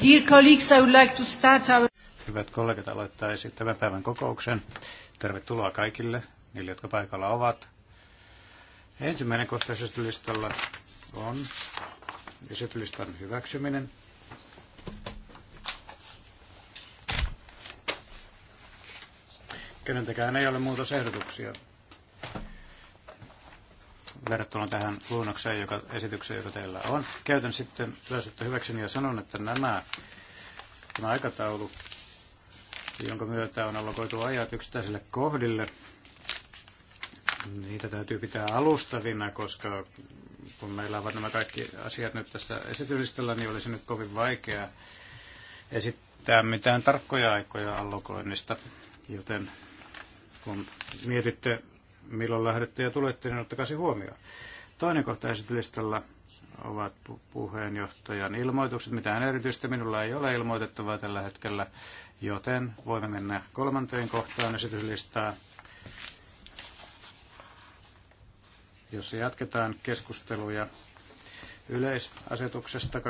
Dear colleagues, I would like to start our... Hyvät kollegat, aloittaa esittävän päivän kokouksen. Tervetuloa kaikille, niille jotka paikalla ovat. Ensimmäinen kohta esitylistalla on esitylistan hyväksyminen. Keneltäkään ei ole muutosehdotuksia verrattuna tähän luonnokseen, joka, esitykseen, joka teillä on. Käytän sitten tilaisuutta hyväkseni ja sanon, että nämä, tämä aikataulu, jonka myötä on allokoitu ajat yksittäisille kohdille, niitä täytyy pitää alustavina, koska kun meillä ovat nämä kaikki asiat nyt tässä esityslistalla, niin olisi nyt kovin vaikea esittää mitään tarkkoja aikoja allokoinnista, joten kun mietitte milloin lähdette ja tulette, niin ottakaa se huomioon. Toinen kohta esityslistalla ovat puheenjohtajan ilmoitukset. Mitään erityistä minulla ei ole ilmoitettavaa tällä hetkellä, joten voimme mennä kolmanteen kohtaan esityslistaa, jossa jatketaan keskusteluja yleisasetuksesta 2014-2020.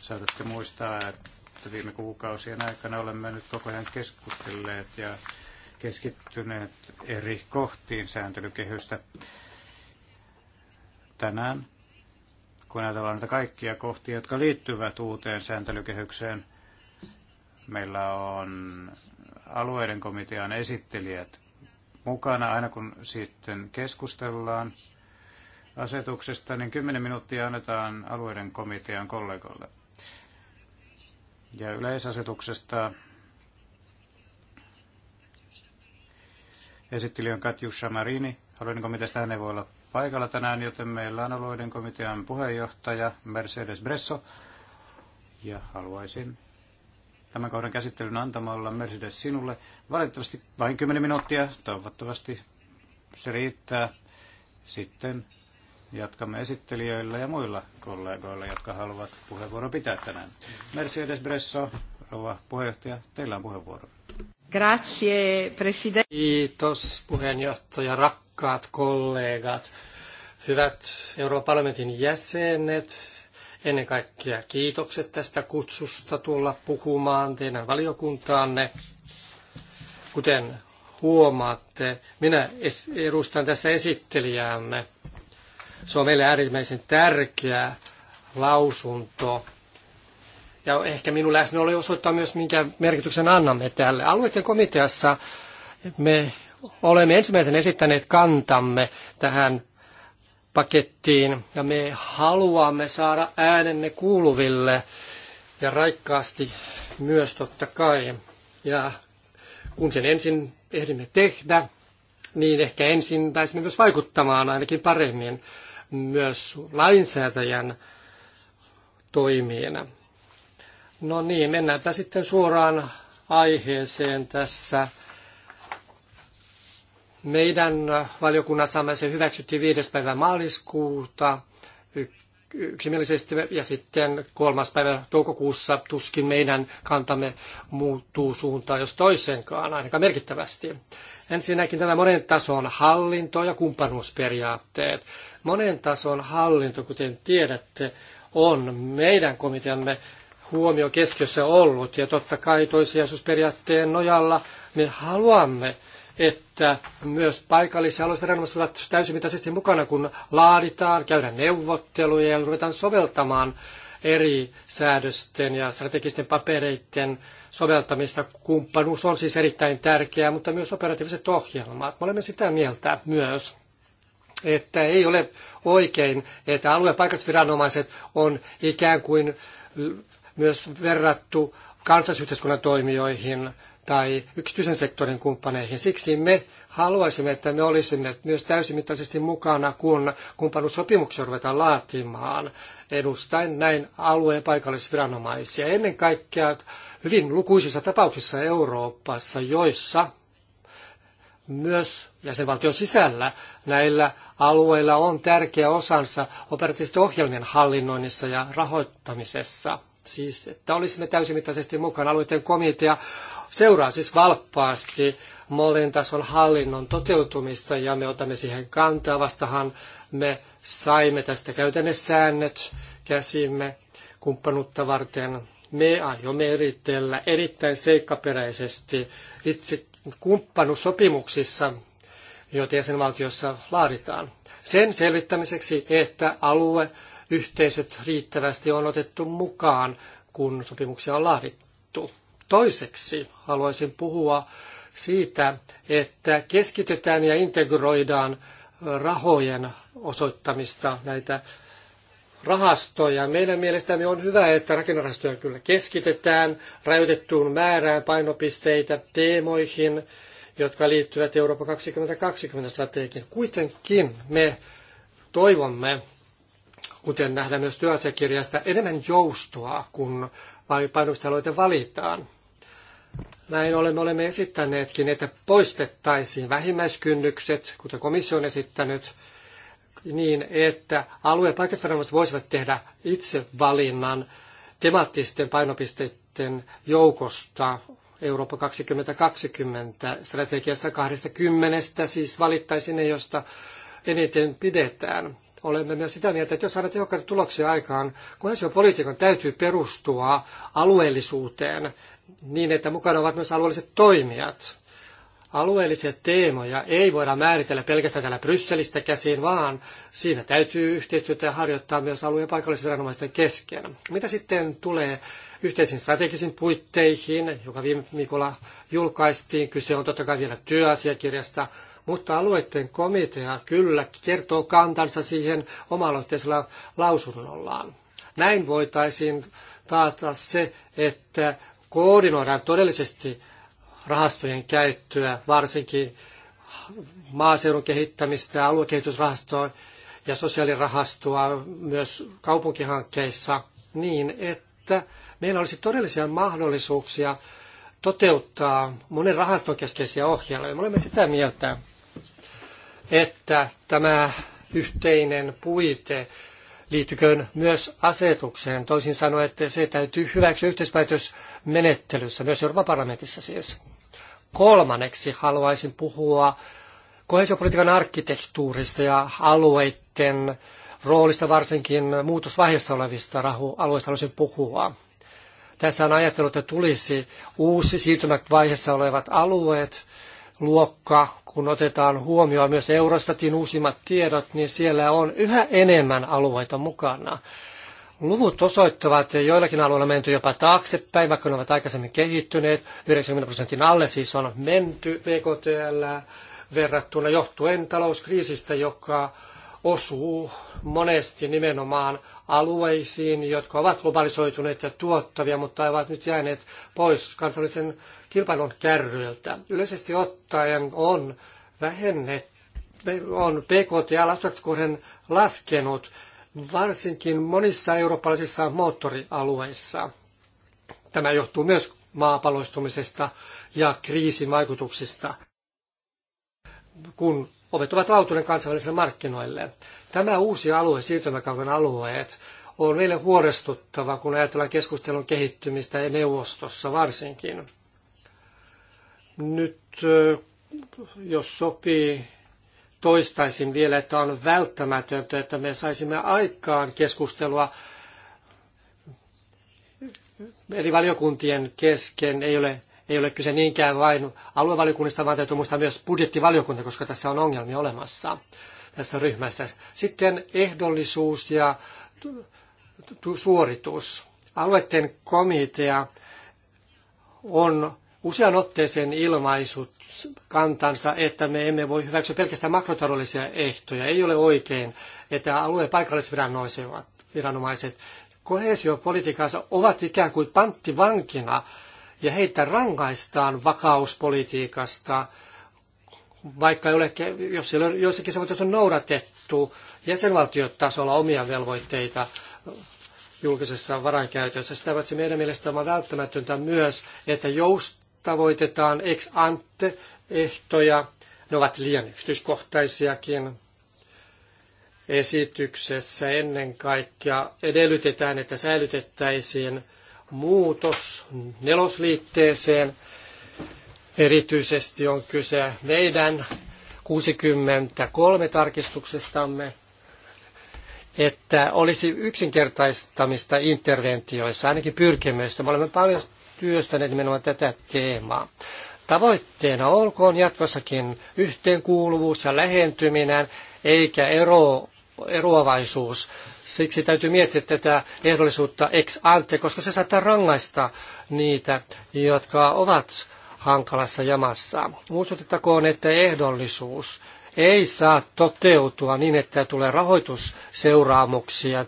Saatatte muistaa, että viime kuukausien aikana olemme nyt koko ajan keskustelleet ja keskittyneet eri kohtiin sääntelykehystä. Tänään, kun ajatellaan näitä kaikkia kohtia, jotka liittyvät uuteen sääntelykehykseen, meillä on alueiden komitean esittelijät mukana aina kun sitten keskustellaan asetuksesta, niin 10 minuuttia annetaan alueiden komitean kollegolle. Ja yleisasetuksesta Esitteli on Katjussa Marini. Haluan komiteasta hän ei voi olla paikalla tänään, joten meillä on alueiden komitean puheenjohtaja Mercedes Bresso. Ja haluaisin tämän kohdan käsittelyn antamalla Mercedes sinulle. Valitettavasti vain 10 minuuttia, toivottavasti se riittää. Sitten jatkamme esittelijöillä ja muilla kollegoilla, jotka haluavat puheenvuoron pitää tänään. Mercedes Bresso, rouva puheenjohtaja, teillä on puheenvuoro. Grazie, president. Kiitos puheenjohtaja, rakkaat kollegat, hyvät Euroopan parlamentin jäsenet. Ennen kaikkea kiitokset tästä kutsusta tulla puhumaan teidän valiokuntaanne. Kuten huomaatte, minä edustan tässä esittelijäämme. Se on meille äärimmäisen tärkeä lausunto ja ehkä minun läsnäolo osoittaa myös, minkä merkityksen annamme tälle. Alueiden komiteassa me olemme ensimmäisen esittäneet kantamme tähän pakettiin ja me haluamme saada äänemme kuuluville ja raikkaasti myös totta kai. Ja kun sen ensin ehdimme tehdä, niin ehkä ensin pääsimme myös vaikuttamaan ainakin paremmin myös lainsäätäjän toimiina. No niin, mennäänpä sitten suoraan aiheeseen tässä. Meidän valiokunnassamme se hyväksyttiin 5. päivä maaliskuuta yksimielisesti ja sitten kolmas päivä toukokuussa tuskin meidän kantamme muuttuu suuntaan jos toisenkaan, ainakaan merkittävästi. Ensinnäkin tämä monen tason hallinto ja kumppanuusperiaatteet. Monen tason hallinto, kuten tiedätte, on meidän komiteamme huomio keskiössä ollut. Ja totta kai toisiaisuusperiaatteen nojalla me haluamme, että myös paikallis- ja alueviranomaiset ovat täysimittaisesti mukana, kun laaditaan, käydään neuvotteluja ja ruvetaan soveltamaan eri säädösten ja strategisten papereiden soveltamista. Kumppanuus on siis erittäin tärkeää, mutta myös operatiiviset ohjelmat. Me olemme sitä mieltä myös, että ei ole oikein, että alue- ja paikallisviranomaiset on ikään kuin myös verrattu kansallisyhteiskunnan toimijoihin tai yksityisen sektorin kumppaneihin. Siksi me haluaisimme, että me olisimme myös täysimittaisesti mukana, kun kumppanuussopimuksia ruvetaan laatimaan edustaen näin alueen paikallisviranomaisia. Ennen kaikkea hyvin lukuisissa tapauksissa Euroopassa, joissa myös jäsenvaltion sisällä näillä alueilla on tärkeä osansa operatiivisten ohjelmien hallinnoinnissa ja rahoittamisessa – siis että olisimme täysimittaisesti mukana. Alueiden komitea seuraa siis valppaasti Molin tason hallinnon toteutumista ja me otamme siihen kantaa. Vastahan me saimme tästä käytännössäännöt käsimme kumppanuutta varten. Me aiomme eritellä erittäin seikkaperäisesti itse kumppanusopimuksissa, joita jäsenvaltiossa laaditaan. Sen selvittämiseksi, että alue yhteisöt riittävästi on otettu mukaan, kun sopimuksia on laadittu. Toiseksi haluaisin puhua siitä, että keskitetään ja integroidaan rahojen osoittamista näitä rahastoja. Meidän mielestämme on hyvä, että rakennerahastoja kyllä keskitetään rajoitettuun määrään painopisteitä teemoihin, jotka liittyvät Eurooppa 2020 strategiaan. Kuitenkin me toivomme, kuten nähdään myös työasiakirjasta, enemmän joustoa, kun painostaloite valitaan. Näin olemme, olemme esittäneetkin, että poistettaisiin vähimmäiskynnykset, kuten komissio on esittänyt, niin että alue- ja voisivat tehdä itse valinnan temaattisten painopisteiden joukosta Eurooppa 2020 strategiassa 20, siis valittaisiin ne, josta eniten pidetään olemme myös sitä mieltä, että jos saadaan tehokkaita tuloksia aikaan, kohesiopolitiikan täytyy perustua alueellisuuteen niin, että mukana ovat myös alueelliset toimijat. Alueellisia teemoja ei voida määritellä pelkästään täällä Brysselistä käsiin, vaan siinä täytyy yhteistyötä harjoittaa myös alueen paikallisviranomaisten kesken. Mitä sitten tulee yhteisiin strategisiin puitteihin, joka viime viikolla julkaistiin, kyse on totta kai vielä työasiakirjasta, mutta alueiden komitea kyllä kertoo kantansa siihen oma-aloitteisella lausunnollaan. Näin voitaisiin taata se, että koordinoidaan todellisesti rahastojen käyttöä, varsinkin maaseudun kehittämistä, aluekehitysrahastoa ja sosiaalirahastoa myös kaupunkihankkeissa niin, että meillä olisi todellisia mahdollisuuksia toteuttaa monen rahaston keskeisiä ohjelmia. Me olemme sitä mieltä, että tämä yhteinen puite liittyköön myös asetukseen. Toisin sanoen, että se täytyy hyväksyä yhteispäätösmenettelyssä, myös Euroopan parlamentissa siis. Kolmanneksi haluaisin puhua kohesiopolitiikan arkkitehtuurista ja alueiden roolista, varsinkin muutosvaiheessa olevista alueista haluaisin puhua. Tässä on ajatellut, että tulisi uusi siirtymävaiheessa olevat alueet, luokka, kun otetaan huomioon myös Eurostatin uusimmat tiedot, niin siellä on yhä enemmän alueita mukana. Luvut osoittavat, että joillakin alueilla menty jopa taaksepäin, vaikka ne ovat aikaisemmin kehittyneet. 90 prosentin alle siis on menty PKTL verrattuna johtuen talouskriisistä, joka osuu monesti nimenomaan alueisiin, jotka ovat globalisoituneet ja tuottavia, mutta ovat nyt jääneet pois kansallisen kilpailun kärryiltä. Yleisesti ottaen on vähennetty on pkt lastuotkohden laskenut, varsinkin monissa eurooppalaisissa moottorialueissa. Tämä johtuu myös maapalloistumisesta ja kriisin vaikutuksista, kun ovet ovat autuneet kansainvälisille markkinoille. Tämä uusi alue, siirtymäkauden alueet, on meille huolestuttava, kun ajatellaan keskustelun kehittymistä ja neuvostossa varsinkin. Nyt jos sopii, toistaisin vielä, että on välttämätöntä, että me saisimme aikaan keskustelua eri valiokuntien kesken. Ei ole, ei ole kyse niinkään vain aluevaliokunnista, vaan täytyy muistaa myös budjettivaliokunta, koska tässä on ongelmia olemassa tässä ryhmässä. Sitten ehdollisuus ja suoritus. Alueiden komitea on usean otteeseen ilmaisut kantansa, että me emme voi hyväksyä pelkästään makrotaloudellisia ehtoja. Ei ole oikein, että alueen paikallisviranomaiset koheesiopolitiikassa ovat ikään kuin panttivankina ja heitä rangaistaan vakauspolitiikasta, vaikka ei ole, jos ei ole joissakin on noudatettu jäsenvaltiotasolla omia velvoitteita julkisessa varainkäytössä. Sitä paitsi meidän mielestämme on välttämätöntä myös, että joust, tavoitetaan ex ante ehtoja. Ne ovat liian yksityiskohtaisiakin. Esityksessä ennen kaikkea edellytetään, että säilytettäisiin muutos nelosliitteeseen. Erityisesti on kyse meidän 63 tarkistuksestamme, että olisi yksinkertaistamista interventioissa, ainakin pyrkimystä. Me olemme paljon työstäneet niin nimenomaan tätä teemaa. Tavoitteena olkoon jatkossakin yhteenkuuluvuus ja lähentyminen, eikä ero, eroavaisuus. Siksi täytyy miettiä tätä ehdollisuutta ex ante, koska se saattaa rangaista niitä, jotka ovat hankalassa jamassa. Muistutettakoon, että ehdollisuus ei saa toteutua niin, että tulee rahoitusseuraamuksia,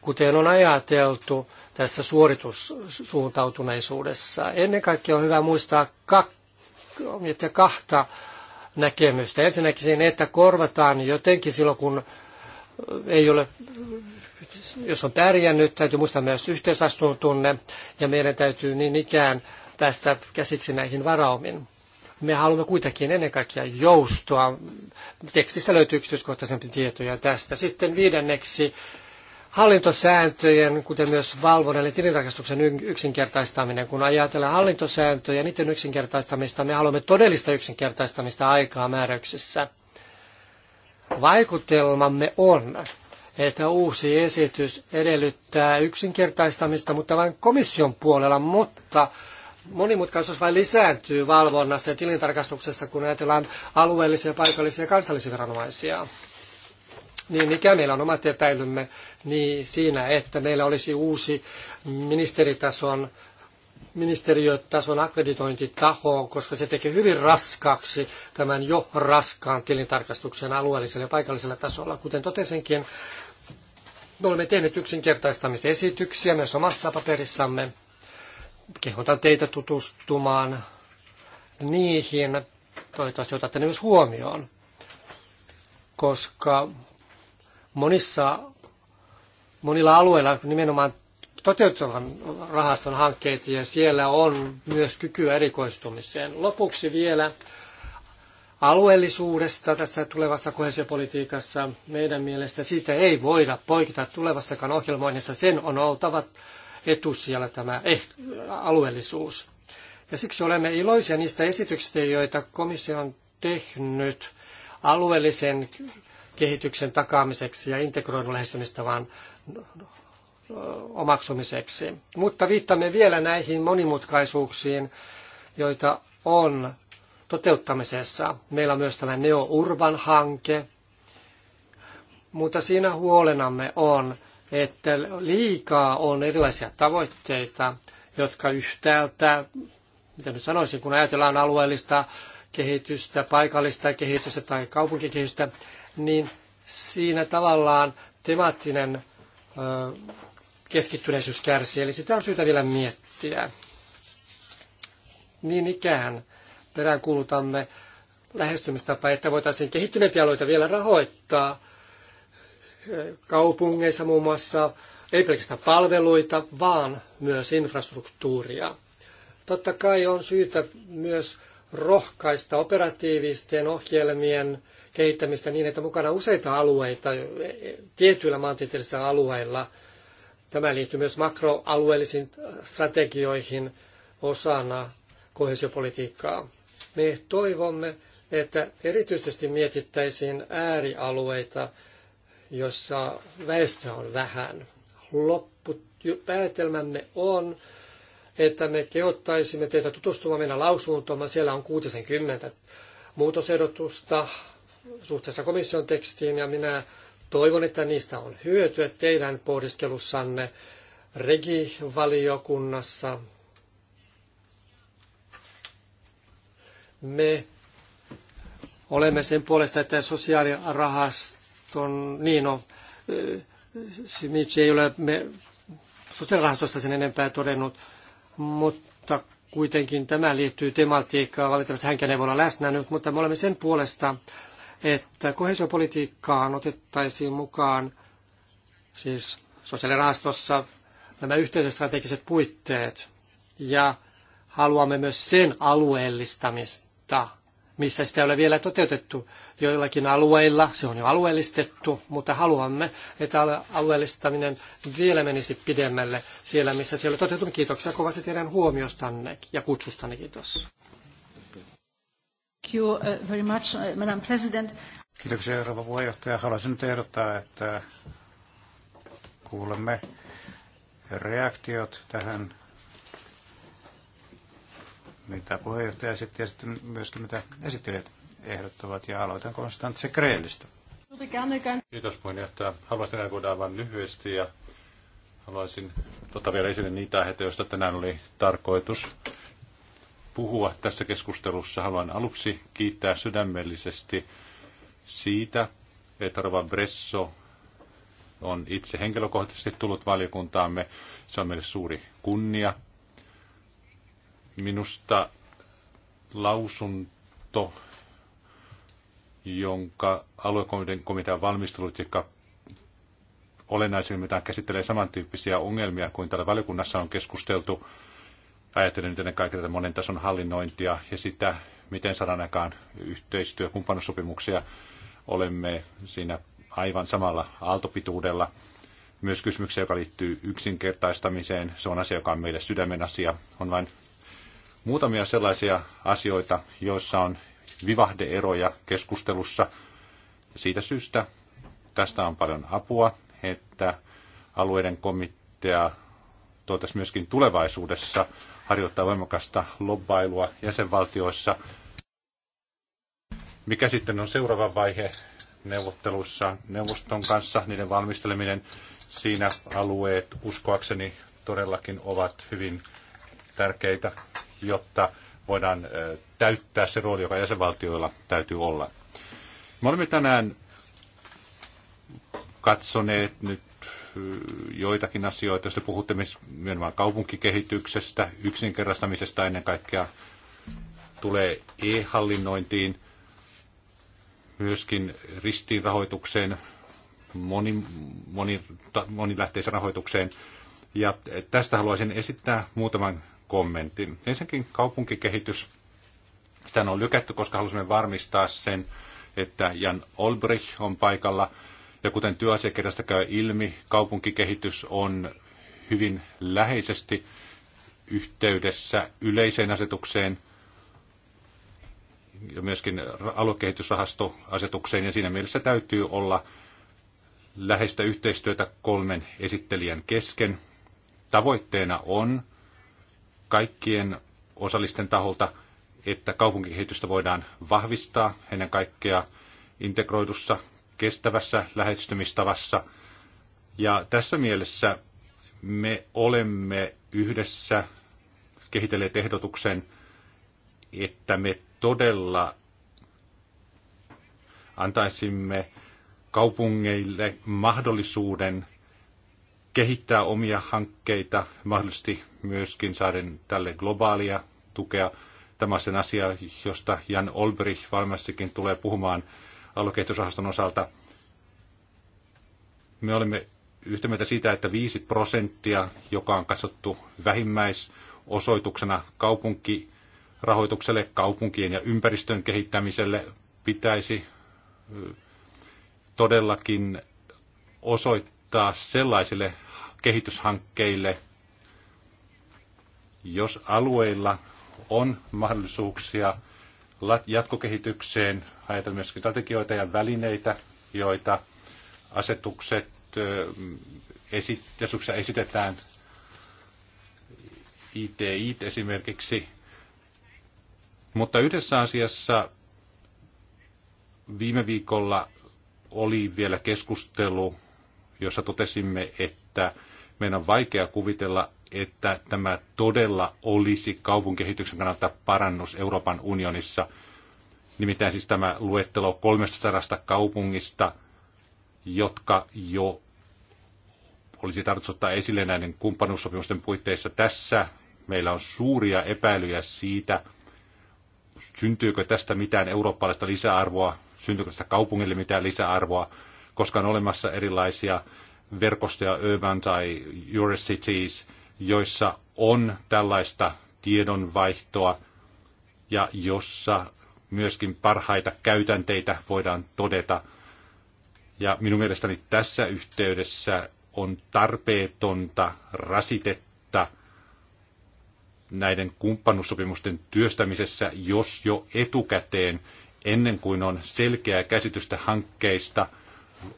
kuten on ajateltu tässä suoritussuuntautuneisuudessa. Ennen kaikkea on hyvä muistaa kak, kahta näkemystä. Ensinnäkin siinä, että korvataan jotenkin silloin, kun ei ole, jos on pärjännyt, täytyy muistaa myös yhteisvastuun tunne, ja meidän täytyy niin ikään päästä käsiksi näihin varaumin. Me haluamme kuitenkin ennen kaikkea joustoa. Tekstistä löytyy yksityiskohtaisempi tietoja tästä. Sitten viidenneksi hallintosääntöjen, kuten myös valvonnan eli tilintarkastuksen yksinkertaistaminen. Kun ajatellaan hallintosääntöjä, niiden yksinkertaistamista, me haluamme todellista yksinkertaistamista aikaa määräyksissä. Vaikutelmamme on, että uusi esitys edellyttää yksinkertaistamista, mutta vain komission puolella, mutta monimutkaisuus vain lisääntyy valvonnassa ja tilintarkastuksessa, kun ajatellaan alueellisia, paikallisia ja kansallisia viranomaisia. Niin ikään meillä on omat epäilymme niin siinä, että meillä olisi uusi ministeritason ministeriötason akkreditointitaho, koska se tekee hyvin raskaaksi tämän jo raskaan tilintarkastuksen alueellisella ja paikallisella tasolla. Kuten totesinkin, me olemme tehneet yksinkertaistamisesityksiä myös omassa paperissamme. Kehotan teitä tutustumaan niihin. Toivottavasti otatte ne myös huomioon, koska monissa, monilla alueilla nimenomaan toteutuvan rahaston hankkeet ja siellä on myös kykyä erikoistumiseen. Lopuksi vielä alueellisuudesta tässä tulevassa kohesiopolitiikassa. Meidän mielestä siitä ei voida poikita tulevassakaan ohjelmoinnissa. Sen on oltava siellä tämä alueellisuus. Ja siksi olemme iloisia niistä esityksistä, joita komissio on tehnyt alueellisen kehityksen takaamiseksi ja integroidun lähestymistavan omaksumiseksi. Mutta viittamme vielä näihin monimutkaisuuksiin, joita on toteuttamisessa. Meillä on myös tämä Neo-Urban-hanke, mutta siinä huolenamme on, että liikaa on erilaisia tavoitteita, jotka yhtäältä, mitä nyt sanoisin, kun ajatellaan alueellista kehitystä, paikallista kehitystä tai kaupunkikehitystä, niin siinä tavallaan temaattinen keskittyneisyys kärsii, eli sitä on syytä vielä miettiä. Niin ikään peräänkuulutamme lähestymistapa, että voitaisiin kehittyneempiä alueita vielä rahoittaa kaupungeissa muun muassa, ei pelkästään palveluita, vaan myös infrastruktuuria. Totta kai on syytä myös rohkaista operatiivisten ohjelmien kehittämistä niin, että mukana useita alueita e, e, tietyillä maantieteellisillä alueilla. Tämä liittyy myös makroalueellisiin strategioihin osana kohesiopolitiikkaa. Me toivomme, että erityisesti mietittäisiin äärialueita, jossa väestö on vähän. Loppupäätelmämme on, että me kehottaisimme teitä tutustumaan meidän lausuntoomme. Siellä on 60 muutosehdotusta suhteessa komission tekstiin ja minä toivon, että niistä on hyötyä teidän pohdiskelussanne regivaliokunnassa. Me olemme sen puolesta, että sosiaalirahaston, niin no, Simitsi ei ole me, sosiaalirahastosta sen enempää todennut, mutta kuitenkin tämä liittyy tematiikkaan. Valitettavasti hänkään ei voi olla läsnä nyt, mutta me olemme sen puolesta, että kohesiopolitiikkaan otettaisiin mukaan siis sosiaalirahastossa nämä yhteiset strategiset puitteet ja haluamme myös sen alueellistamista missä sitä ei ole vielä toteutettu joillakin alueilla. Se on jo alueellistettu, mutta haluamme, että alueellistaminen vielä menisi pidemmälle siellä, missä se ei ole toteutunut. Kiitoksia kovasti teidän huomiostanne ja kutsustanne. Kiitos. Thank you uh, very much, uh, Madam President. Kiitoksia, Euroopan puheenjohtaja. Haluaisin nyt ehdottaa, että kuulemme reaktiot tähän mitä puheenjohtaja esitti ja sitten myöskin mitä esittelijät ehdottavat. Ja aloitan Konstantse Kreelistä. Kiitos puheenjohtaja. Haluaisin reagoida aivan lyhyesti ja haluaisin ottaa vielä esille niitä aiheita, joista tänään oli tarkoitus puhua tässä keskustelussa. Haluan aluksi kiittää sydämellisesti siitä, että Rova Bresso on itse henkilökohtaisesti tullut valiokuntaamme. Se on meille suuri kunnia Minusta lausunto, jonka aluekomitean komitean valmistelut, joka olennaisimmiltaan käsittelee samantyyppisiä ongelmia kuin täällä valiokunnassa on keskusteltu. Ajattelen nyt ennen kaikkea tätä monen tason hallinnointia ja sitä, miten saadaan aikaan kumppanussopimuksia, Olemme siinä aivan samalla aaltopituudella. Myös kysymyksiä, joka liittyy yksinkertaistamiseen, se on asia, joka on meille sydämen asia. On vain muutamia sellaisia asioita, joissa on vivahdeeroja keskustelussa. Siitä syystä tästä on paljon apua, että alueiden komitea toivottavasti myöskin tulevaisuudessa harjoittaa voimakasta lobbailua jäsenvaltioissa. Mikä sitten on seuraava vaihe neuvottelussa neuvoston kanssa, niiden valmisteleminen? Siinä alueet uskoakseni todellakin ovat hyvin tärkeitä jotta voidaan täyttää se rooli, joka jäsenvaltioilla täytyy olla. Me olemme tänään katsoneet nyt joitakin asioita, jos te puhutte nimenomaan kaupunkikehityksestä, yksinkertaistamisesta ennen kaikkea tulee e-hallinnointiin, myöskin ristiinrahoitukseen, moni, moni, monilähteiseen rahoitukseen. Ja tästä haluaisin esittää muutaman kommentin. Ensinnäkin kaupunkikehitys. Sitä on lykätty, koska halusimme varmistaa sen, että Jan Olbrich on paikalla. Ja kuten työasiakirjasta käy ilmi, kaupunkikehitys on hyvin läheisesti yhteydessä yleiseen asetukseen ja myöskin aluekehitysrahastoasetukseen, ja siinä mielessä täytyy olla läheistä yhteistyötä kolmen esittelijän kesken. Tavoitteena on kaikkien osallisten taholta, että kaupunkikehitystä voidaan vahvistaa ennen kaikkea integroidussa, kestävässä lähestymistavassa. Ja tässä mielessä me olemme yhdessä kehitelleet ehdotuksen, että me todella antaisimme kaupungeille mahdollisuuden kehittää omia hankkeita, mahdollisesti myöskin saada tälle globaalia tukea. Tämä on sen asia, josta Jan Olbrich varmastikin tulee puhumaan aluekehitysrahaston osalta. Me olemme yhtä mieltä siitä, että 5 prosenttia, joka on katsottu vähimmäisosoituksena kaupunkirahoitukselle, kaupunkien ja ympäristön kehittämiselle, pitäisi todellakin osoittaa taas sellaisille kehityshankkeille, jos alueilla on mahdollisuuksia jatkokehitykseen, ajatella myöskin strategioita ja välineitä, joita asetukset esit- esitetään. ITI esimerkiksi. Mutta yhdessä asiassa viime viikolla oli vielä keskustelu jossa totesimme, että meidän on vaikea kuvitella, että tämä todella olisi kaupunkikehityksen kannalta parannus Euroopan unionissa. Nimittäin siis tämä luettelo 300 kaupungista, jotka jo olisi tarkoitus ottaa esille näiden kumppanuussopimusten puitteissa. Tässä meillä on suuria epäilyjä siitä, syntyykö tästä mitään eurooppalaista lisäarvoa, syntyykö tästä kaupungille mitään lisäarvoa, koska on olemassa erilaisia verkostoja, urban tai Eurocities, joissa on tällaista tiedonvaihtoa ja jossa myöskin parhaita käytänteitä voidaan todeta. Ja minun mielestäni tässä yhteydessä on tarpeetonta rasitetta näiden kumppanussopimusten työstämisessä, jos jo etukäteen, ennen kuin on selkeää käsitystä hankkeista –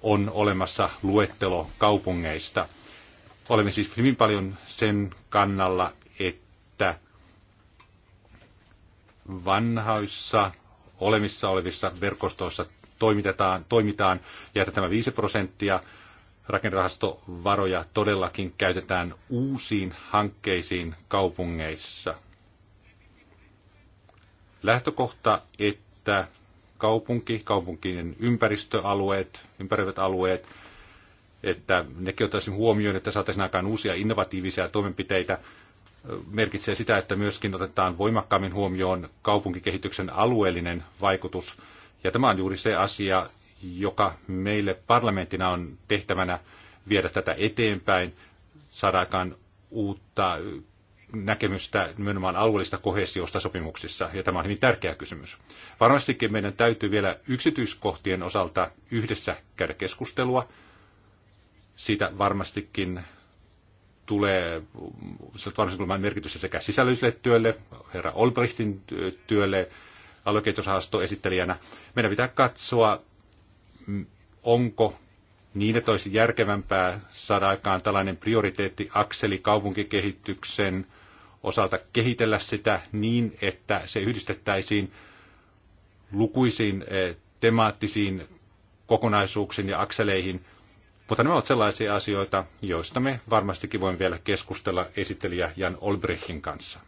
on olemassa luettelo kaupungeista. Olemme siis hyvin paljon sen kannalla, että vanhoissa olemissa olevissa verkostoissa toimitetaan, toimitaan ja että tämä 5 prosenttia rakennerahastovaroja todellakin käytetään uusiin hankkeisiin kaupungeissa. Lähtökohta, että kaupunki, kaupunkien ympäristöalueet, ympäröivät alueet, että nekin ottaisiin huomioon, että saataisiin aikaan uusia innovatiivisia toimenpiteitä, merkitsee sitä, että myöskin otetaan voimakkaammin huomioon kaupunkikehityksen alueellinen vaikutus. Ja tämä on juuri se asia, joka meille parlamenttina on tehtävänä viedä tätä eteenpäin, saada aikaan uutta näkemystä nimenomaan alueellista kohesiosta sopimuksissa, ja tämä on hyvin tärkeä kysymys. Varmastikin meidän täytyy vielä yksityiskohtien osalta yhdessä käydä keskustelua. Siitä varmastikin tulee varmasti merkitystä sekä sisällölliselle työlle, herra Olbrichtin työlle, aluekehitysrahasto esittelijänä. Meidän pitää katsoa, onko niin, että olisi järkevämpää saada aikaan tällainen prioriteettiakseli kaupunkikehityksen, osalta kehitellä sitä niin, että se yhdistettäisiin lukuisiin eh, temaattisiin kokonaisuuksiin ja akseleihin. Mutta nämä ovat sellaisia asioita, joista me varmastikin voimme vielä keskustella esittelijä Jan Olbrechin kanssa.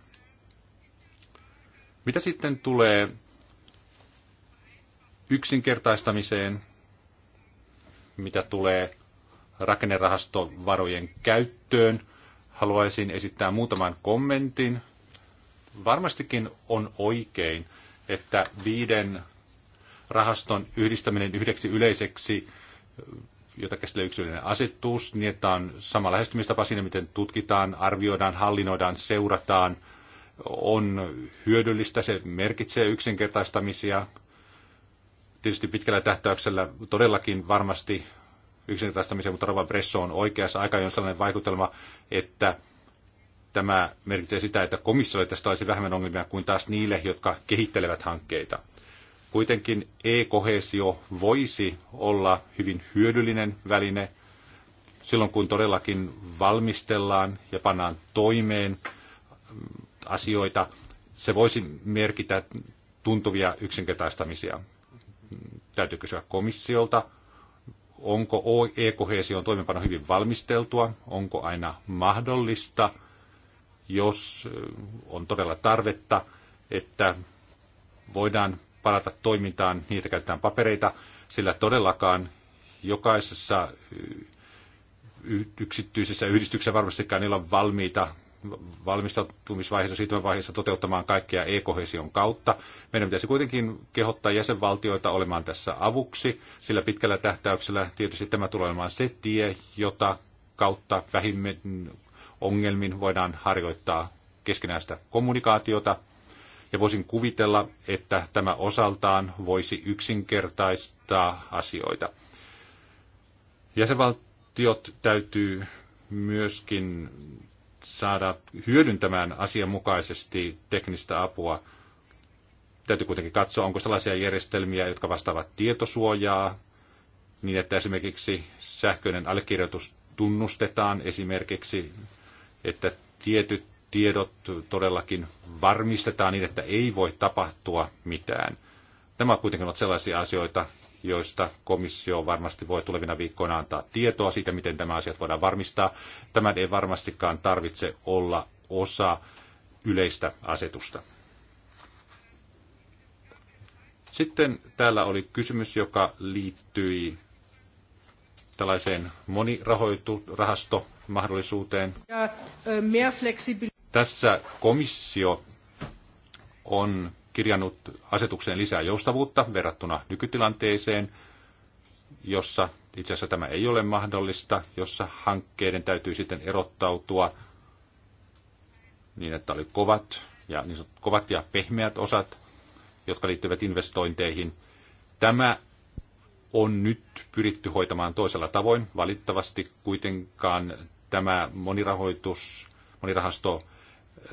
Mitä sitten tulee yksinkertaistamiseen, mitä tulee rakennerahastovarojen käyttöön – haluaisin esittää muutaman kommentin. Varmastikin on oikein, että viiden rahaston yhdistäminen yhdeksi yleiseksi, jota käsittelee yksilöllinen asetus, niin että on sama lähestymistapa siinä, miten tutkitaan, arvioidaan, hallinnoidaan, seurataan, on hyödyllistä, se merkitsee yksinkertaistamisia. Tietysti pitkällä tähtäyksellä todellakin varmasti yksinkertaistamiseen, mutta Rova Bresso on oikeassa. Aika on sellainen vaikutelma, että tämä merkitsee sitä, että komissiolle tästä olisi vähemmän ongelmia kuin taas niille, jotka kehittelevät hankkeita. Kuitenkin e-kohesio voisi olla hyvin hyödyllinen väline silloin, kun todellakin valmistellaan ja pannaan toimeen asioita. Se voisi merkitä tuntuvia yksinkertaistamisia. Täytyy kysyä komissiolta, onko e-kohesion toimenpano hyvin valmisteltua, onko aina mahdollista, jos on todella tarvetta, että voidaan palata toimintaan, niitä käytetään papereita, sillä todellakaan jokaisessa yksityisessä yhdistyksessä varmastikaan niillä on valmiita valmistautumisvaiheessa, siirtymävaiheessa toteuttamaan kaikkea e-kohesion kautta. Meidän pitäisi kuitenkin kehottaa jäsenvaltioita olemaan tässä avuksi, sillä pitkällä tähtäyksellä tietysti tämä tulee olemaan se tie, jota kautta vähimmin ongelmin voidaan harjoittaa keskinäistä kommunikaatiota. Ja voisin kuvitella, että tämä osaltaan voisi yksinkertaistaa asioita. Jäsenvaltiot täytyy myöskin saada hyödyntämään asianmukaisesti teknistä apua. Täytyy kuitenkin katsoa, onko sellaisia järjestelmiä, jotka vastaavat tietosuojaa, niin että esimerkiksi sähköinen allekirjoitus tunnustetaan esimerkiksi, että tietyt tiedot todellakin varmistetaan niin, että ei voi tapahtua mitään. Nämä kuitenkin ovat sellaisia asioita, joista komissio varmasti voi tulevina viikkoina antaa tietoa siitä, miten tämä asiat voidaan varmistaa. Tämän ei varmastikaan tarvitse olla osa yleistä asetusta. Sitten täällä oli kysymys, joka liittyi tällaiseen monirahastomahdollisuuteen. Tässä komissio on kirjannut asetukseen lisää joustavuutta verrattuna nykytilanteeseen, jossa itse asiassa tämä ei ole mahdollista, jossa hankkeiden täytyy sitten erottautua niin, että oli kovat ja, niin kovat ja pehmeät osat, jotka liittyvät investointeihin. Tämä on nyt pyritty hoitamaan toisella tavoin. Valittavasti kuitenkaan tämä monirahoitus, monirahasto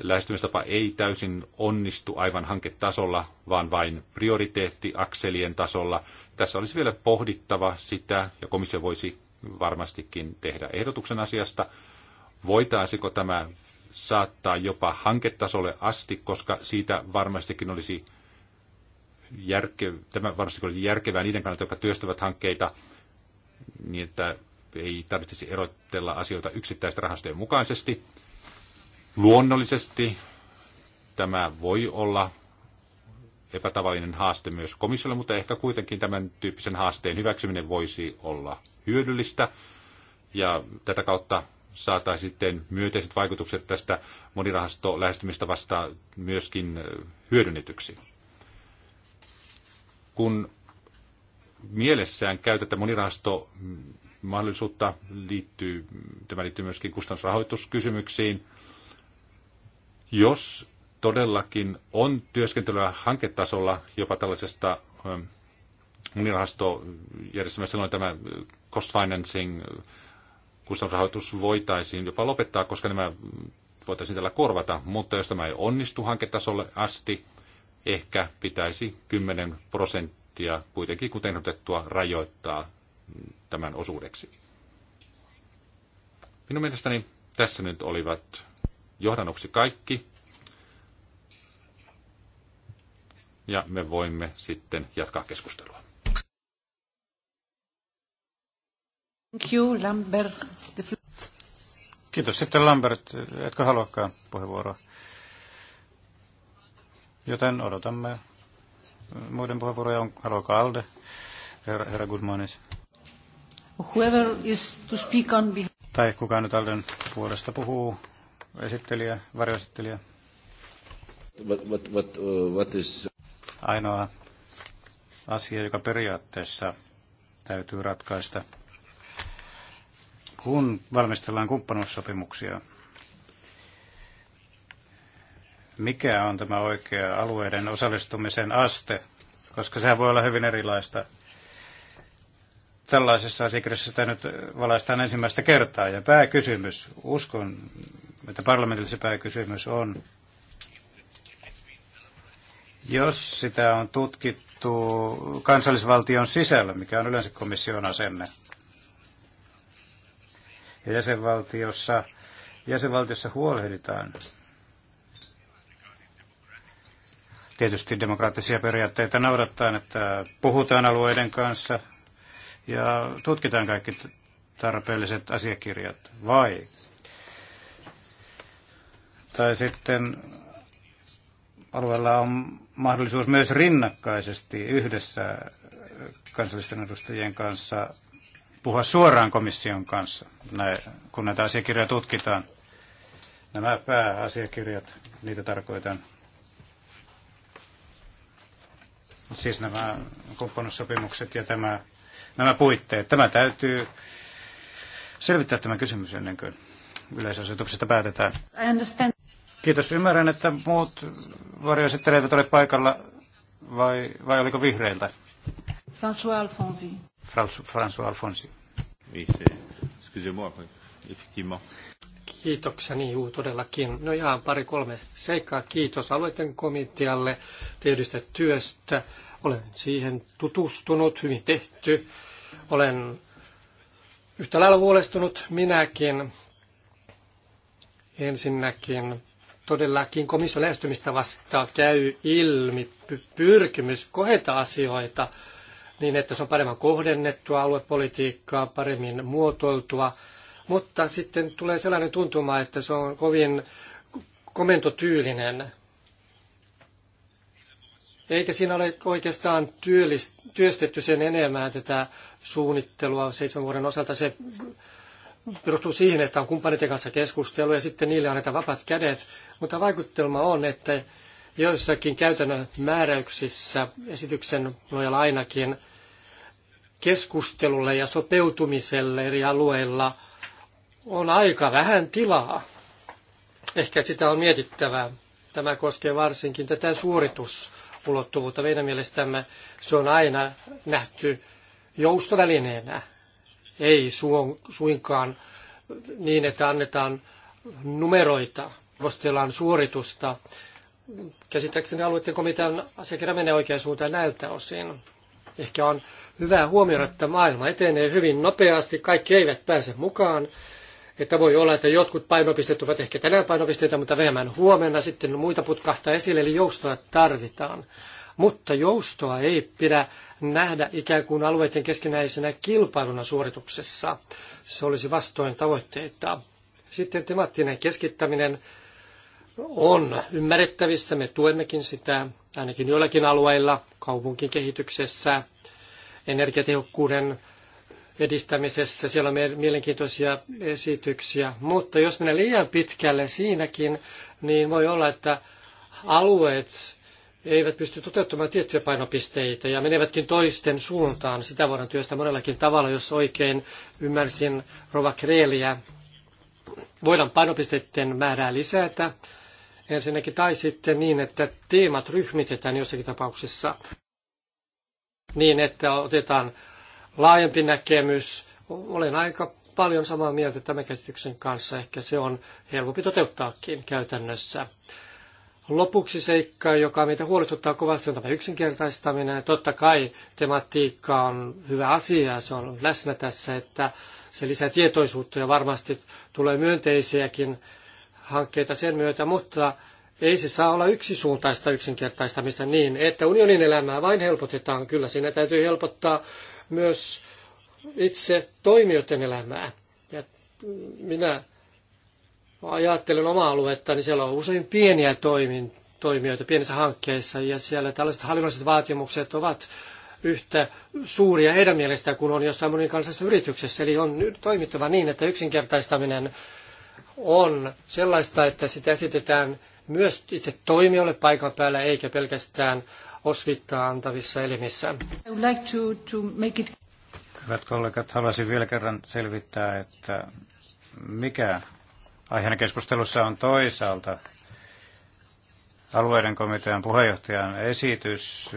lähestymistapa ei täysin onnistu aivan hanketasolla, vaan vain prioriteettiakselien tasolla. Tässä olisi vielä pohdittava sitä, ja komissio voisi varmastikin tehdä ehdotuksen asiasta, voitaisiko tämä saattaa jopa hanketasolle asti, koska siitä varmastikin olisi, järke, tämä varmastikin olisi järkevää niiden kannalta, jotka työstävät hankkeita, niin että ei tarvitsisi erotella asioita yksittäisten rahastojen mukaisesti. Luonnollisesti tämä voi olla epätavallinen haaste myös komissiolle, mutta ehkä kuitenkin tämän tyyppisen haasteen hyväksyminen voisi olla hyödyllistä. Ja tätä kautta saataisiin sitten myönteiset vaikutukset tästä monirahasto lähestymistä vasta myöskin hyödynnetyksi. Kun mielessään käytetään monirahasto mahdollisuutta liittyy, tämä liittyy myöskin kustannusrahoituskysymyksiin – jos todellakin on työskentelyä hanketasolla jopa tällaisesta ähm, munirahastojärjestelmästä, silloin tämä äh, cost financing äh, kustannusrahoitus voitaisiin jopa lopettaa, koska nämä voitaisiin tällä korvata, mutta jos tämä ei onnistu hanketasolle asti, ehkä pitäisi 10 prosenttia kuitenkin kuten otettua rajoittaa tämän osuudeksi. Minun mielestäni tässä nyt olivat johdannoksi kaikki. Ja me voimme sitten jatkaa keskustelua. Thank you, Lambert. Kiitos. Sitten Lambert, etkö haluakaan puheenvuoroa? Joten odotamme muiden puheenvuoroja. On, haluakaa Alde, herra, herra Goodmanis. Whoever is to speak on behalf... Tai kuka nyt Alden puolesta puhuu esittelijä, varjoesittelijä. What, what, what, uh, what is... Ainoa asia, joka periaatteessa täytyy ratkaista, kun valmistellaan kumppanuussopimuksia. Mikä on tämä oikea alueiden osallistumisen aste? Koska sehän voi olla hyvin erilaista. Tällaisessa asiakirjassa sitä nyt valaistaan ensimmäistä kertaa. Ja pääkysymys, uskon että parlamentille se pääkysymys on, jos sitä on tutkittu kansallisvaltion sisällä, mikä on yleensä komission asenne, ja jäsenvaltiossa, jäsenvaltiossa huolehditaan tietysti demokraattisia periaatteita noudattaen, että puhutaan alueiden kanssa ja tutkitaan kaikki tarpeelliset asiakirjat, vai tai sitten alueella on mahdollisuus myös rinnakkaisesti yhdessä kansallisten edustajien kanssa puhua suoraan komission kanssa, kun näitä asiakirjoja tutkitaan. Nämä pääasiakirjat, niitä tarkoitan. Siis nämä kumppanussopimukset ja tämä, nämä puitteet. Tämä täytyy selvittää tämä kysymys ennen kuin yleisasetuksesta päätetään. Kiitos. Ymmärrän, että muut varjoesittelijät olivat paikalla, vai, vai oliko vihreiltä? François Alfonsi. François Alfonsi. Niin oui, Kiitoksia, niin juu, todellakin. No ihan pari kolme seikkaa. Kiitos alueiden komitealle tehdystä työstä. Olen siihen tutustunut, hyvin tehty. Olen yhtä lailla huolestunut minäkin Ensinnäkin todellakin komission lähestymistä vastaan käy ilmi pyrkimys koheta asioita niin, että se on paremmin kohdennettua aluepolitiikkaa, paremmin muotoiltua, mutta sitten tulee sellainen tuntuma, että se on kovin komentotyylinen. Eikä siinä ole oikeastaan työllist, työstetty sen enemmän tätä suunnittelua seitsemän vuoden osalta. Se perustuu siihen, että on kumppaneiden kanssa keskustelu ja sitten niille annetaan vapaat kädet, mutta vaikutelma on, että joissakin käytännön määräyksissä, esityksen nojalla ainakin, keskustelulle ja sopeutumiselle eri alueilla on aika vähän tilaa. Ehkä sitä on mietittävää. Tämä koskee varsinkin tätä suoritusulottuvuutta. Meidän mielestämme se on aina nähty joustovälineenä ei suinkaan niin, että annetaan numeroita, arvostellaan suoritusta. Käsittääkseni alueiden komitean asiakirja menee oikeaan suuntaan näiltä osin. Ehkä on hyvä huomioida, että maailma etenee hyvin nopeasti, kaikki eivät pääse mukaan. Että voi olla, että jotkut painopisteet ovat ehkä tänään painopisteitä, mutta vähemmän huomenna sitten muita putkahtaa esille, eli joustoa tarvitaan. Mutta joustoa ei pidä nähdä ikään kuin alueiden keskinäisenä kilpailuna suorituksessa. Se olisi vastoin tavoitteita. Sitten temaattinen keskittäminen on ymmärrettävissä, me tuemmekin sitä ainakin joillakin alueilla, kaupunkikehityksessä, energiatehokkuuden edistämisessä, siellä on mielenkiintoisia esityksiä, mutta jos menee liian pitkälle siinäkin, niin voi olla, että alueet eivät pysty toteuttamaan tiettyjä painopisteitä ja menevätkin toisten suuntaan. Sitä voidaan työstää monellakin tavalla, jos oikein ymmärsin Rova Kreeliä. Voidaan painopisteiden määrää lisätä ensinnäkin, tai sitten niin, että teemat ryhmitetään jossakin tapauksessa niin, että otetaan laajempi näkemys. Olen aika paljon samaa mieltä tämän käsityksen kanssa, ehkä se on helpompi toteuttaakin käytännössä. Lopuksi seikka, joka meitä huolestuttaa kovasti, on tämä yksinkertaistaminen. Totta kai tematiikka on hyvä asia, se on läsnä tässä, että se lisää tietoisuutta ja varmasti tulee myönteisiäkin hankkeita sen myötä, mutta ei se saa olla yksisuuntaista yksinkertaistamista niin, että unionin elämää vain helpotetaan. Kyllä siinä täytyy helpottaa myös itse toimijoiden elämää. Ja minä ajattelen omaa aluetta, niin siellä on usein pieniä toimin, toimijoita pienissä hankkeissa ja siellä tällaiset hallinnolliset vaatimukset ovat yhtä suuria heidän mielestään kuin on jossain monikansallisessa yrityksessä. Eli on toimittava niin, että yksinkertaistaminen on sellaista, että sitä esitetään myös itse toimijoille paikan päällä eikä pelkästään osvittaa antavissa elimissä. Like to, to make it... Hyvät kollegat, haluaisin vielä kerran selvittää, että mikä Aiheena keskustelussa on toisaalta alueiden komitean puheenjohtajan esitys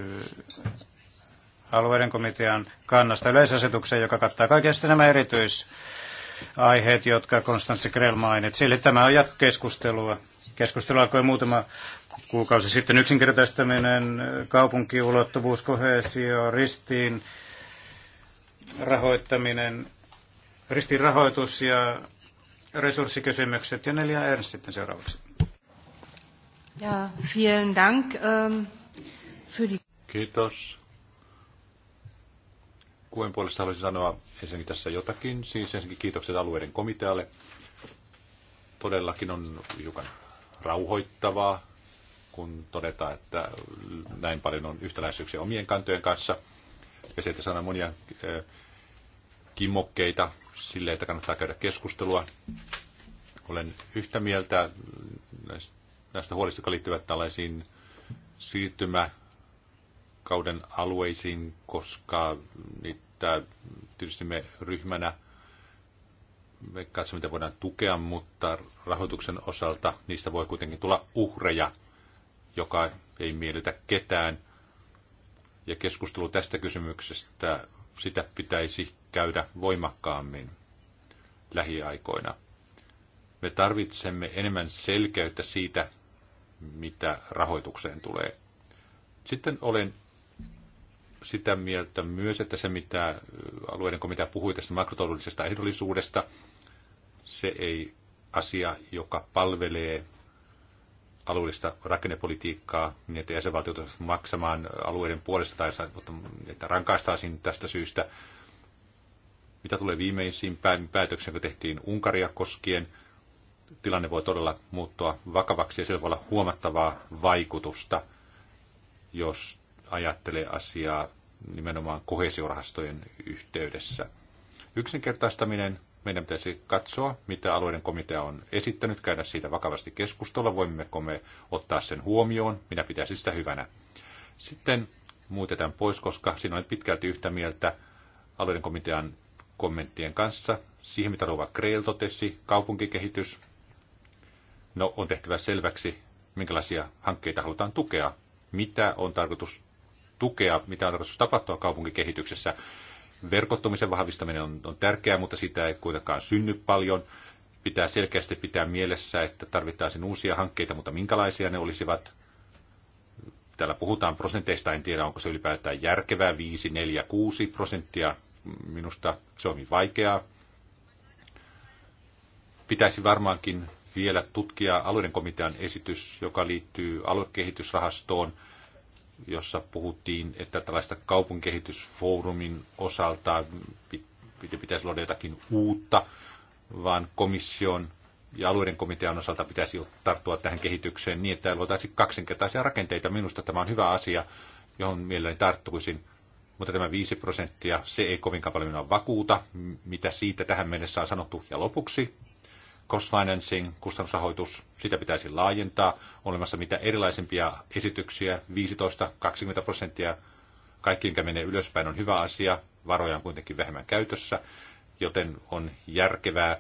alueiden komitean kannasta yleisasetukseen, joka kattaa kaikesta nämä erityisaiheet, jotka Konstantsi Krell mainitsi. Eli tämä on jatkokeskustelua. Keskustelu alkoi muutama kuukausi sitten yksinkertaistaminen, kaupunkiulottuvuus, kohesio, ristiin rahoittaminen, ristiin rahoitus ja resurssikysymykset. Ja neljä Ernst sitten seuraavaksi. Ja, vielen dank. um, für die... Kiitos. Kuen puolesta haluaisin sanoa ensinnäkin tässä jotakin. Siis ensinnäkin kiitokset alueiden komitealle. Todellakin on hiukan rauhoittavaa, kun todetaan, että näin paljon on yhtäläisyyksiä omien kantojen kanssa. Ja se, että saadaan monia äh, kimmokkeita sille, että kannattaa käydä keskustelua. Olen yhtä mieltä näistä huolista, jotka liittyvät tällaisiin siirtymäkauden alueisiin, koska niitä tietysti me ryhmänä me katsomme, mitä voidaan tukea, mutta rahoituksen osalta niistä voi kuitenkin tulla uhreja, joka ei miellytä ketään. Ja keskustelu tästä kysymyksestä sitä pitäisi käydä voimakkaammin lähiaikoina. Me tarvitsemme enemmän selkeyttä siitä, mitä rahoitukseen tulee. Sitten olen sitä mieltä myös, että se mitä alueiden komitea puhui tästä makrotaloudellisesta ehdollisuudesta, se ei asia, joka palvelee alueellista rakennepolitiikkaa, niin että jäsenvaltiot maksamaan alueiden puolesta tai että rankaistaisiin tästä syystä. Mitä tulee viimeisiin päätöksiin, kun tehtiin Unkaria koskien, tilanne voi todella muuttua vakavaksi ja sillä voi olla huomattavaa vaikutusta, jos ajattelee asiaa nimenomaan kohesiorahastojen yhteydessä. Yksinkertaistaminen meidän pitäisi katsoa, mitä alueiden komitea on esittänyt, käydä siitä vakavasti keskustella, voimmeko me ottaa sen huomioon, minä pitäisin sitä hyvänä. Sitten muutetaan pois, koska siinä olet pitkälti yhtä mieltä alueiden komitean kommenttien kanssa. Siihen, mitä Rova Kreel totesi, kaupunkikehitys, no on tehtävä selväksi, minkälaisia hankkeita halutaan tukea, mitä on tarkoitus tukea, mitä on tarkoitus tapahtua kaupunkikehityksessä, Verkottumisen vahvistaminen on, on tärkeää, mutta sitä ei kuitenkaan synny paljon. Pitää selkeästi pitää mielessä, että tarvittaisiin uusia hankkeita, mutta minkälaisia ne olisivat. Täällä puhutaan prosenteista, en tiedä onko se ylipäätään järkevää, 5, 4, 6 prosenttia. Minusta se on niin vaikeaa. Pitäisi varmaankin vielä tutkia alueiden komitean esitys, joka liittyy aluekehitysrahastoon – jossa puhuttiin, että tällaista kaupunkehitysfoorumin osalta pitäisi luoda jotakin uutta, vaan komission ja alueiden komitean osalta pitäisi tarttua tähän kehitykseen niin, että luotaisiin kaksinkertaisia rakenteita. Minusta tämä on hyvä asia, johon mielelläni tarttuisin. Mutta tämä 5 prosenttia, se ei kovinkaan paljon minua vakuuta, mitä siitä tähän mennessä on sanottu. Ja lopuksi cost financing, kustannusrahoitus, sitä pitäisi laajentaa. On olemassa mitä erilaisimpia esityksiä, 15-20 prosenttia. Kaikki, mikä menee ylöspäin, on hyvä asia. Varoja on kuitenkin vähemmän käytössä, joten on järkevää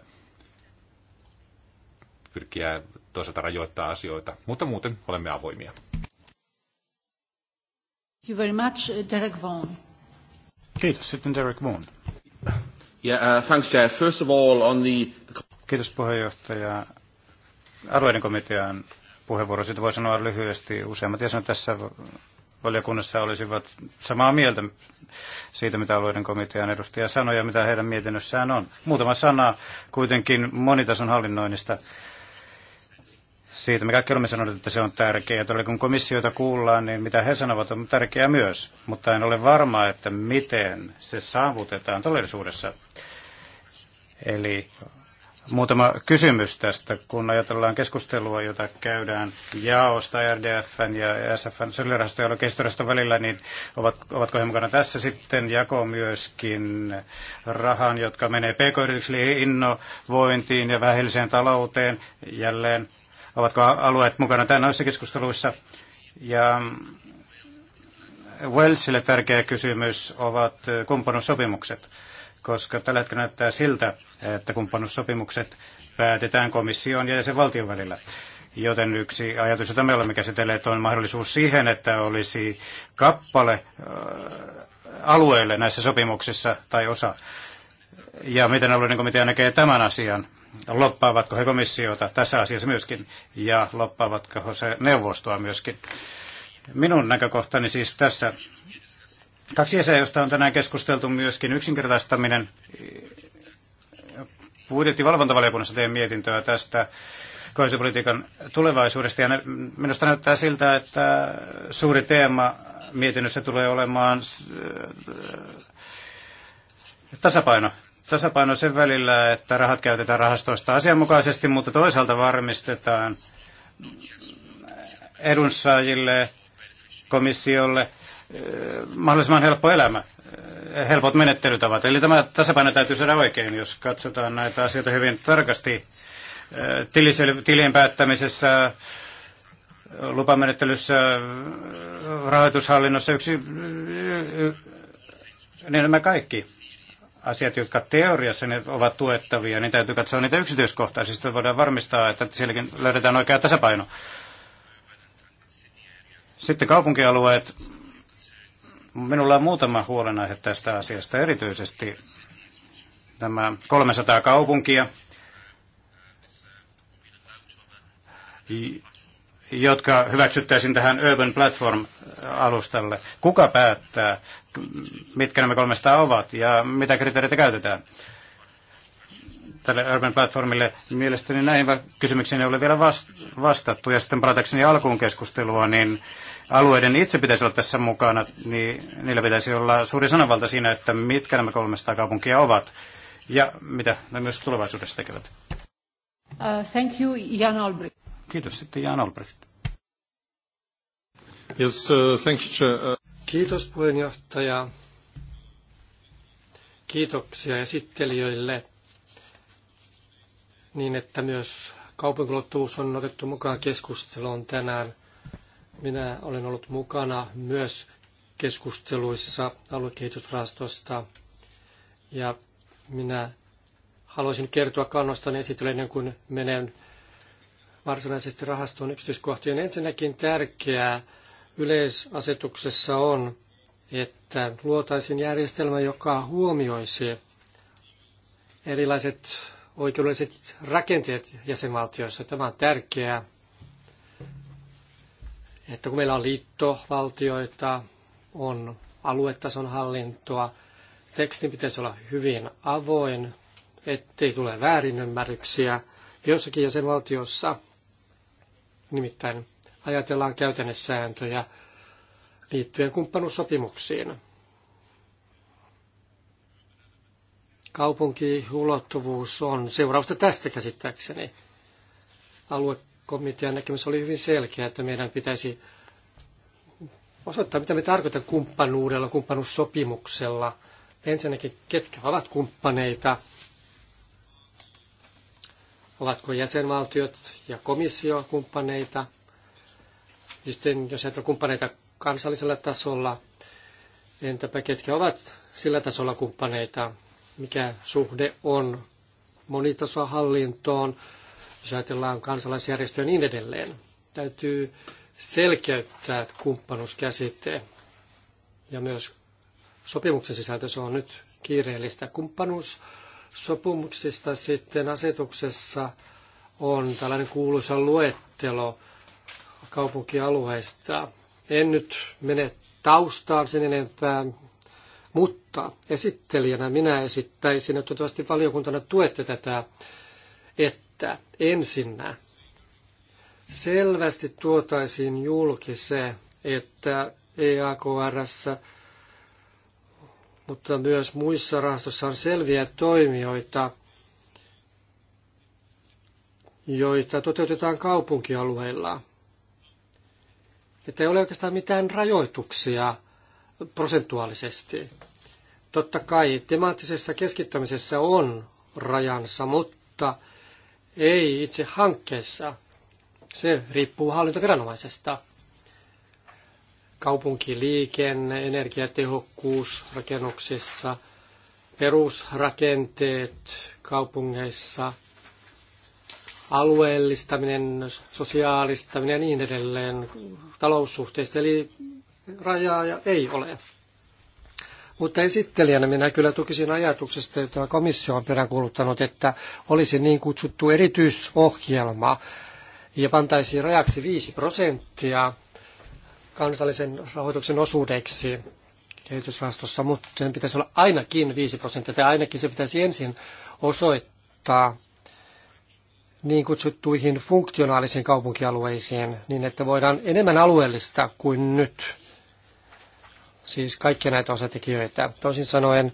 pyrkiä toisaalta rajoittaa asioita, mutta muuten olemme avoimia. You very much, uh, Derek Vaughan. Kiitos. Sitten Derek Vaughan. Yeah, uh, thanks, Chair. First of all, on the Kiitos puheenjohtaja. Alueiden komitean puheenvuoro, siitä voi sanoa lyhyesti. Useimmat jäsenet tässä valiokunnassa olisivat samaa mieltä siitä, mitä alueiden komitean edustaja sanoi ja mitä heidän mietinnössään on. Muutama sana kuitenkin monitason hallinnoinnista. Siitä me kaikki olemme sanoneet, että se on tärkeää. Todella kun komissioita kuullaan, niin mitä he sanovat on tärkeää myös. Mutta en ole varma, että miten se saavutetaan todellisuudessa. Eli Muutama kysymys tästä, kun ajatellaan keskustelua, jota käydään jaosta RDFn ja SFn sosiaalirahaston ja välillä, niin ovat, ovatko he mukana tässä sitten jako myöskin rahan, jotka menee pk-yrityksille innovointiin ja vähäiseen talouteen jälleen? Ovatko alueet mukana tämän noissa keskusteluissa? Ja mm, Wellsille tärkeä kysymys ovat äh, kumppanuussopimukset koska tällä hetkellä näyttää siltä, että kumppanuussopimukset päätetään komission ja jäsenvaltion välillä. Joten yksi ajatus, jota me olemme käsitelleet, on mahdollisuus siihen, että olisi kappale äh, alueelle näissä sopimuksissa tai osa. Ja miten alueiden komitea näkee tämän asian? Loppaavatko he komissiota tässä asiassa myöskin? Ja loppaavatko he neuvostoa myöskin? Minun näkökohtani siis tässä Kaksi asiaa, joista on tänään keskusteltu myöskin yksinkertaistaminen. Budjettivalvontavaliokunnassa teidän mietintöä tästä koisipolitiikan tulevaisuudesta. Ja minusta näyttää siltä, että suuri teema mietinnössä tulee olemaan äh, tasapaino. Tasapaino sen välillä, että rahat käytetään rahastoista asianmukaisesti, mutta toisaalta varmistetaan edunsaajille, komissiolle – mahdollisimman helppo elämä, helpot menettelytavat. Eli tämä tasapaino täytyy saada oikein, jos katsotaan näitä asioita hyvin tarkasti. Tilien päättämisessä, lupamenettelyssä, rahoitushallinnossa, yksi, niin nämä kaikki asiat, jotka teoriassa ne ovat tuettavia, niin täytyy katsoa niitä yksityiskohtaisesti, voidaan varmistaa, että sielläkin löydetään oikea tasapaino. Sitten kaupunkialueet, Minulla on muutama huolenaihe tästä asiasta, erityisesti nämä 300 kaupunkia, jotka hyväksyttäisiin tähän Urban Platform-alustalle. Kuka päättää, mitkä nämä 300 ovat ja mitä kriteereitä käytetään? tälle Urban Platformille. Mielestäni näihin kysymyksiin ei ole vielä vastattu. Ja sitten palatakseni alkuun keskustelua, niin alueiden itse pitäisi olla tässä mukana, niin niillä pitäisi olla suuri sananvalta siinä, että mitkä nämä 300 kaupunkia ovat ja mitä ne myös tulevaisuudessa tekevät. Uh, thank you, Jan Olbricht. Kiitos sitten Jan Olbricht. Yes, uh, thank you, uh, Kiitos puheenjohtaja. Kiitoksia esittelijöille niin, että myös kaupunkiulottuvuus on otettu mukaan keskusteluun tänään. Minä olen ollut mukana myös keskusteluissa aluekehitysrahastosta ja minä haluaisin kertoa kannostani esitellä ennen kuin menen varsinaisesti rahaston yksityiskohtiin. Ensinnäkin tärkeää yleisasetuksessa on, että luotaisiin järjestelmä, joka huomioisi erilaiset oikeudelliset rakenteet jäsenvaltioissa. Tämä on tärkeää että kun meillä on liittovaltioita, on aluetason hallintoa, tekstin pitäisi olla hyvin avoin, ettei tule väärinymmärryksiä jossakin jäsenvaltiossa. Nimittäin ajatellaan käytännössääntöjä liittyen kumppanuussopimuksiin. Kaupunkiulottuvuus on seurausta tästä käsittääkseni. Alue komitean näkemys oli hyvin selkeä, että meidän pitäisi osoittaa, mitä me tarkoitamme kumppanuudella, kumppanuussopimuksella. Ensinnäkin, ketkä ovat kumppaneita, ovatko jäsenvaltiot ja komissio kumppaneita, ja sitten jos ajatellaan kumppaneita kansallisella tasolla, entäpä ketkä ovat sillä tasolla kumppaneita, mikä suhde on monitasohallintoon, hallintoon, jos ajatellaan kansalaisjärjestöä ja niin edelleen. Täytyy selkeyttää kumppanuuskäsite ja myös sopimuksen sisältö, se on nyt kiireellistä. Kumppanuussopimuksista sitten asetuksessa on tällainen kuuluisa luettelo kaupunkialueista. En nyt mene taustaan sen enempää, mutta esittelijänä minä esittäisin, että toivottavasti valiokuntana tuette tätä, että että ensinnä selvästi tuotaisiin julki se, että EAKRssä, mutta myös muissa rahastoissa on selviä toimijoita, joita toteutetaan kaupunkialueilla. Että ei ole oikeastaan mitään rajoituksia prosentuaalisesti. Totta kai temaattisessa keskittämisessä on rajansa, mutta ei itse hankkeessa. Se riippuu hallintoviranomaisesta. Kaupunkiliikenne, energiatehokkuus rakennuksissa, perusrakenteet kaupungeissa, alueellistaminen, sosiaalistaminen ja niin edelleen taloussuhteista. Eli rajaa ei ole. Mutta esittelijänä minä kyllä tukisin ajatuksesta, jota komissio on peräänkuuluttanut, että olisi niin kutsuttu erityisohjelma ja pantaisiin rajaksi 5 prosenttia kansallisen rahoituksen osuudeksi kehitysrahastossa, mutta sen pitäisi olla ainakin 5 prosenttia, tai ainakin se pitäisi ensin osoittaa niin kutsuttuihin funktionaalisiin kaupunkialueisiin, niin että voidaan enemmän alueellista kuin nyt siis kaikkia näitä osatekijöitä. Toisin sanoen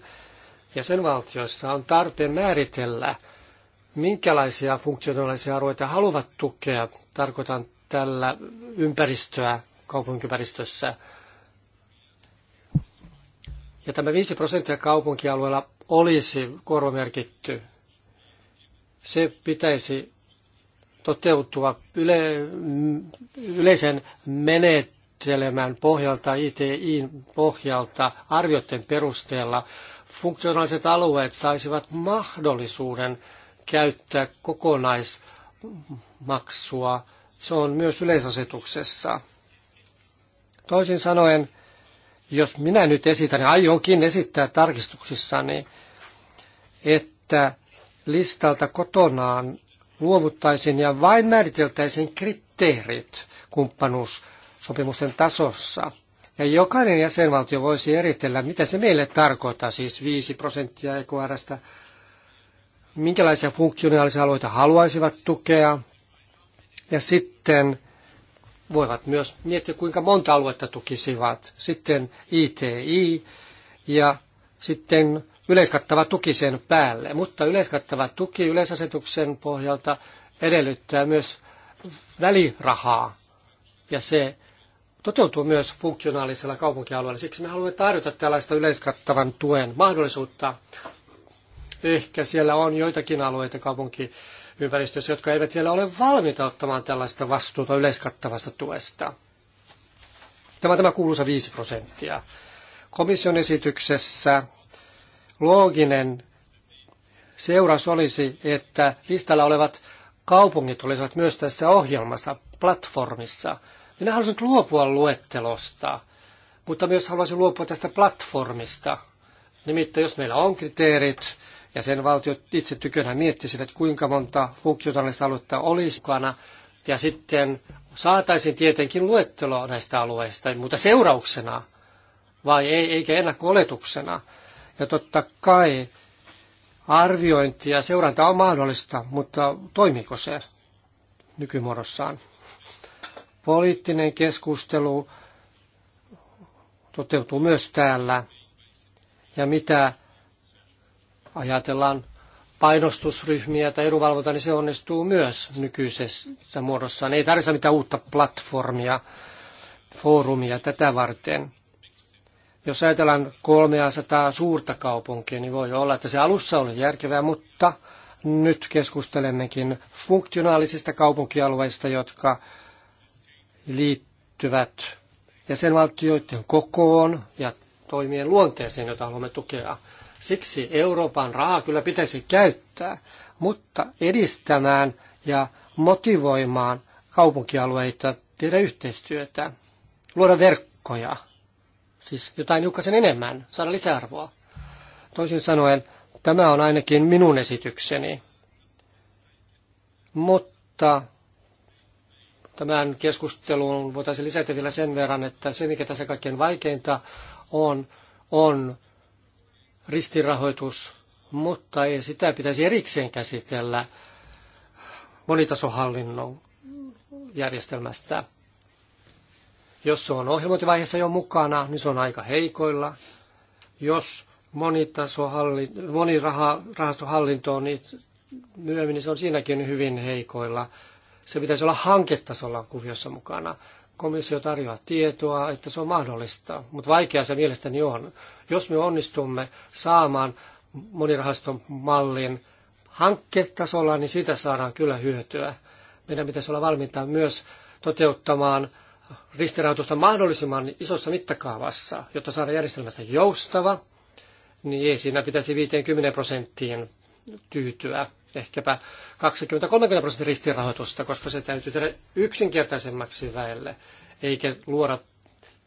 jäsenvaltioissa on tarpeen määritellä, minkälaisia funktionaalisia alueita haluavat tukea. Tarkoitan tällä ympäristöä kaupunkiympäristössä. Ja tämä 5 prosenttia kaupunkialueella olisi korvamerkitty. Se pitäisi toteutua yle, yleisen menet työskentelemään pohjalta, itiin pohjalta, arvioiden perusteella, funktionaaliset alueet saisivat mahdollisuuden käyttää kokonaismaksua. Se on myös yleisasetuksessa. Toisin sanoen, jos minä nyt esitän, ja niin aionkin esittää tarkistuksissani, että listalta kotonaan luovuttaisiin ja vain määriteltäisiin kriteerit kumppanuus sopimusten tasossa. Ja jokainen jäsenvaltio voisi eritellä, mitä se meille tarkoittaa, siis 5 prosenttia EKRstä, minkälaisia funktionaalisia alueita haluaisivat tukea. Ja sitten voivat myös miettiä, kuinka monta aluetta tukisivat. Sitten ITI ja sitten yleiskattava tuki sen päälle. Mutta yleiskattava tuki yleisasetuksen pohjalta edellyttää myös välirahaa. Ja se toteutuu myös funktionaalisella kaupunkialueella. Siksi me haluamme tarjota tällaista yleiskattavan tuen mahdollisuutta. Ehkä siellä on joitakin alueita kaupunki ympäristössä, jotka eivät vielä ole valmiita ottamaan tällaista vastuuta yleiskattavasta tuesta. Tämä on tämä kuuluisa 5 prosenttia. Komission esityksessä looginen seuraus olisi, että listalla olevat kaupungit olisivat myös tässä ohjelmassa, platformissa – minä haluaisin luopua luettelosta, mutta myös haluaisin luopua tästä platformista. Nimittäin jos meillä on kriteerit, ja sen valtiot itse tykönä miettisivät, kuinka monta funktionaalista aluetta olisi mukana, ja sitten saataisiin tietenkin luettelo näistä alueista, mutta seurauksena vai ei, eikä ennakko-oletuksena. Ja totta kai arviointi ja seuranta on mahdollista, mutta toimiiko se nykymuodossaan? Poliittinen keskustelu toteutuu myös täällä. Ja mitä ajatellaan painostusryhmiä tai edunvalvonta, niin se onnistuu myös nykyisessä muodossaan. Ei tarvita mitään uutta platformia, foorumia tätä varten. Jos ajatellaan 300 suurta kaupunkia, niin voi olla, että se alussa oli järkevää, mutta nyt keskustelemmekin funktionaalisista kaupunkialueista, jotka liittyvät jäsenvaltioiden kokoon ja toimien luonteeseen, jota haluamme tukea. Siksi Euroopan rahaa kyllä pitäisi käyttää, mutta edistämään ja motivoimaan kaupunkialueita tehdä yhteistyötä, luoda verkkoja, siis jotain hiukkasen enemmän, saada lisäarvoa. Toisin sanoen, tämä on ainakin minun esitykseni. Mutta Tämän keskusteluun voitaisiin lisätä vielä sen verran, että se mikä tässä kaikkein vaikeinta on, on ristirahoitus, mutta ei sitä pitäisi erikseen käsitellä monitasohallinnon järjestelmästä. Jos se on ohjelmointivaiheessa jo mukana, niin se on aika heikoilla. Jos monirahastohallinto on niin myöhemmin, niin se on siinäkin hyvin heikoilla se pitäisi olla hanketasolla kuviossa mukana. Komissio tarjoaa tietoa, että se on mahdollista, mutta vaikea se mielestäni on. Jos me onnistumme saamaan monirahaston mallin hanketasolla, niin siitä saadaan kyllä hyötyä. Meidän pitäisi olla valmiita myös toteuttamaan ristirahoitusta mahdollisimman isossa mittakaavassa, jotta saadaan järjestelmästä joustava, niin ei siinä pitäisi 50 prosenttiin tyytyä ehkäpä 20-30 prosentin ristirahoitusta, koska se täytyy tehdä yksinkertaisemmaksi väelle, eikä luoda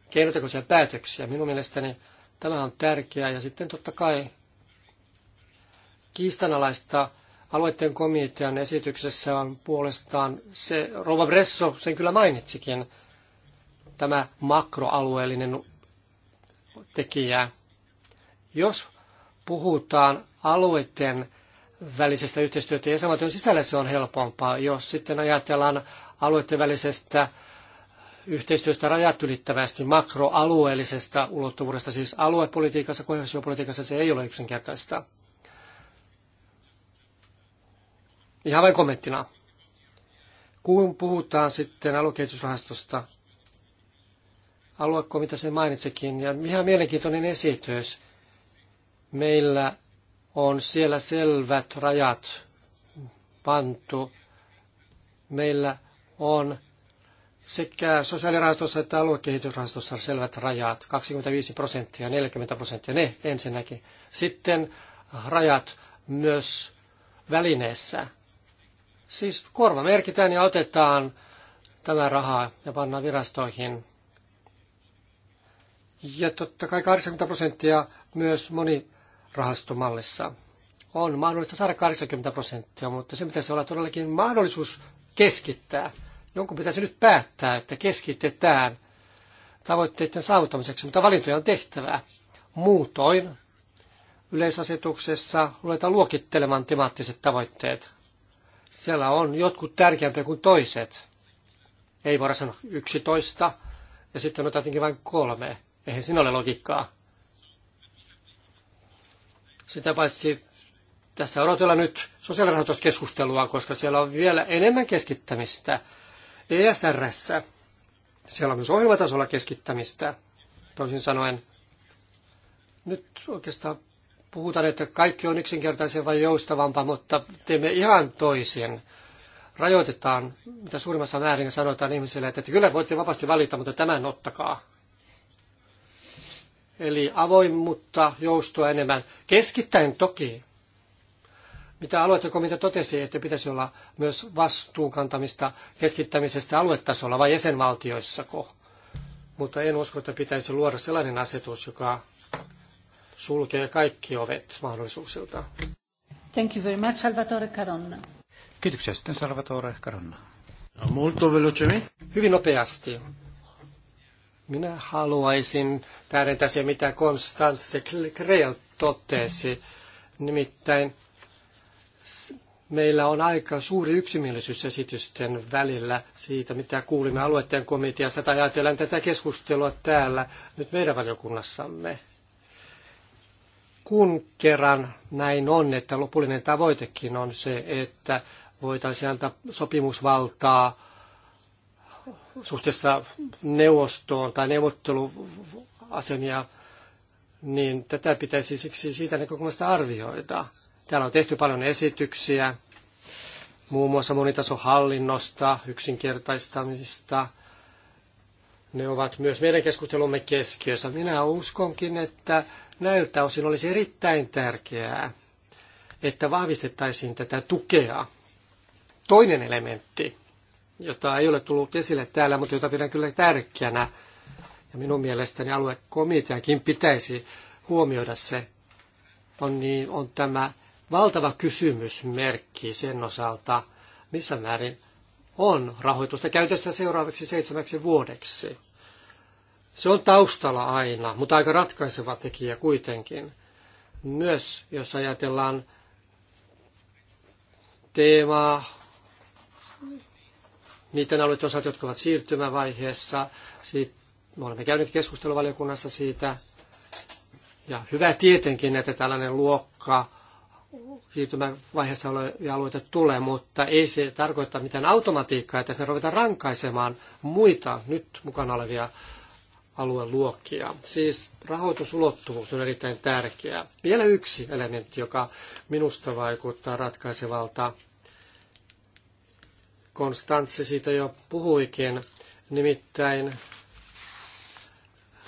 keinotekoisia päätöksiä. Minun mielestäni tämä on tärkeää ja sitten totta kai kiistanalaista alueiden komitean esityksessä on puolestaan se, Rova Bresso sen kyllä mainitsikin, tämä makroalueellinen tekijä. Jos puhutaan alueiden välisestä yhteistyötä jäsenvaltion sisällä se on helpompaa. Jos sitten ajatellaan alueiden välisestä yhteistyöstä rajat ylittävästi makroalueellisesta ulottuvuudesta, siis aluepolitiikassa, kohesiopolitiikassa se ei ole yksinkertaista. Ihan vain kommenttina. Kun puhutaan sitten aluekehitysrahastosta, aluekomitea sen mainitsikin, ja ihan mielenkiintoinen esitys. Meillä on siellä selvät rajat pantu. Meillä on sekä sosiaalirahastossa että aluekehitysrahastossa selvät rajat, 25 prosenttia, 40 prosenttia, ne ensinnäkin. Sitten rajat myös välineessä. Siis korva merkitään ja otetaan tämä raha ja pannaan virastoihin. Ja totta kai 80 prosenttia myös moni rahastomallissa on mahdollista saada 80 prosenttia, mutta se pitäisi olla todellakin mahdollisuus keskittää. Jonkun pitäisi nyt päättää, että keskitetään tavoitteiden saavuttamiseksi, mutta valintoja on tehtävää. Muutoin yleisasetuksessa ruvetaan luokittelemaan temaattiset tavoitteet. Siellä on jotkut tärkeämpiä kuin toiset. Ei voida sanoa yksitoista ja sitten on jotenkin vain kolme. Eihän siinä ole logiikkaa. Sitä paitsi tässä odotellaan nyt sosiaalirahoituskeskustelua, koska siellä on vielä enemmän keskittämistä ESRssä. Siellä on myös ohjelmatasolla keskittämistä, toisin sanoen. Nyt oikeastaan puhutaan, että kaikki on yksinkertaisempaa vai joustavampaa, mutta teemme ihan toisin. Rajoitetaan, mitä suurimmassa määrin sanotaan ihmisille, että kyllä voitte vapaasti valita, mutta tämän ottakaa. Eli avoimuutta, joustoa enemmän, keskittäen toki. Mitä aluekomitea totesi, että pitäisi olla myös vastuun kantamista keskittämisestä aluetasolla vai jäsenvaltioissako. Mutta en usko, että pitäisi luoda sellainen asetus, joka sulkee kaikki ovet mahdollisuuksilta. Thank you very much, Salvatore Caronna. Kiitoksia sitten, Salvatore Caronna. Molto velocemente. Hyvin nopeasti. Minä haluaisin tähdentää se, mitä Konstantse Kreel totesi. Nimittäin meillä on aika suuri yksimielisyys esitysten välillä siitä, mitä kuulimme alueiden komiteassa tai ajatellaan tätä keskustelua täällä nyt meidän valiokunnassamme. Kun kerran näin on, että lopullinen tavoitekin on se, että voitaisiin antaa sopimusvaltaa suhteessa neuvostoon tai neuvotteluasemia, niin tätä pitäisi siksi siitä näkökulmasta arvioida. Täällä on tehty paljon esityksiä, muun muassa monitasohallinnosta, yksinkertaistamista. Ne ovat myös meidän keskustelumme keskiössä. Minä uskonkin, että näiltä osin olisi erittäin tärkeää, että vahvistettaisiin tätä tukea. Toinen elementti jota ei ole tullut esille täällä, mutta jota pidän kyllä tärkeänä. Ja minun mielestäni aluekomiteankin pitäisi huomioida se, on, niin, on tämä valtava kysymysmerkki sen osalta, missä määrin on rahoitusta käytössä seuraavaksi seitsemäksi vuodeksi. Se on taustalla aina, mutta aika ratkaiseva tekijä kuitenkin. Myös jos ajatellaan teemaa, niiden alueiden osat, jotka ovat siirtymävaiheessa. me olemme käyneet keskusteluvaliokunnassa siitä. Ja hyvä tietenkin, että tällainen luokka siirtymävaiheessa olevia alueita tulee, mutta ei se tarkoita mitään automatiikkaa, että sinne ruvetaan rankaisemaan muita nyt mukana olevia alueluokkia. Siis rahoitusulottuvuus on erittäin tärkeää. Vielä yksi elementti, joka minusta vaikuttaa ratkaisevalta Konstantsi siitä jo puhuikin, nimittäin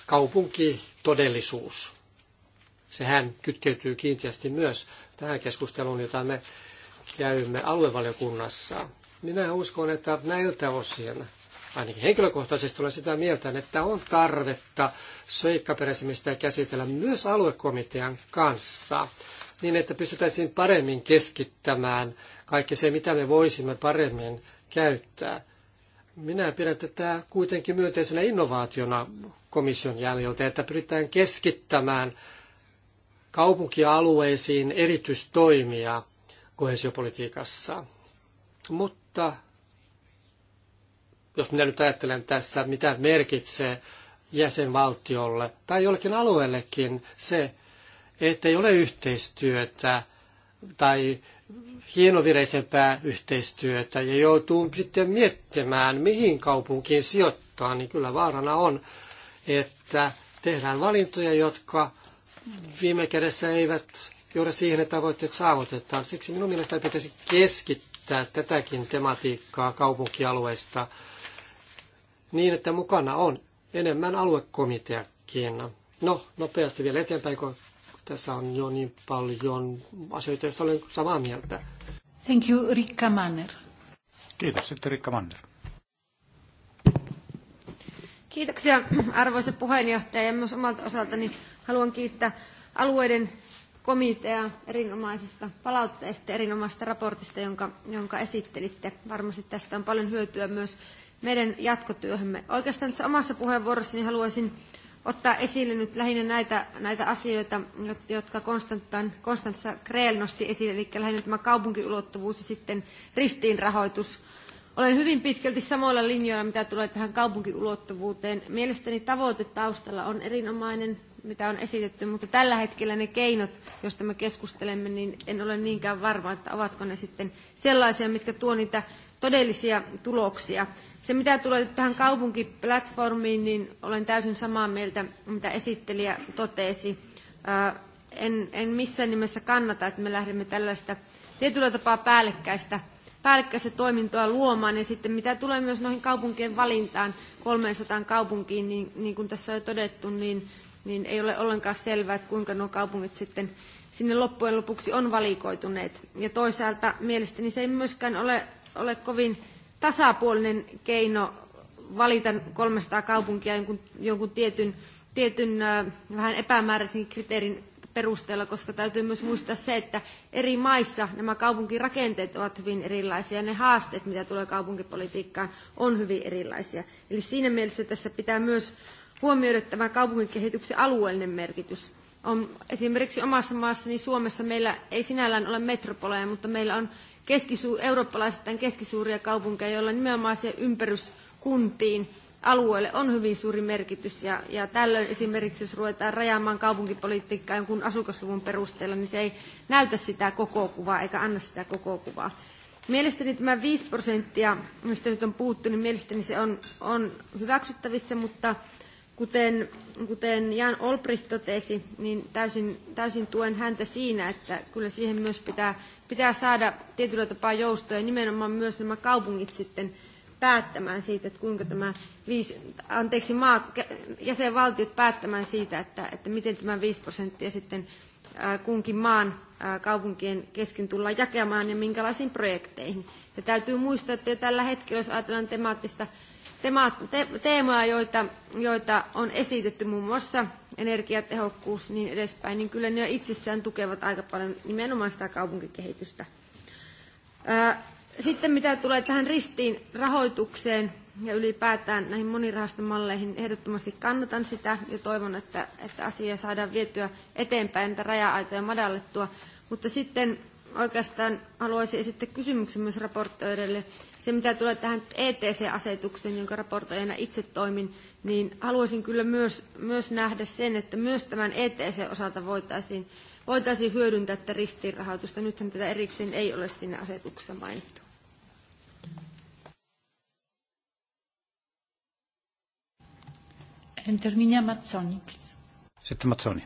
kaupunkitodellisuus. Sehän kytkeytyy kiinteästi myös tähän keskusteluun, jota me käymme aluevaliokunnassa. Minä uskon, että näiltä osin, ainakin henkilökohtaisesti olen sitä mieltä, että on tarvetta seikkaperäisemistä käsitellä myös aluekomitean kanssa, niin että pystytäisiin paremmin keskittämään kaikki se, mitä me voisimme paremmin käyttää. Minä pidän tätä kuitenkin myönteisenä innovaationa komission jäljiltä, että pyritään keskittämään kaupunkialueisiin erityistoimia kohesiopolitiikassa. Mutta jos minä nyt ajattelen tässä, mitä merkitsee jäsenvaltiolle tai jollekin alueellekin se, ettei ole yhteistyötä tai hienovireisempää yhteistyötä ja joutuu sitten miettimään, mihin kaupunkiin sijoittaa, niin kyllä vaarana on, että tehdään valintoja, jotka viime kädessä eivät juuri siihen, että tavoitteet saavutetaan. Siksi minun mielestäni pitäisi keskittää tätäkin tematiikkaa kaupunkialueista niin, että mukana on enemmän aluekomiteakin. No, nopeasti vielä eteenpäin, kun tässä on jo niin paljon asioita, joista olen samaa mieltä. Thank you, Rikka Manner. Kiitos. Sitten Rikka Manner. Kiitoksia arvoisa puheenjohtaja ja myös omalta osaltani haluan kiittää alueiden komitea erinomaisesta palautteesta, erinomaisesta raportista, jonka, jonka esittelitte. Varmasti tästä on paljon hyötyä myös meidän jatkotyöhömme. Oikeastaan tässä omassa puheenvuorossani haluaisin ottaa esille nyt lähinnä näitä, näitä asioita, jotka Konstantsa Kreel nosti esille, eli lähinnä tämä kaupunkiulottuvuus ja sitten ristiinrahoitus. Olen hyvin pitkälti samoilla linjoilla, mitä tulee tähän kaupunkiulottuvuuteen. Mielestäni tavoite taustalla on erinomainen, mitä on esitetty, mutta tällä hetkellä ne keinot, joista me keskustelemme, niin en ole niinkään varma, että ovatko ne sitten sellaisia, mitkä tuo niitä todellisia tuloksia. Se, mitä tulee tähän kaupunkiplatformiin, niin olen täysin samaa mieltä, mitä esittelijä totesi. Äh, en, en missään nimessä kannata, että me lähdemme tällaista tietyllä tapaa päällekkäistä, päällekkäistä toimintoa luomaan. Ja sitten mitä tulee myös noihin kaupunkien valintaan, 300 kaupunkiin, niin, niin kuin tässä on jo todettu, niin, niin ei ole ollenkaan selvää, että kuinka nuo kaupungit sitten sinne loppujen lopuksi on valikoituneet. Ja toisaalta mielestäni se ei myöskään ole ole kovin tasapuolinen keino valita 300 kaupunkia jonkun, jonkun tietyn, tietyn vähän epämääräisen kriteerin perusteella, koska täytyy myös muistaa se, että eri maissa nämä kaupunkirakenteet ovat hyvin erilaisia ja ne haasteet, mitä tulee kaupunkipolitiikkaan, on hyvin erilaisia. Eli siinä mielessä tässä pitää myös huomioida tämä kaupunkikehityksen alueellinen merkitys. On esimerkiksi omassa maassani Suomessa meillä ei sinällään ole metropoleja, mutta meillä on keskisu- eurooppalaisittain keskisuuria kaupunkeja, joilla nimenomaan se ympäryskuntiin alueelle on hyvin suuri merkitys. Ja, ja tällöin esimerkiksi, jos ruvetaan rajaamaan kaupunkipolitiikkaa jonkun asukasluvun perusteella, niin se ei näytä sitä koko kuvaa eikä anna sitä koko kuvaa. Mielestäni tämä 5 prosenttia, mistä nyt on puhuttu, niin mielestäni se on, on hyväksyttävissä, mutta Kuten, kuten Jan Olbricht totesi, niin täysin, täysin tuen häntä siinä, että kyllä siihen myös pitää, pitää saada tietyllä tapaa joustoja, nimenomaan myös nämä kaupungit sitten päättämään siitä, että kuinka tämä viisi, anteeksi, maa, jäsenvaltiot päättämään siitä, että, että miten tämä 5 prosenttia sitten kunkin maan kaupunkien kesken tullaan jakamaan ja minkälaisiin projekteihin. Ja täytyy muistaa, että jo tällä hetkellä, jos ajatellaan temaattista teemoja, joita, joita on esitetty, muun muassa energiatehokkuus ja niin edespäin, niin kyllä ne itsessään tukevat aika paljon nimenomaan sitä kaupunkikehitystä. Sitten mitä tulee tähän ristiin rahoitukseen ja ylipäätään näihin monirahastomalleihin, ehdottomasti kannatan sitä ja toivon, että, että asia saadaan vietyä eteenpäin, että raja-aitoja madallettua. Mutta sitten oikeastaan haluaisin esittää kysymyksen myös raportoijalle. Se, mitä tulee tähän ETC-asetukseen, jonka raportoijana itse toimin, niin haluaisin kyllä myös, myös nähdä sen, että myös tämän ETC-osalta voitaisiin, voitaisiin hyödyntää tätä ristiinrahoitusta. Nythän tätä erikseen ei ole siinä asetuksessa mainittu. Terminia Mazzoni, please. Sitten Mazzoni.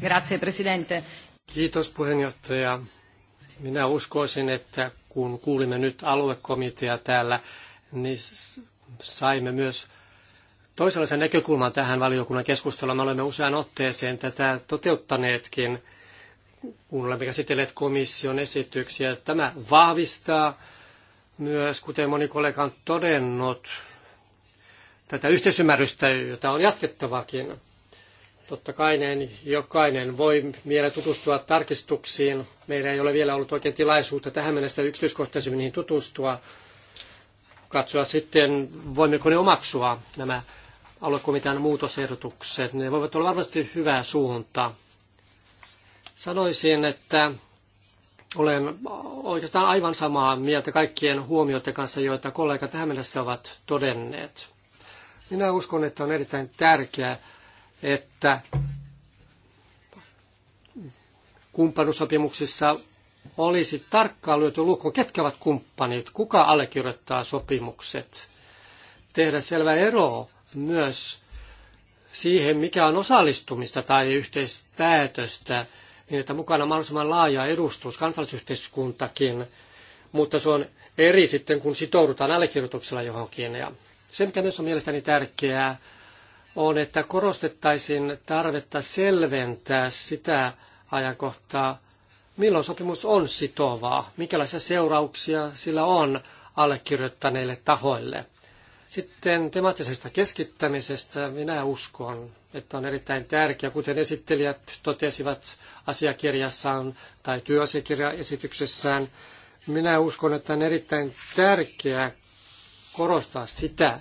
Grazie Presidente. Kiitos puheenjohtaja. Minä uskoisin, että kun kuulimme nyt aluekomitea täällä, niin saimme myös toisenlaisen näkökulman tähän valiokunnan keskusteluun. Me olemme usean otteeseen tätä toteuttaneetkin, kun olemme käsitelleet komission esityksiä. Tämä vahvistaa myös, kuten moni kollega on todennut, tätä yhteisymmärrystä, jota on jatkettavakin. Totta kai näin jokainen voi vielä tutustua tarkistuksiin. Meillä ei ole vielä ollut oikein tilaisuutta tähän mennessä yksityiskohtaisemmin niihin tutustua. Katsoa sitten, voimmeko ne omaksua nämä aluekomitean muutosehdotukset. Ne voivat olla varmasti hyvää suuntaa. Sanoisin, että olen oikeastaan aivan samaa mieltä kaikkien huomioiden kanssa, joita kollegat tähän mennessä ovat todenneet. Minä uskon, että on erittäin tärkeää, että kumppanuussopimuksissa olisi tarkkaan lyöty lukko, ketkä ovat kumppanit, kuka allekirjoittaa sopimukset. Tehdä selvä ero myös siihen, mikä on osallistumista tai yhteispäätöstä, niin että mukana on mahdollisimman laaja edustus, kansallisyhteiskuntakin, mutta se on eri sitten, kun sitoudutaan allekirjoituksella johonkin. Ja se, mikä myös on mielestäni tärkeää, on, että korostettaisiin tarvetta selventää sitä ajankohtaa, milloin sopimus on sitovaa, mikälaisia seurauksia sillä on allekirjoittaneille tahoille. Sitten temaattisesta keskittämisestä minä uskon, että on erittäin tärkeää, kuten esittelijät totesivat asiakirjassaan tai työasiakirjaesityksessään. Minä uskon, että on erittäin tärkeää korostaa sitä,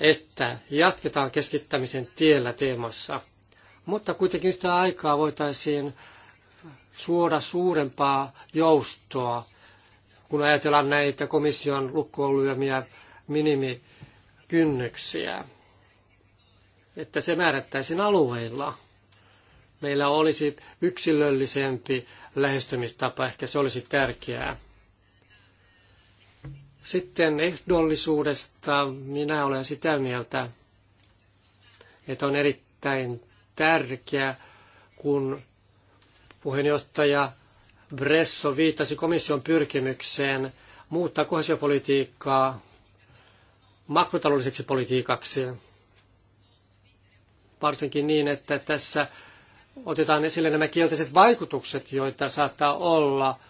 että jatketaan keskittämisen tiellä teemassa, mutta kuitenkin yhtä aikaa voitaisiin suoda suurempaa joustoa, kun ajatellaan näitä komission lukkoon lyömiä minimikynnyksiä, että se määrättäisiin alueilla. Meillä olisi yksilöllisempi lähestymistapa, ehkä se olisi tärkeää. Sitten ehdollisuudesta minä olen sitä mieltä, että on erittäin tärkeä, kun puheenjohtaja Bresso viittasi komission pyrkimykseen muuttaa kohesiopolitiikkaa makrotaloudelliseksi politiikaksi. Varsinkin niin, että tässä otetaan esille nämä kielteiset vaikutukset, joita saattaa olla –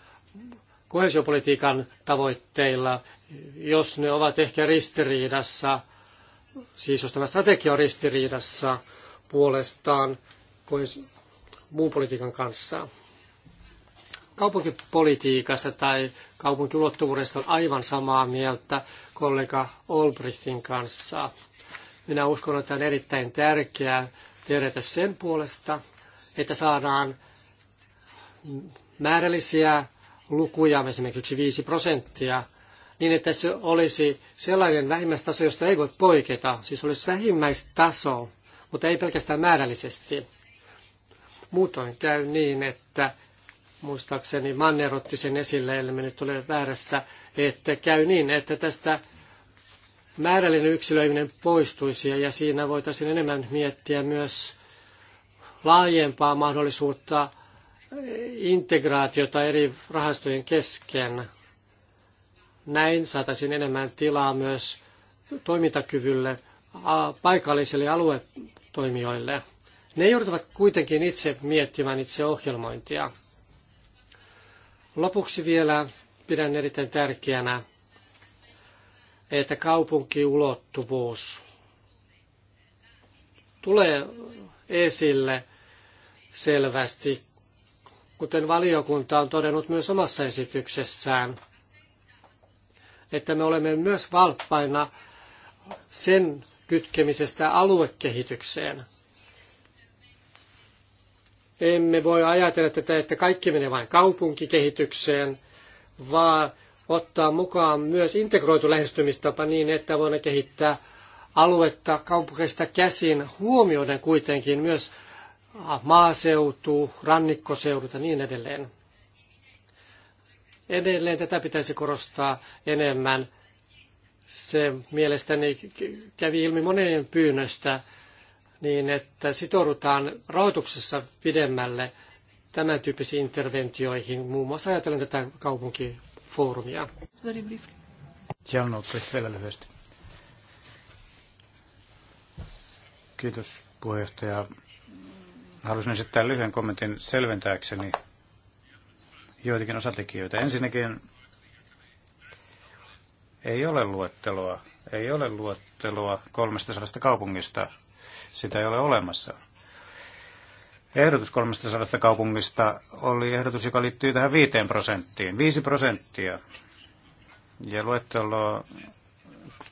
kohesiopolitiikan tavoitteilla, jos ne ovat ehkä ristiriidassa, siis jos tämä strategia on ristiriidassa puolestaan muun politiikan kanssa. Kaupunkipolitiikasta tai kaupunkiulottuvuudesta on aivan samaa mieltä kollega Olbrichtin kanssa. Minä uskon, että on erittäin tärkeää tehdä sen puolesta, että saadaan määrällisiä lukuja, esimerkiksi 5 prosenttia, niin että se olisi sellainen vähimmäistaso, josta ei voi poiketa. Siis olisi vähimmäistaso, mutta ei pelkästään määrällisesti. Muutoin käy niin, että muistaakseni Manner otti sen esille, eli me nyt väärässä, että käy niin, että tästä määrällinen yksilöiminen poistuisi ja siinä voitaisiin enemmän miettiä myös laajempaa mahdollisuutta integraatiota eri rahastojen kesken. Näin saataisiin enemmän tilaa myös toimintakyvylle paikallisille ja aluetoimijoille. Ne joutuvat kuitenkin itse miettimään itse ohjelmointia. Lopuksi vielä pidän erittäin tärkeänä, että kaupunkiulottuvuus tulee esille selvästi kuten valiokunta on todennut myös omassa esityksessään, että me olemme myös valppaina sen kytkemisestä aluekehitykseen. Emme voi ajatella tätä, että kaikki menee vain kaupunkikehitykseen, vaan ottaa mukaan myös integroitu lähestymistapa niin, että voimme kehittää aluetta kaupunkista käsin huomioiden kuitenkin myös Ah, maaseutu, rannikkoseudut ja niin edelleen. Edelleen tätä pitäisi korostaa enemmän. Se mielestäni kävi ilmi moneen pyynnöstä niin, että sitoudutaan rahoituksessa pidemmälle tämän tyyppisiin interventioihin, muun muassa ajatellen tätä kaupunkifoorumia. vielä lyhyesti. Kiitos puheenjohtaja. Haluaisin esittää lyhyen kommentin selventääkseni joitakin osatekijöitä. Ensinnäkin ei ole luetteloa, ei ole luetteloa 300 kaupungista. Sitä ei ole olemassa. Ehdotus 300 kaupungista oli ehdotus, joka liittyy tähän 5 prosenttiin. 5 prosenttia. Ja luettelo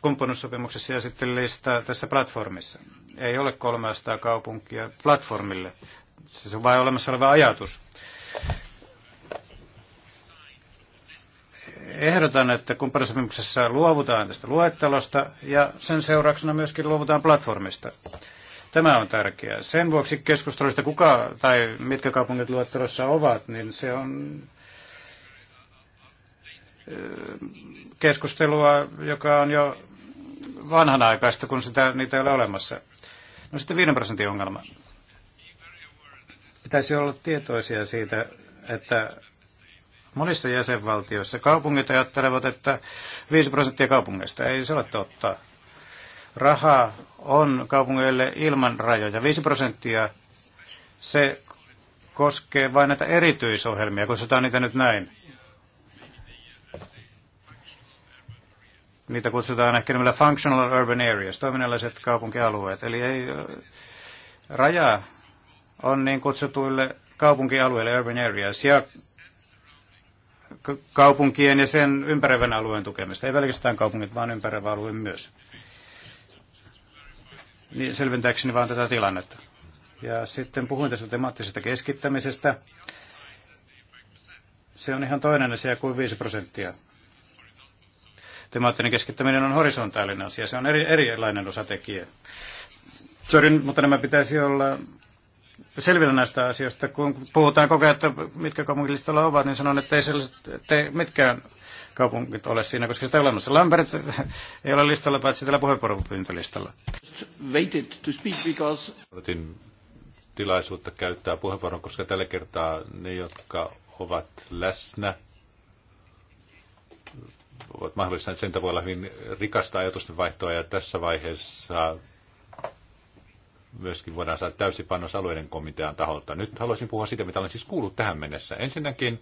kumppanussopimuksessa ja sitten lista tässä platformissa. Ei ole 300 kaupunkia platformille. Se on vain olemassa oleva ajatus. Ehdotan, että kumppanisopimuksessa luovutaan tästä luettelosta ja sen seurauksena myöskin luovutaan platformista. Tämä on tärkeää. Sen vuoksi keskustelusta kuka tai mitkä kaupungit luettelossa ovat, niin se on keskustelua, joka on jo vanhanaikaista, kun sitä, niitä ei ole olemassa. No sitten 5 prosentin ongelma. Pitäisi olla tietoisia siitä, että monissa jäsenvaltioissa kaupungit ajattelevat, että 5 prosenttia kaupungeista ei se ole totta. Raha on kaupungeille ilman rajoja. 5 prosenttia se koskee vain näitä erityisohjelmia, sanotaan niitä nyt näin niitä kutsutaan ehkä nimellä functional urban areas, toiminnalliset kaupunkialueet. Eli ei, raja on niin kutsutuille kaupunkialueille, urban areas, ja kaupunkien ja sen ympäröivän alueen tukemista. Ei pelkästään kaupungit, vaan ympäröivä alue myös. Niin selventääkseni vaan tätä tilannetta. Ja sitten puhuin tästä temaattisesta keskittämisestä. Se on ihan toinen asia kuin 5 prosenttia temaattinen keskittäminen on horisontaalinen asia. Se on eri, erilainen osatekijä. Sorry, mutta nämä pitäisi olla selvillä näistä asioista. Kun puhutaan koko ajan, että mitkä kaupunkilistolla ovat, niin sanon, että ei sellaiset, te mitkään kaupungit ole siinä, koska sitä ei ole olemassa. Lambert ei ole listalla, paitsi tällä puheenvuoropyyntölistalla. Otin tilaisuutta käyttää puheenvuoron, koska tällä kertaa ne, jotka ovat läsnä, ovat mahdollistaneet sen olla hyvin rikasta ajatusten vaihtoa ja tässä vaiheessa myöskin voidaan saada täysipannos alueiden komitean taholta. Nyt haluaisin puhua siitä, mitä olen siis kuullut tähän mennessä. Ensinnäkin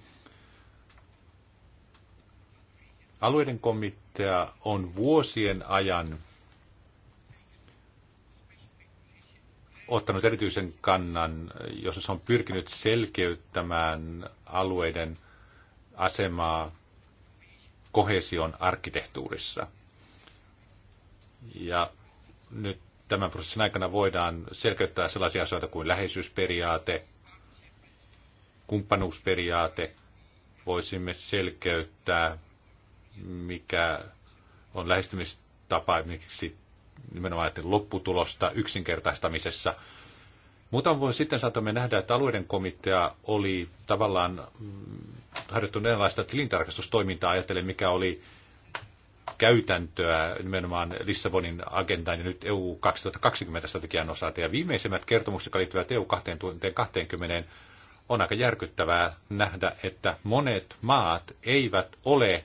alueiden komitea on vuosien ajan ottanut erityisen kannan, jossa se on pyrkinyt selkeyttämään alueiden asemaa kohesion arkkitehtuurissa. Ja nyt tämän prosessin aikana voidaan selkeyttää sellaisia asioita kuin läheisyysperiaate, kumppanuusperiaate. Voisimme selkeyttää, mikä on lähestymistapa esimerkiksi nimenomaan lopputulosta yksinkertaistamisessa – Muutama vuosi sitten saatamme nähdä, että alueiden komitea oli tavallaan mm, harjoittanut erilaista tilintarkastustoimintaa ajatellen, mikä oli käytäntöä nimenomaan Lissabonin agendan ja nyt EU 2020 strategian osalta. Ja viimeisimmät kertomukset, jotka liittyvät EU 2020, on aika järkyttävää nähdä, että monet maat eivät ole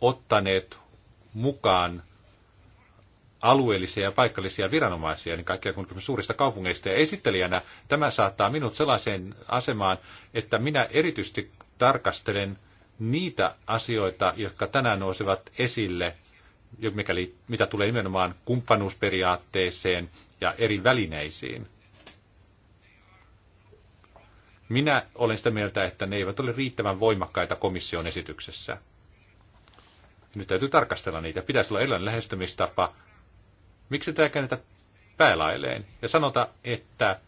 ottaneet mukaan alueellisia ja paikallisia viranomaisia, niin kaikkia kuin suurista kaupungeista. Ja esittelijänä tämä saattaa minut sellaiseen asemaan, että minä erityisesti tarkastelen niitä asioita, jotka tänään nousevat esille, mikäli, mitä tulee nimenomaan kumppanuusperiaatteeseen ja eri välineisiin. Minä olen sitä mieltä, että ne eivät ole riittävän voimakkaita komission esityksessä. Nyt täytyy tarkastella niitä. Pitäisi olla erilainen lähestymistapa Miksi tämä käännetä päälailleen ja sanota, että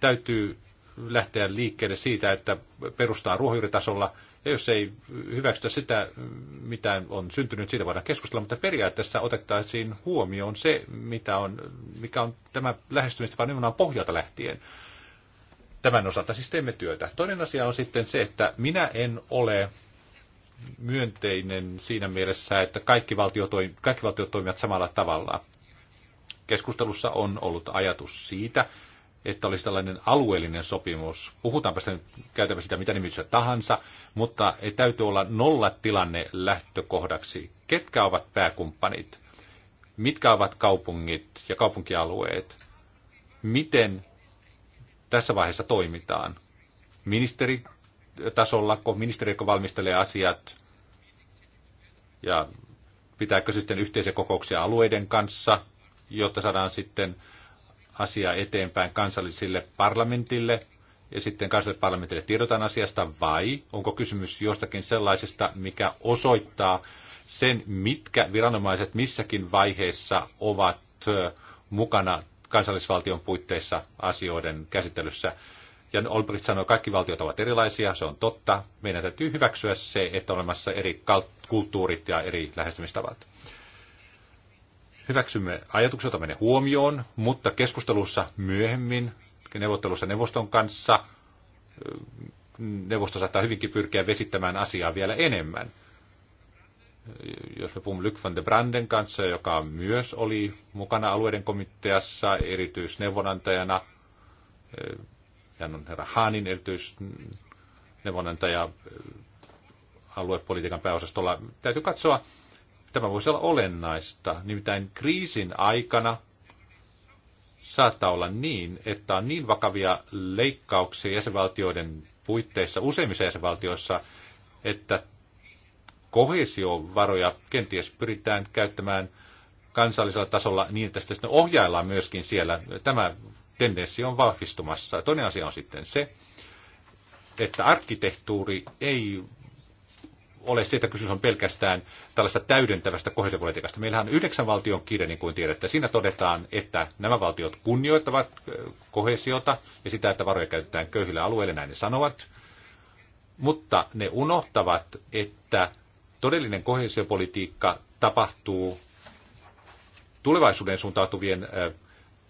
täytyy lähteä liikkeelle siitä, että perustaa ruohonjuuritasolla, ja jos ei hyväksytä sitä, mitä on syntynyt, siitä voidaan keskustella, mutta periaatteessa otettaisiin huomioon se, mitä on, mikä on tämä vaan nimenomaan pohjalta lähtien. Tämän osalta siis teemme työtä. Toinen asia on sitten se, että minä en ole myönteinen siinä mielessä, että kaikki valtiot, kaikki valtiot toimivat samalla tavalla. Keskustelussa on ollut ajatus siitä, että olisi tällainen alueellinen sopimus. Puhutaanpa sitä, käytäpä sitä mitä nimissä tahansa, mutta ei täytyy olla nolla tilanne lähtökohdaksi. Ketkä ovat pääkumppanit? Mitkä ovat kaupungit ja kaupunkialueet? Miten tässä vaiheessa toimitaan? Ministeri tasolla, kun ministeriö valmistelee asiat ja pitääkö sitten yhteisiä kokouksia alueiden kanssa, jotta saadaan sitten asia eteenpäin kansallisille parlamentille ja sitten kansalliselle parlamentille tiedotan asiasta vai onko kysymys jostakin sellaisesta, mikä osoittaa sen, mitkä viranomaiset missäkin vaiheessa ovat mukana kansallisvaltion puitteissa asioiden käsittelyssä ja Olbricht sanoi, että kaikki valtiot ovat erilaisia, se on totta. Meidän täytyy hyväksyä se, että on olemassa eri kulttuurit ja eri lähestymistavat. Hyväksymme ajatukset, joita menee huomioon, mutta keskustelussa myöhemmin, neuvottelussa neuvoston kanssa, neuvosto saattaa hyvinkin pyrkiä vesittämään asiaa vielä enemmän. Jos me puhumme Lyk van de Branden kanssa, joka myös oli mukana alueiden komiteassa erityisneuvonantajana, hän on herra Haanin erityisneuvonantaja äh, aluepolitiikan pääosastolla. Täytyy katsoa, tämä voisi olla olennaista. Nimittäin kriisin aikana saattaa olla niin, että on niin vakavia leikkauksia jäsenvaltioiden puitteissa useimmissa jäsenvaltioissa, että kohesiovaroja kenties pyritään käyttämään kansallisella tasolla niin, että sitä sitten ohjaillaan myöskin siellä. Tämä tendenssi on vahvistumassa. Toinen asia on sitten se, että arkkitehtuuri ei ole se, että kysymys on pelkästään tällaista täydentävästä kohesiopolitiikasta. Meillähän on yhdeksän valtion kirja, niin kuin tiedätte. Siinä todetaan, että nämä valtiot kunnioittavat kohesiota ja sitä, että varoja käytetään köyhillä alueilla, näin ne sanovat. Mutta ne unohtavat, että todellinen kohesiopolitiikka tapahtuu tulevaisuuden suuntautuvien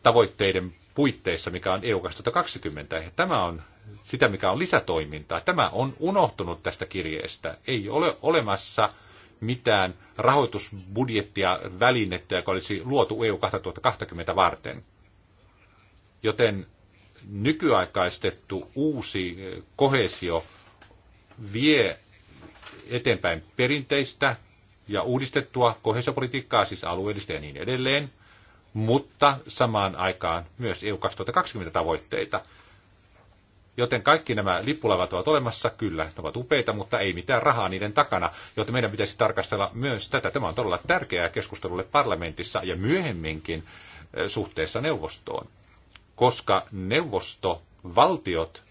tavoitteiden puitteissa, mikä on EU 2020. Ja tämä on sitä, mikä on lisätoimintaa. Tämä on unohtunut tästä kirjeestä. Ei ole olemassa mitään rahoitusbudjettia välinettä, joka olisi luotu EU 2020 varten. Joten nykyaikaistettu uusi kohesio vie eteenpäin perinteistä ja uudistettua kohesiopolitiikkaa, siis alueellista ja niin edelleen – mutta samaan aikaan myös EU 2020 tavoitteita. Joten kaikki nämä lippulavat ovat olemassa, kyllä, ne ovat upeita, mutta ei mitään rahaa niiden takana, joten meidän pitäisi tarkastella myös tätä. Tämä on todella tärkeää keskustelulle parlamentissa ja myöhemminkin eh, suhteessa neuvostoon, koska neuvostovaltiot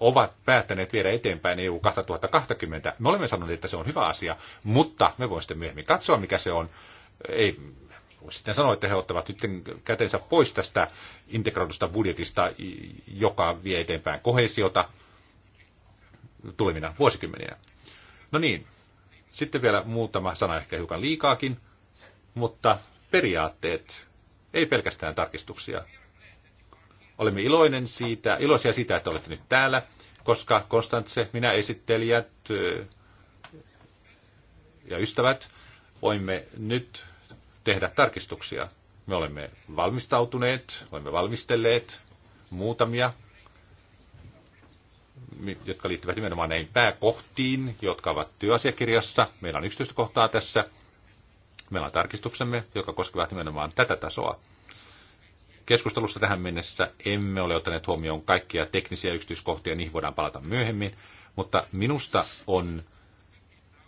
ovat päättäneet viedä eteenpäin EU 2020. Me olemme sanoneet, että se on hyvä asia, mutta me voimme sitten myöhemmin katsoa, mikä se on. Ei, sitten sanoi, että he ottavat nyt kätensä pois tästä integroidusta budjetista, joka vie eteenpäin kohesiota tulevina vuosikymmeninä. No niin, sitten vielä muutama sana ehkä hiukan liikaakin, mutta periaatteet, ei pelkästään tarkistuksia. Olemme iloinen siitä, iloisia siitä, että olette nyt täällä, koska Konstantse, minä esittelijät ja ystävät, voimme nyt tehdä tarkistuksia. Me olemme valmistautuneet, olemme valmistelleet muutamia, jotka liittyvät nimenomaan näihin pääkohtiin, jotka ovat työasiakirjassa. Meillä on 11 kohtaa tässä. Meillä on tarkistuksemme, joka koskevat nimenomaan tätä tasoa. Keskustelussa tähän mennessä emme ole ottaneet huomioon kaikkia teknisiä yksityiskohtia, niihin voidaan palata myöhemmin, mutta minusta on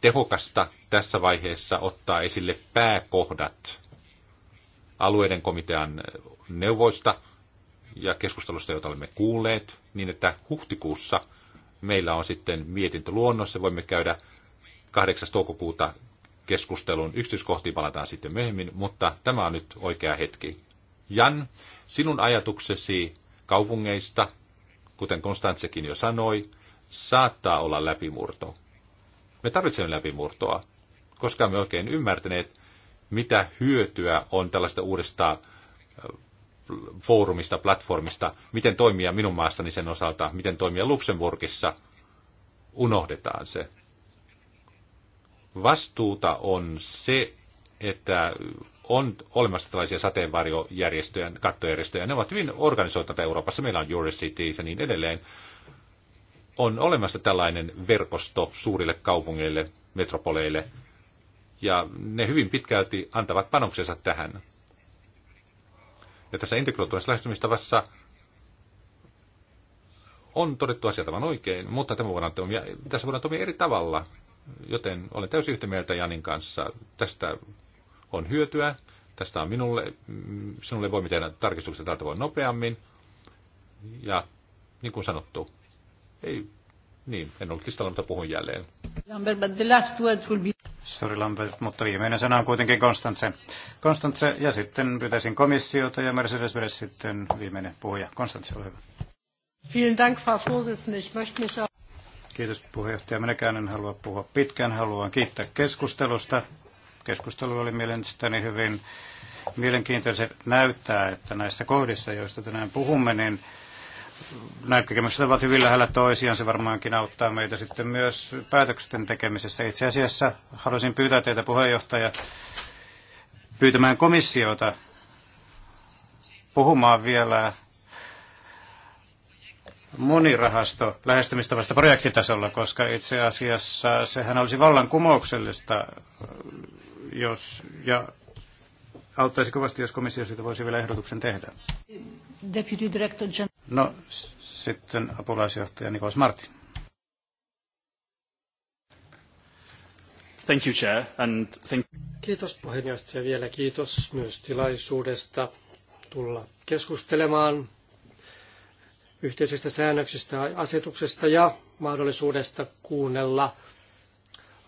tehokasta tässä vaiheessa ottaa esille pääkohdat alueiden komitean neuvoista ja keskustelusta, joita olemme kuulleet, niin että huhtikuussa meillä on sitten mietintö luonnossa. voimme käydä 8. toukokuuta keskustelun. Yksityiskohtiin palataan sitten myöhemmin, mutta tämä on nyt oikea hetki. Jan, sinun ajatuksesi kaupungeista, kuten Konstantsekin jo sanoi, saattaa olla läpimurto. Me tarvitsemme läpimurtoa, koska me oikein ymmärtäneet, mitä hyötyä on tällaista uudesta foorumista, platformista, miten toimia minun maastani sen osalta, miten toimia Luxemburgissa, unohdetaan se. Vastuuta on se, että on olemassa tällaisia sateenvarjojärjestöjä, kattojärjestöjä. Ne ovat hyvin organisoituneita Euroopassa. Meillä on Eurocities ja niin edelleen on olemassa tällainen verkosto suurille kaupungeille, metropoleille, ja ne hyvin pitkälti antavat panoksensa tähän. Ja tässä integroituneessa lähestymistavassa on todettu asia tavan oikein, mutta tämä voidaan toimia, tässä voidaan toimia eri tavalla, joten olen täysin yhtä mieltä Janin kanssa. Tästä on hyötyä, tästä on minulle, sinulle voi tehdä tarkistuksia tältä voi nopeammin, ja niin kuin sanottu, ei, niin, en ollut listalla, mutta puhun jälleen. Lambert, but the last words will be... Sorry Lambert, mutta viimeinen sana on kuitenkin Konstantse. Konstantse ja sitten pyytäisin komissiota ja Mercedes sitten viimeinen puhuja. Konstantse, ole hyvä. Vielen Dank, Frau Vorsitzende. Ich möchte mich auch... Kiitos puheenjohtaja. Minäkään en halua puhua pitkään. Haluan kiittää keskustelusta. Keskustelu oli mielestäni hyvin Se Näyttää, että näissä kohdissa, joista tänään puhumme, niin näkökemykset ovat hyvin lähellä toisiaan. Se varmaankin auttaa meitä sitten myös päätöksen tekemisessä. Itse asiassa haluaisin pyytää teitä puheenjohtaja pyytämään komissiota puhumaan vielä monirahasto lähestymistavasta projektitasolla, koska itse asiassa sehän olisi vallankumouksellista, jos, ja auttaisi kovasti, jos komissio siitä voisi vielä ehdotuksen tehdä. Deputy Director No sitten apulaisjohtaja Nikos Martin. Thank you, Chair, and thank... Kiitos puheenjohtaja vielä. Kiitos myös tilaisuudesta tulla keskustelemaan yhteisistä säännöksistä, asetuksesta ja mahdollisuudesta kuunnella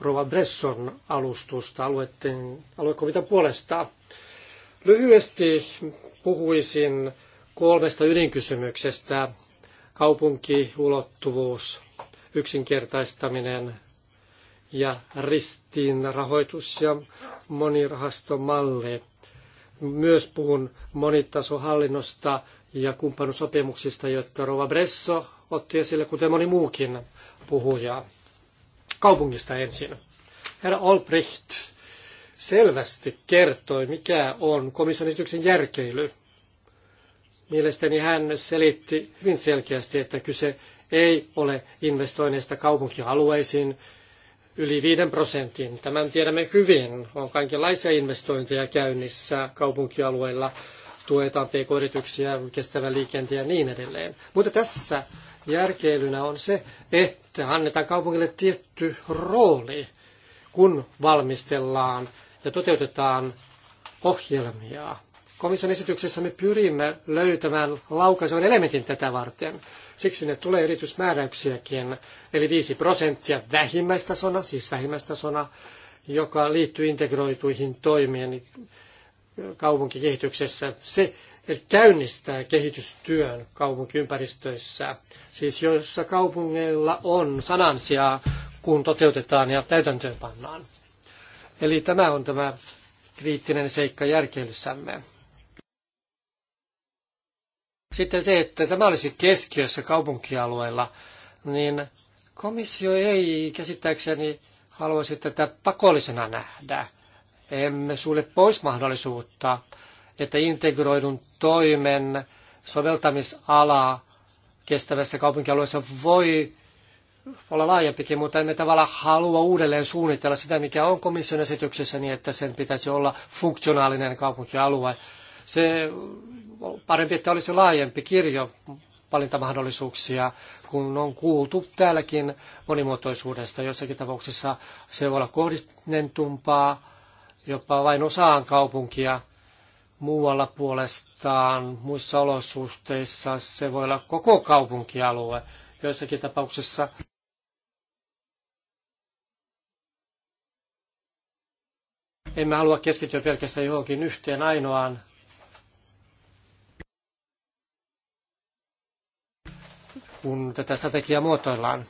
Rova Bresson alustusta aluekomitean puolesta. Lyhyesti puhuisin kolmesta ydinkysymyksestä. Kaupunkiulottuvuus, yksinkertaistaminen ja ristiin rahoitus ja monirahastomalli. Myös puhun monitasohallinnosta ja kumppanusopimuksista, jotka Rova Bresso otti esille, kuten moni muukin puhuja. Kaupungista ensin. Herra Olbricht selvästi kertoi, mikä on komission esityksen järkeily – Mielestäni hän selitti hyvin selkeästi, että kyse ei ole investoinneista kaupunkialueisiin yli 5 prosentin. Tämän tiedämme hyvin. On kaikenlaisia investointeja käynnissä kaupunkialueilla. Tuetaan pk-yrityksiä, kestävän liikenteen ja niin edelleen. Mutta tässä järkeilynä on se, että annetaan kaupungille tietty rooli, kun valmistellaan ja toteutetaan ohjelmia. Komission esityksessä me pyrimme löytämään laukaisevan elementin tätä varten. Siksi ne tulee yritysmääräyksiäkin, eli 5 prosenttia vähimmäistasona, siis vähimmäistasona, joka liittyy integroituihin toimiin kaupunkikehityksessä. Se käynnistää kehitystyön kaupunkiympäristöissä, siis joissa kaupungeilla on sanansijaa, kun toteutetaan ja täytäntöönpannaan. Eli tämä on tämä kriittinen seikka järkeilyssämme. Sitten se, että tämä olisi keskiössä kaupunkialueella, niin komissio ei käsittääkseni haluaisi tätä pakollisena nähdä. Emme sulle pois mahdollisuutta, että integroidun toimen soveltamisala kestävässä kaupunkialueessa voi olla laajempikin, mutta emme tavallaan halua uudelleen suunnitella sitä, mikä on komission esityksessä, niin että sen pitäisi olla funktionaalinen kaupunkialue. Se parempi, että olisi laajempi kirjo valintamahdollisuuksia, kun on kuultu täälläkin monimuotoisuudesta. Jossakin tapauksessa se voi olla kohdistentumpaa, jopa vain osaan kaupunkia. Muualla puolestaan, muissa olosuhteissa, se voi olla koko kaupunkialue. Joissakin tapauksissa emme halua keskittyä pelkästään johonkin yhteen ainoaan kun tätä strategiaa muotoillaan.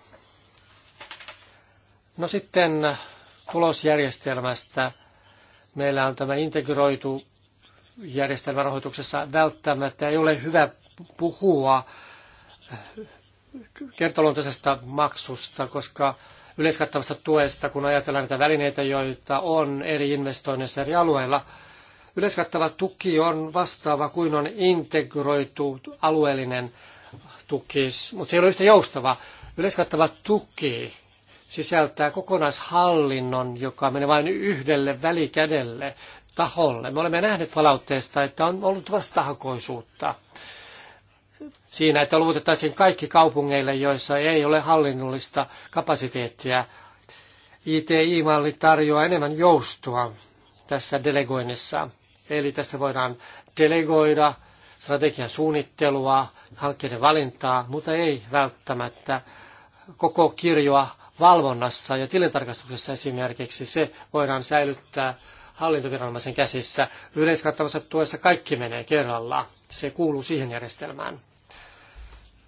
No sitten tulosjärjestelmästä. Meillä on tämä integroitu järjestelmä rahoituksessa. Välttämättä ei ole hyvä puhua kertoluontoisesta maksusta, koska yleiskattavasta tuesta, kun ajatellaan näitä välineitä, joita on eri investoinneissa eri alueilla. Yleiskattava tuki on vastaava kuin on integroitu alueellinen tukis, mutta se ei ole yhtä joustava. Yleiskattava tuki sisältää kokonaishallinnon, joka menee vain yhdelle välikädelle taholle. Me olemme nähneet palautteesta, että on ollut vastahakoisuutta siinä, että luvutettaisiin kaikki kaupungeille, joissa ei ole hallinnollista kapasiteettia. ITI-malli tarjoaa enemmän joustoa tässä delegoinnissa. Eli tässä voidaan delegoida strategian suunnittelua, hankkeiden valintaa, mutta ei välttämättä koko kirjoa valvonnassa ja tilintarkastuksessa esimerkiksi. Se voidaan säilyttää hallintoviranomaisen käsissä. Yleiskattavassa tuessa kaikki menee kerralla. Se kuuluu siihen järjestelmään.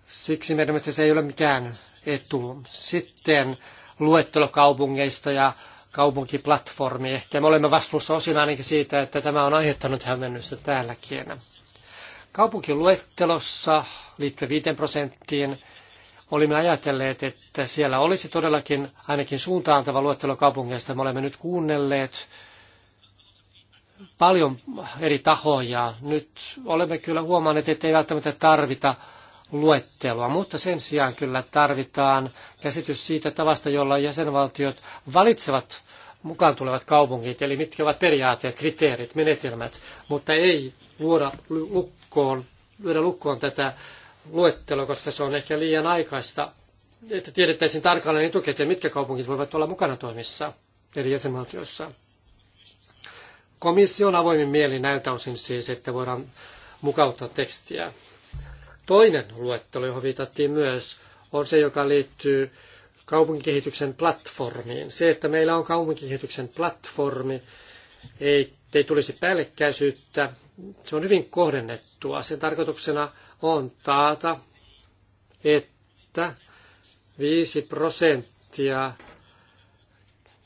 Siksi meidän mielestä se ei ole mikään etu. Sitten luettelo kaupungeista ja kaupunkiplatformi. Ehkä me olemme vastuussa osin ainakin siitä, että tämä on aiheuttanut hämmennystä täälläkin. Kaupunkiluettelossa liittyen 5 prosenttiin olimme ajatelleet, että siellä olisi todellakin ainakin suuntaantava luettelo kaupungeista. Me olemme nyt kuunnelleet paljon eri tahoja. Nyt olemme kyllä huomanneet, että ei välttämättä tarvita luetteloa, mutta sen sijaan kyllä tarvitaan käsitys siitä tavasta, jolla jäsenvaltiot valitsevat mukaan tulevat kaupungit, eli mitkä ovat periaatteet, kriteerit, menetelmät, mutta ei luoda lukkoon, lyödä lukkoon tätä luetteloa, koska se on ehkä liian aikaista, että tiedettäisiin tarkalleen etukäteen, mitkä kaupungit voivat olla mukana toimissa eri jäsenvaltioissa. Komissio on avoimin mieli näiltä osin siis, että voidaan mukauttaa tekstiä. Toinen luettelo, johon viitattiin myös, on se, joka liittyy kaupunkikehityksen platformiin. Se, että meillä on kaupunkikehityksen platformi, ei, ei tulisi päällekkäisyyttä se on hyvin kohdennettua. Sen tarkoituksena on taata, että 5 prosenttia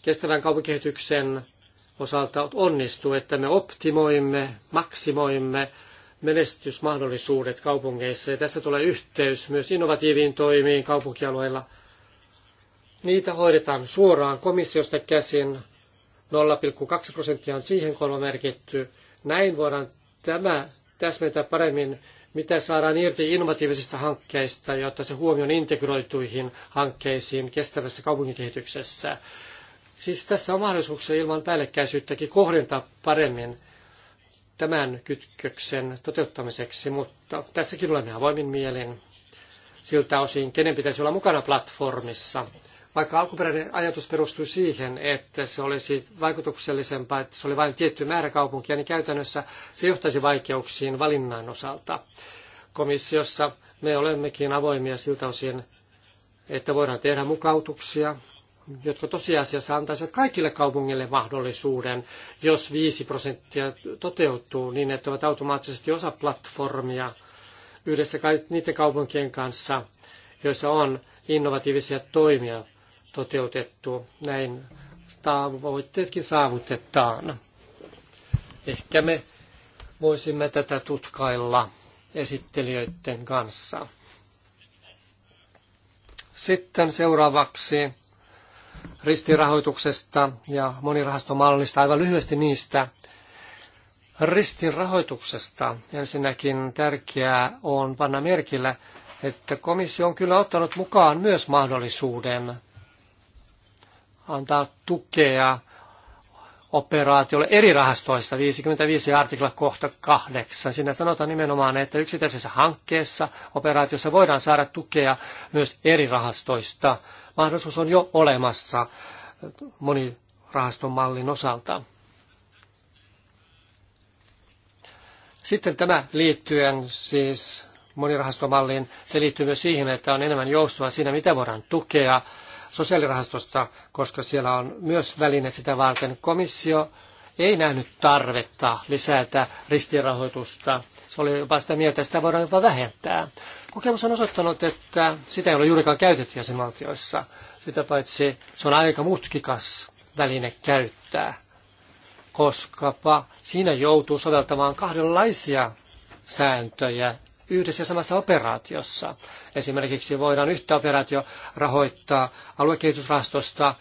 kestävän kaupunkikehityksen osalta onnistuu, että me optimoimme, maksimoimme menestysmahdollisuudet kaupungeissa. Ja tässä tulee yhteys myös innovatiiviin toimiin kaupunkialueilla. Niitä hoidetaan suoraan komissiosta käsin. 0,2 prosenttia on siihen kolme merkitty. Näin voidaan tämä täsmentää paremmin, mitä saadaan irti innovatiivisista hankkeista, jotta se huomioon integroituihin hankkeisiin kestävässä kaupunkikehityksessä. Siis tässä on mahdollisuuksia ilman päällekkäisyyttäkin kohdentaa paremmin tämän kytköksen toteuttamiseksi, mutta tässäkin olemme avoimin mielin siltä osin, kenen pitäisi olla mukana platformissa vaikka alkuperäinen ajatus perustui siihen, että se olisi vaikutuksellisempaa, että se oli vain tietty määrä kaupunkia, niin käytännössä se johtaisi vaikeuksiin valinnan osalta. Komissiossa me olemmekin avoimia siltä osin, että voidaan tehdä mukautuksia, jotka tosiasiassa antaisivat kaikille kaupungille mahdollisuuden, jos viisi prosenttia toteutuu niin, että ovat automaattisesti osa platformia yhdessä niiden kaupunkien kanssa, joissa on innovatiivisia toimia toteutettu. Näin tavoitteetkin saavutetaan. Ehkä me voisimme tätä tutkailla esittelijöiden kanssa. Sitten seuraavaksi ristirahoituksesta ja monirahastomallista, aivan lyhyesti niistä. Ristirahoituksesta ensinnäkin tärkeää on panna merkillä, että komissio on kyllä ottanut mukaan myös mahdollisuuden antaa tukea operaatiolle eri rahastoista, 55 artikla kohta 8. Siinä sanotaan nimenomaan, että yksittäisessä hankkeessa operaatiossa voidaan saada tukea myös eri rahastoista. Mahdollisuus on jo olemassa monirahaston mallin osalta. Sitten tämä liittyen siis monirahastomalliin, se liittyy myös siihen, että on enemmän joustoa siinä, mitä voidaan tukea sosiaalirahastosta, koska siellä on myös väline sitä varten. Komissio ei nähnyt tarvetta lisätä ristirahoitusta. Se oli jopa sitä mieltä, että sitä voidaan jopa vähentää. Kokemus on osoittanut, että sitä ei ole juurikaan käytetty jäsenvaltioissa. Sitä paitsi se on aika mutkikas väline käyttää, koska siinä joutuu soveltamaan kahdenlaisia sääntöjä yhdessä samassa operaatiossa. Esimerkiksi voidaan yhtä operaatio rahoittaa aluekehitysrahastosta,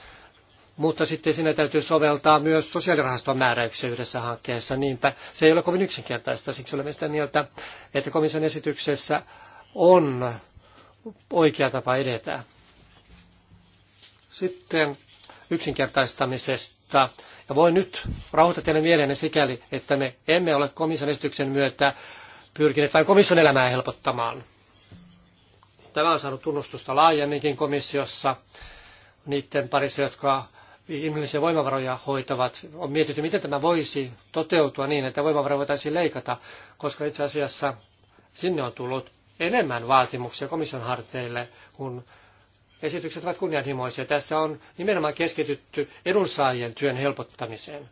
mutta sitten sinne täytyy soveltaa myös sosiaalirahaston määräyksiä yhdessä hankkeessa. Niinpä se ei ole kovin yksinkertaista. Siksi olemme sitä mieltä, että komission esityksessä on oikea tapa edetä. Sitten yksinkertaistamisesta. Ja voin nyt rauhoittaa teidän mielenne sikäli, että me emme ole komission esityksen myötä pyrkineet vain komission elämää helpottamaan. Tämä on saanut tunnustusta laajemminkin komissiossa niiden parissa, jotka ihmisiä voimavaroja hoitavat. On mietitty, miten tämä voisi toteutua niin, että voimavaroja voitaisiin leikata, koska itse asiassa sinne on tullut enemmän vaatimuksia komission harteille, kun esitykset ovat kunnianhimoisia. Tässä on nimenomaan keskitytty edunsaajien työn helpottamiseen.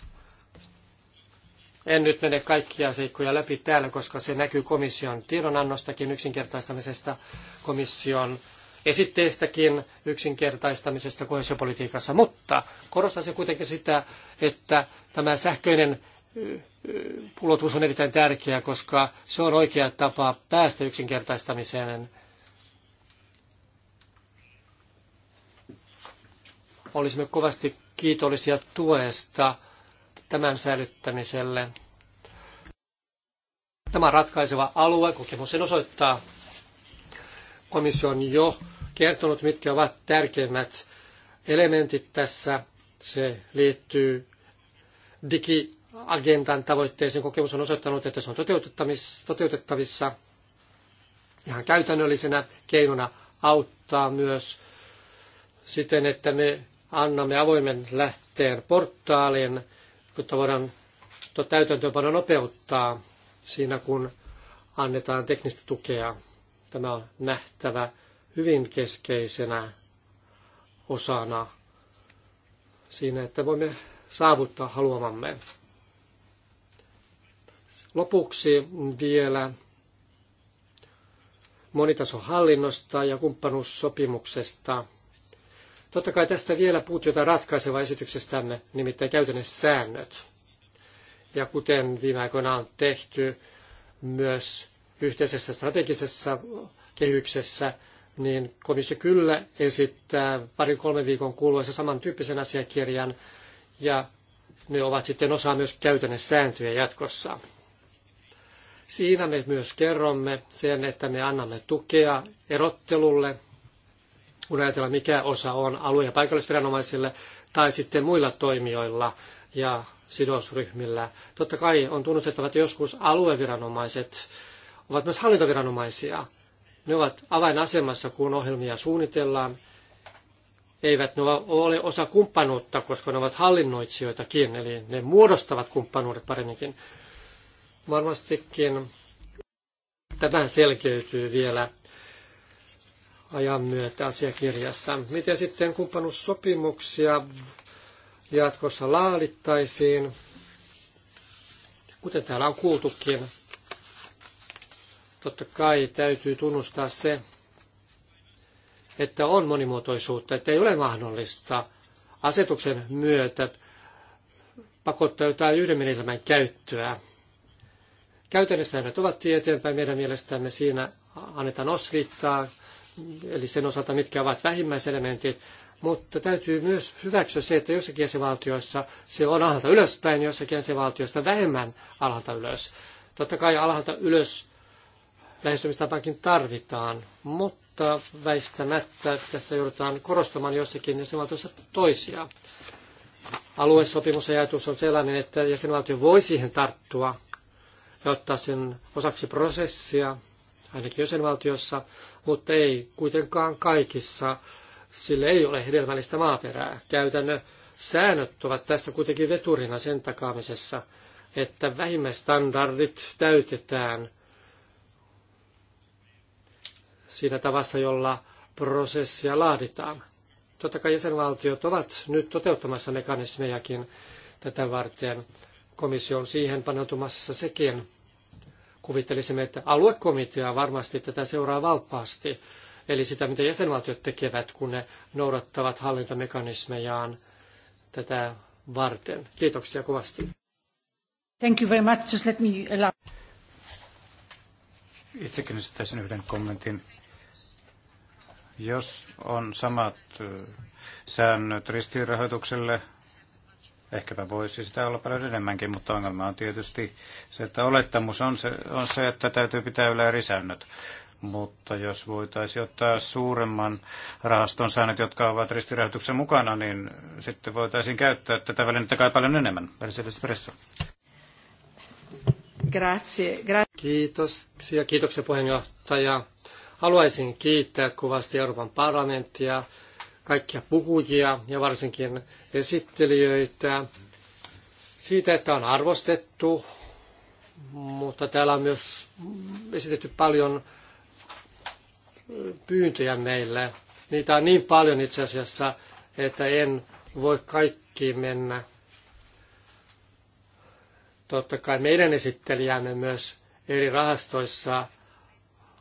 En nyt mene kaikkia seikkoja läpi täällä, koska se näkyy komission tiedonannostakin yksinkertaistamisesta, komission esitteistäkin yksinkertaistamisesta kohesiopolitiikassa, mutta korostaisin kuitenkin sitä, että tämä sähköinen ulotus on erittäin tärkeä, koska se on oikea tapa päästä yksinkertaistamiseen. Olisimme kovasti kiitollisia tuesta tämän säilyttämiselle. Tämä on ratkaiseva alue, kokemus sen osoittaa. Komissio on jo kertonut, mitkä ovat tärkeimmät elementit tässä. Se liittyy digiagendan tavoitteeseen. Kokemus on osoittanut, että se on toteutettavissa ihan käytännöllisenä keinona auttaa myös siten, että me annamme avoimen lähteen portaalin jotta voidaan täytäntöönpano nopeuttaa siinä, kun annetaan teknistä tukea. Tämä on nähtävä hyvin keskeisenä osana siinä, että voimme saavuttaa haluamamme. Lopuksi vielä monitasohallinnosta ja kumppanuussopimuksesta – Totta kai tästä vielä puut jotain ratkaisevaa esityksestämme, nimittäin käytännössä säännöt. Ja kuten viime aikoina on tehty myös yhteisessä strategisessa kehyksessä, niin komissio kyllä esittää parin kolmen viikon kuluessa samantyyppisen asiakirjan, ja ne ovat sitten osa myös käytännön sääntöjä jatkossa. Siinä me myös kerromme sen, että me annamme tukea erottelulle kun ajatellaan mikä osa on alue- ja paikallisviranomaisille tai sitten muilla toimijoilla ja sidosryhmillä. Totta kai on tunnustettava, että joskus alueviranomaiset ovat myös hallintoviranomaisia. Ne ovat avainasemassa, kun ohjelmia suunnitellaan. Eivät ne ole osa kumppanuutta, koska ne ovat hallinnoitsijoitakin, eli ne muodostavat kumppanuudet paremminkin. Varmastikin tämä selkeytyy vielä ajan myötä asiakirjassa. Miten sitten kumppanuussopimuksia jatkossa laadittaisiin? Kuten täällä on kuultukin, totta kai täytyy tunnustaa se, että on monimuotoisuutta, että ei ole mahdollista asetuksen myötä pakottaa jotain yhden menetelmän käyttöä. ne ovat tietenpäin meidän mielestämme siinä annetaan osviittaa eli sen osalta, mitkä ovat vähimmäiselementit, mutta täytyy myös hyväksyä se, että jossakin jäsenvaltioissa se on alhaalta ylöspäin, jossakin jäsenvaltioista vähemmän alhaalta ylös. Totta kai alhaalta ylös lähestymistapaakin tarvitaan, mutta väistämättä tässä joudutaan korostamaan jossakin jäsenvaltiossa toisia. Aluesopimusajatus on sellainen, että jäsenvaltio voi siihen tarttua ja ottaa sen osaksi prosessia, ainakin jäsenvaltiossa, mutta ei kuitenkaan kaikissa. Sillä ei ole hedelmällistä maaperää. Käytännön säännöt ovat tässä kuitenkin veturina sen takaamisessa, että vähimmäistandardit täytetään siinä tavassa, jolla prosessia laaditaan. Totta kai jäsenvaltiot ovat nyt toteuttamassa mekanismejakin tätä varten. Komissio on siihen paneutumassa sekin kuvittelisimme, että aluekomitea varmasti tätä seuraa valppaasti, eli sitä, mitä jäsenvaltiot tekevät, kun ne noudattavat hallintomekanismejaan tätä varten. Kiitoksia kovasti. Thank you very much. Just let me allow... Itsekin esittäisin yhden kommentin. Jos on samat säännöt ristiinrahoitukselle, Ehkäpä voisi sitä olla paljon enemmänkin, mutta ongelma on tietysti se, että olettamus on se, on se että täytyy pitää yllä eri säännöt. Mutta jos voitaisiin ottaa suuremman rahaston säännöt, jotka ovat ristirahoituksen mukana, niin sitten voitaisiin käyttää tätä välinettä kai paljon enemmän. Espresso. Grazie. Gra- Kiitoksia, kiitoksia puheenjohtaja. Haluaisin kiittää kovasti Euroopan parlamenttia kaikkia puhujia ja varsinkin esittelijöitä siitä, että on arvostettu, mutta täällä on myös esitetty paljon pyyntöjä meille. Niitä on niin paljon itse asiassa, että en voi kaikkiin mennä. Totta kai meidän esittelijämme myös eri rahastoissa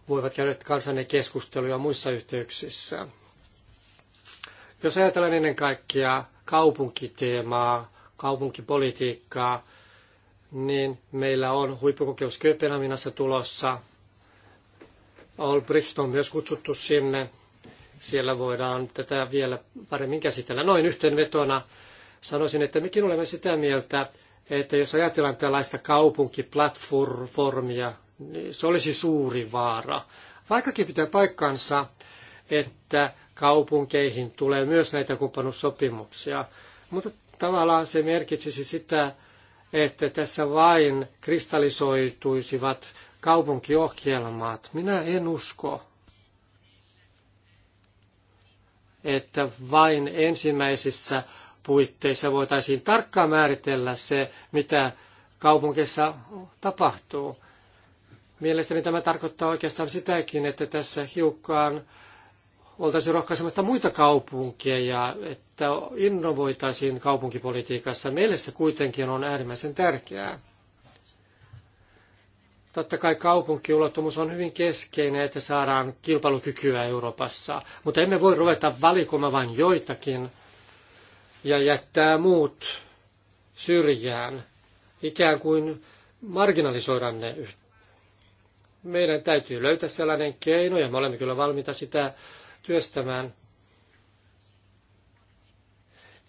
voivat käydä kansanne keskusteluja muissa yhteyksissä. Jos ajatellaan ennen kaikkea kaupunkiteemaa, kaupunkipolitiikkaa, niin meillä on huippukokeus Kööpenhaminassa tulossa. Albrecht on myös kutsuttu sinne. Siellä voidaan tätä vielä paremmin käsitellä. Noin yhteenvetona sanoisin, että mekin olemme sitä mieltä, että jos ajatellaan tällaista kaupunkiplatformia, niin se olisi suuri vaara. Vaikkakin pitää paikkansa, että kaupunkeihin tulee myös näitä kumppanuussopimuksia. Mutta tavallaan se merkitsisi sitä, että tässä vain kristallisoituisivat kaupunkiohjelmat. Minä en usko, että vain ensimmäisissä puitteissa voitaisiin tarkkaan määritellä se, mitä kaupunkissa tapahtuu. Mielestäni tämä tarkoittaa oikeastaan sitäkin, että tässä hiukan oltaisiin rohkaisemasta muita kaupunkeja, että innovoitaisiin kaupunkipolitiikassa. Meille se kuitenkin on äärimmäisen tärkeää. Totta kai kaupunkiulottumus on hyvin keskeinen, että saadaan kilpailukykyä Euroopassa, mutta emme voi ruveta valikoimaan vain joitakin ja jättää muut syrjään, ikään kuin marginalisoida ne. Meidän täytyy löytää sellainen keino, ja me olemme kyllä valmiita sitä työstämään,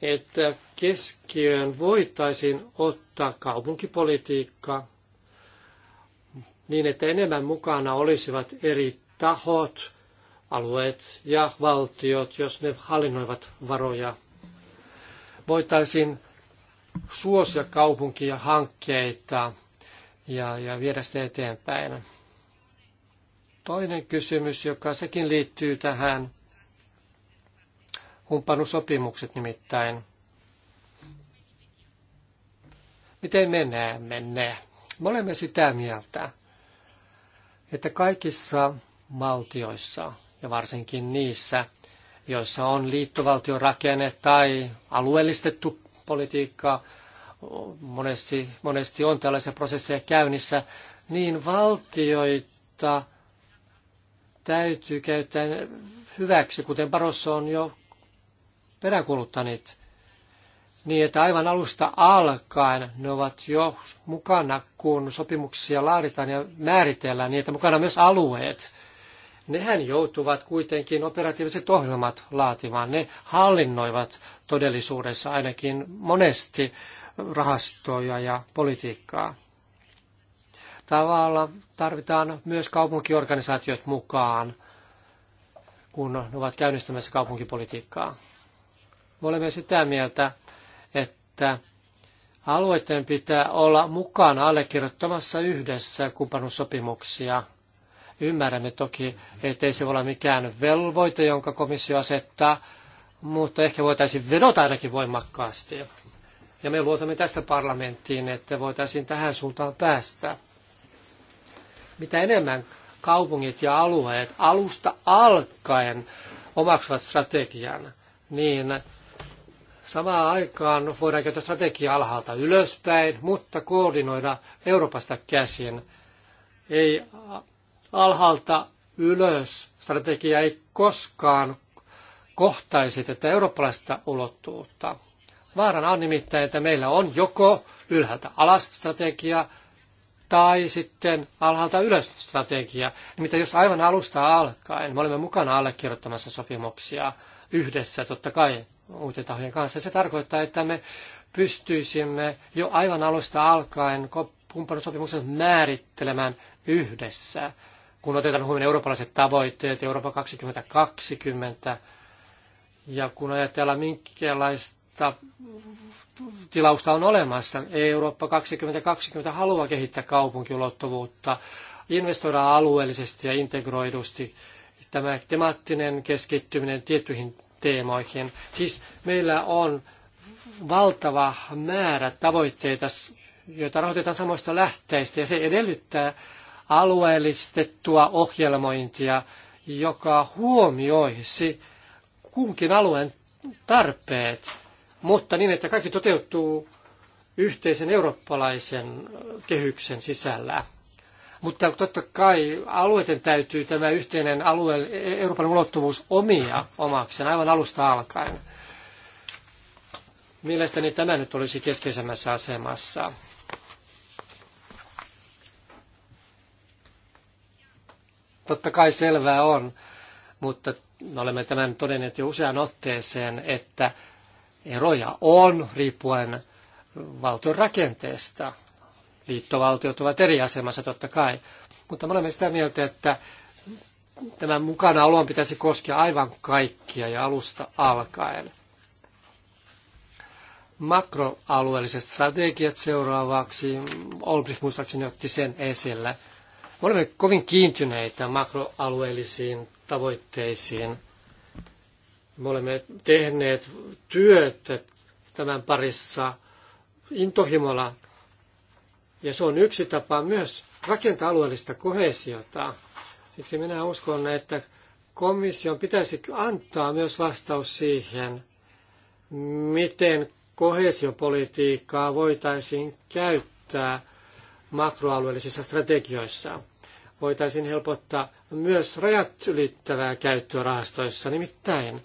että keskiöön voitaisiin ottaa kaupunkipolitiikka niin, että enemmän mukana olisivat eri tahot, alueet ja valtiot, jos ne hallinnoivat varoja. Voitaisiin suosia kaupunkia hankkeita ja, ja viedä sitä eteenpäin. Toinen kysymys, joka sekin liittyy tähän, humppanusopimukset nimittäin. Miten me näemme ne? Me olemme sitä mieltä, että kaikissa valtioissa ja varsinkin niissä, joissa on liittovaltiorakenne tai alueellistettu politiikka, monesti, monesti on tällaisia prosesseja käynnissä, niin valtioita täytyy käyttää hyväksi, kuten Barossa on jo peräänkuuluttanut, niin että aivan alusta alkaen ne ovat jo mukana, kun sopimuksia laaditaan ja määritellään, niin että mukana myös alueet. Nehän joutuvat kuitenkin operatiiviset ohjelmat laatimaan. Ne hallinnoivat todellisuudessa ainakin monesti rahastoja ja politiikkaa. Tavalla tarvitaan myös kaupunkiorganisaatiot mukaan, kun ne ovat käynnistämässä kaupunkipolitiikkaa. Me olemme sitä mieltä, että alueiden pitää olla mukana allekirjoittamassa yhdessä kumppanuussopimuksia. Ymmärrämme toki, ettei se voi olla mikään velvoite, jonka komissio asettaa, mutta ehkä voitaisiin vedota ainakin voimakkaasti. Ja me luotamme tästä parlamenttiin, että voitaisiin tähän suuntaan päästä. Mitä enemmän kaupungit ja alueet alusta alkaen omaksuvat strategian, niin samaan aikaan voidaan käyttää strategiaa alhaalta ylöspäin, mutta koordinoida Euroopasta käsin. Ei alhaalta ylös strategia ei koskaan kohtaisi tätä eurooppalaista ulottuvuutta. Vaarana on nimittäin, että meillä on joko ylhäältä alas strategia tai sitten alhaalta ylös strategia. Nimittäin jos aivan alusta alkaen me olemme mukana allekirjoittamassa sopimuksia yhdessä, totta kai uuteen tahojen kanssa, se tarkoittaa, että me pystyisimme jo aivan alusta alkaen kumppanuussopimukset määrittelemään yhdessä, kun otetaan huomioon eurooppalaiset tavoitteet, Eurooppa 2020, ja kun ajatellaan minkälaista tilausta on olemassa. Eurooppa 2020 haluaa kehittää kaupunkiulottuvuutta, investoida alueellisesti ja integroidusti. Tämä temaattinen keskittyminen tiettyihin teemoihin. Siis meillä on valtava määrä tavoitteita, joita rahoitetaan samoista lähteistä, ja se edellyttää alueellistettua ohjelmointia, joka huomioisi kunkin alueen tarpeet mutta niin, että kaikki toteutuu yhteisen eurooppalaisen kehyksen sisällä. Mutta totta kai alueiden täytyy tämä yhteinen alue, Euroopan ulottuvuus omia omakseen aivan alusta alkaen. Mielestäni tämä nyt olisi keskeisemmässä asemassa. Totta kai selvää on, mutta me olemme tämän todenneet jo usean otteeseen, että Eroja on riippuen valtion rakenteesta. Liittovaltiot ovat eri asemassa totta kai, mutta me olemme sitä mieltä, että tämän mukana olon pitäisi koskea aivan kaikkia ja alusta alkaen. Makroalueelliset strategiat seuraavaksi, Olbrich muistaakseni otti sen esille. Me olemme kovin kiintyneitä makroalueellisiin tavoitteisiin. Me olemme tehneet työtä tämän parissa intohimolla, ja se on yksi tapa myös rakentaa alueellista kohesiota. Siksi minä uskon, että komission pitäisi antaa myös vastaus siihen, miten kohesiopolitiikkaa voitaisiin käyttää makroalueellisissa strategioissa. Voitaisiin helpottaa myös rajat ylittävää käyttöä rahastoissa, nimittäin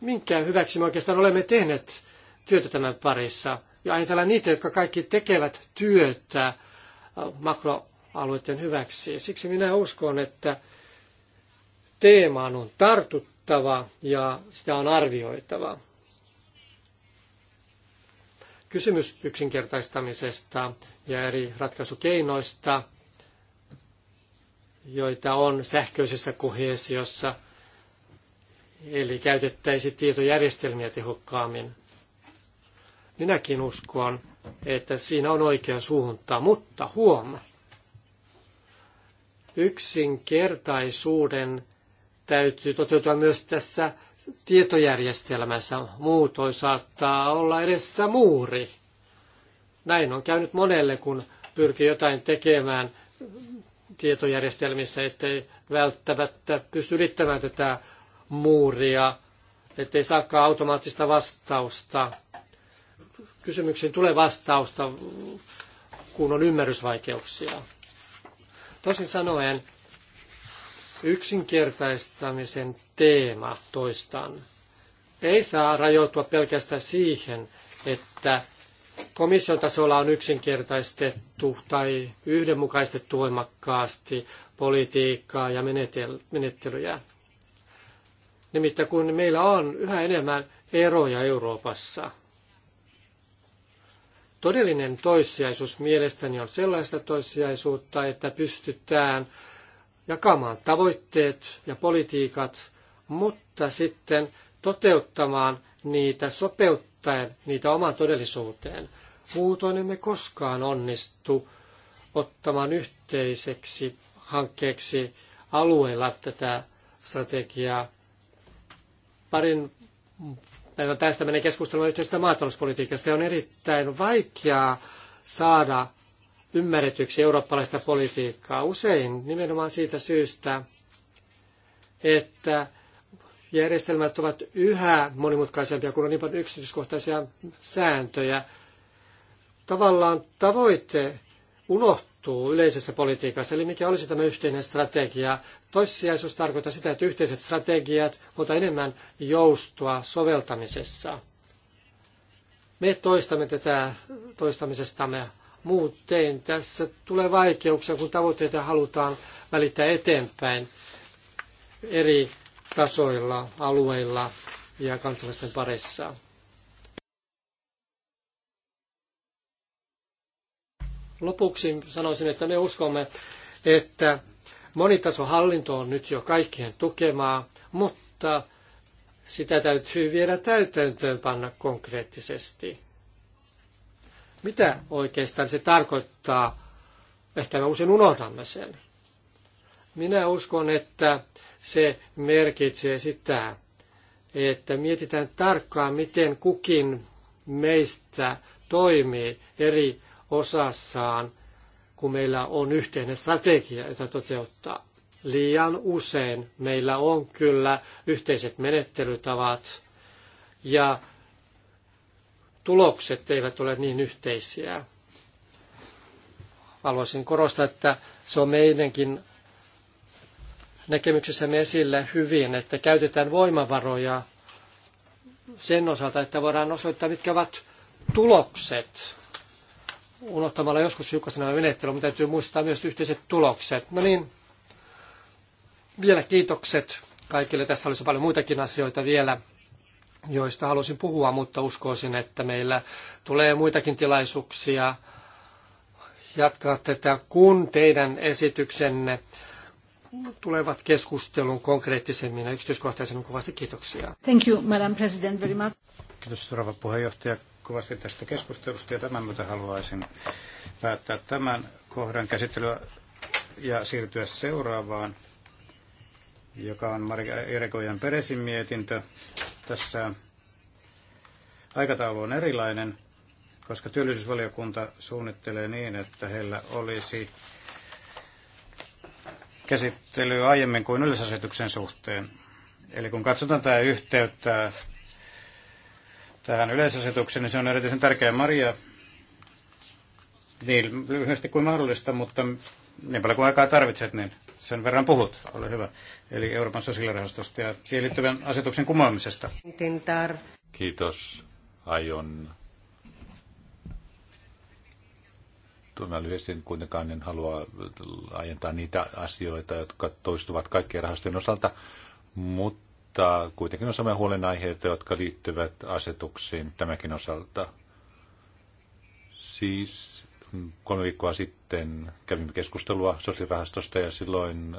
minkä hyväksi me oikeastaan olemme tehneet työtä tämän parissa. Ja ajatellaan niitä, jotka kaikki tekevät työtä äh, makroalueiden hyväksi. Siksi minä uskon, että teemaan on tartuttava ja sitä on arvioitava. Kysymys yksinkertaistamisesta ja eri ratkaisukeinoista, joita on sähköisessä kohesiossa – eli käytettäisi tietojärjestelmiä tehokkaammin. Minäkin uskon, että siinä on oikea suunta, mutta huoma. Yksinkertaisuuden täytyy toteutua myös tässä tietojärjestelmässä. Muutoin saattaa olla edessä muuri. Näin on käynyt monelle, kun pyrkii jotain tekemään tietojärjestelmissä, ettei välttämättä pysty ylittämään tätä muuria, ettei saakaan automaattista vastausta. Kysymyksiin tulee vastausta, kun on ymmärrysvaikeuksia. Tosin sanoen, yksinkertaistamisen teema toistan. ei saa rajoittua pelkästään siihen, että komission tasolla on yksinkertaistettu tai yhdenmukaistettu voimakkaasti politiikkaa ja menettelyjä. Nimittäin kun meillä on yhä enemmän eroja Euroopassa, todellinen toissijaisuus mielestäni on sellaista toissijaisuutta, että pystytään jakamaan tavoitteet ja politiikat, mutta sitten toteuttamaan niitä sopeuttaen niitä omaan todellisuuteen. Muutoin emme koskaan onnistu ottamaan yhteiseksi hankkeeksi alueella tätä strategiaa Parin päivän päästä menee keskustelemaan yhteisestä maatalouspolitiikasta. Ja on erittäin vaikeaa saada ymmärretyksi eurooppalaista politiikkaa. Usein nimenomaan siitä syystä, että järjestelmät ovat yhä monimutkaisempia, kun on niin paljon yksityiskohtaisia sääntöjä. Tavallaan tavoite unohtuu tapahtuu yleisessä politiikassa, eli mikä olisi tämä yhteinen strategia. Toissijaisuus tarkoittaa sitä, että yhteiset strategiat, mutta enemmän joustoa soveltamisessa. Me toistamme tätä toistamisestamme muuten. Tässä tulee vaikeuksia, kun tavoitteita halutaan välittää eteenpäin eri tasoilla, alueilla ja kansalaisten parissa. Lopuksi sanoisin, että me uskomme, että monitasohallinto on nyt jo kaikkien tukemaa, mutta sitä täytyy vielä täytäntöön panna konkreettisesti. Mitä oikeastaan se tarkoittaa? Ehkä me usein unohdamme sen. Minä uskon, että se merkitsee sitä, että mietitään tarkkaan, miten kukin meistä toimii eri osassaan, kun meillä on yhteinen strategia, jota toteuttaa. Liian usein meillä on kyllä yhteiset menettelytavat ja tulokset eivät ole niin yhteisiä. Haluaisin korostaa, että se on meidänkin näkemyksessämme esille hyvin, että käytetään voimavaroja sen osalta, että voidaan osoittaa, mitkä ovat tulokset unohtamalla joskus nämä menettelyt, mutta täytyy muistaa myös yhteiset tulokset. No niin, vielä kiitokset kaikille. Tässä olisi paljon muitakin asioita vielä, joista halusin puhua, mutta uskoisin, että meillä tulee muitakin tilaisuuksia jatkaa tätä, kun teidän esityksenne tulevat keskustelun konkreettisemmin ja yksityiskohtaisemmin kuvasti. Kiitoksia. Thank you, Madam President, very much. Kiitos, rouva puheenjohtaja kovasti tästä keskustelusta ja tämän myötä haluaisin päättää tämän kohdan käsittelyä ja siirtyä seuraavaan, joka on Marika Erekojan Peresin mietintö. Tässä aikataulu on erilainen, koska työllisyysvaliokunta suunnittelee niin, että heillä olisi käsittely aiemmin kuin yleisasetuksen suhteen. Eli kun katsotaan tämä yhteyttä tähän yleisasetukseen, niin se on erityisen tärkeä Maria niin lyhyesti kuin mahdollista, mutta niin paljon kuin aikaa tarvitset, niin sen verran puhut. Ole hyvä. Eli Euroopan sosiaalirahastosta ja siihen liittyvän asetuksen kumoamisesta. Kiitos. Aion Tuomaan lyhyesti kuitenkaan en halua aientaa niitä asioita, jotka toistuvat kaikkien rahastojen osalta, mutta mutta kuitenkin on samoja huolenaiheita, jotka liittyvät asetuksiin tämäkin osalta. Siis kolme viikkoa sitten kävimme keskustelua sosiaalirahastosta ja silloin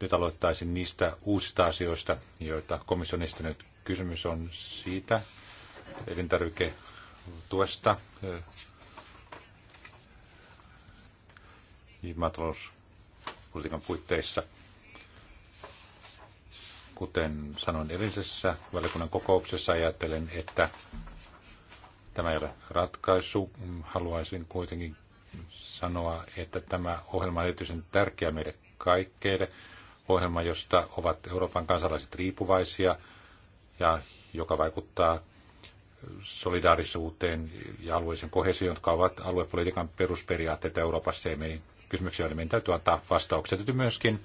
nyt aloittaisin niistä uusista asioista, joita komission esittänyt. Kysymys on siitä elintarviketuesta, maatalouspolitiikan puitteissa – kuten sanoin edellisessä valiokunnan kokouksessa, ajattelen, että tämä ei ole ratkaisu. Haluaisin kuitenkin sanoa, että tämä ohjelma on erityisen tärkeä meille kaikkeille. Ohjelma, josta ovat Euroopan kansalaiset riippuvaisia ja joka vaikuttaa solidaarisuuteen ja alueellisen kohesioon, jotka ovat aluepolitiikan perusperiaatteita Euroopassa. Ja meidän kysymyksiä, joille meidän täytyy antaa vastauksia. Täytyy myöskin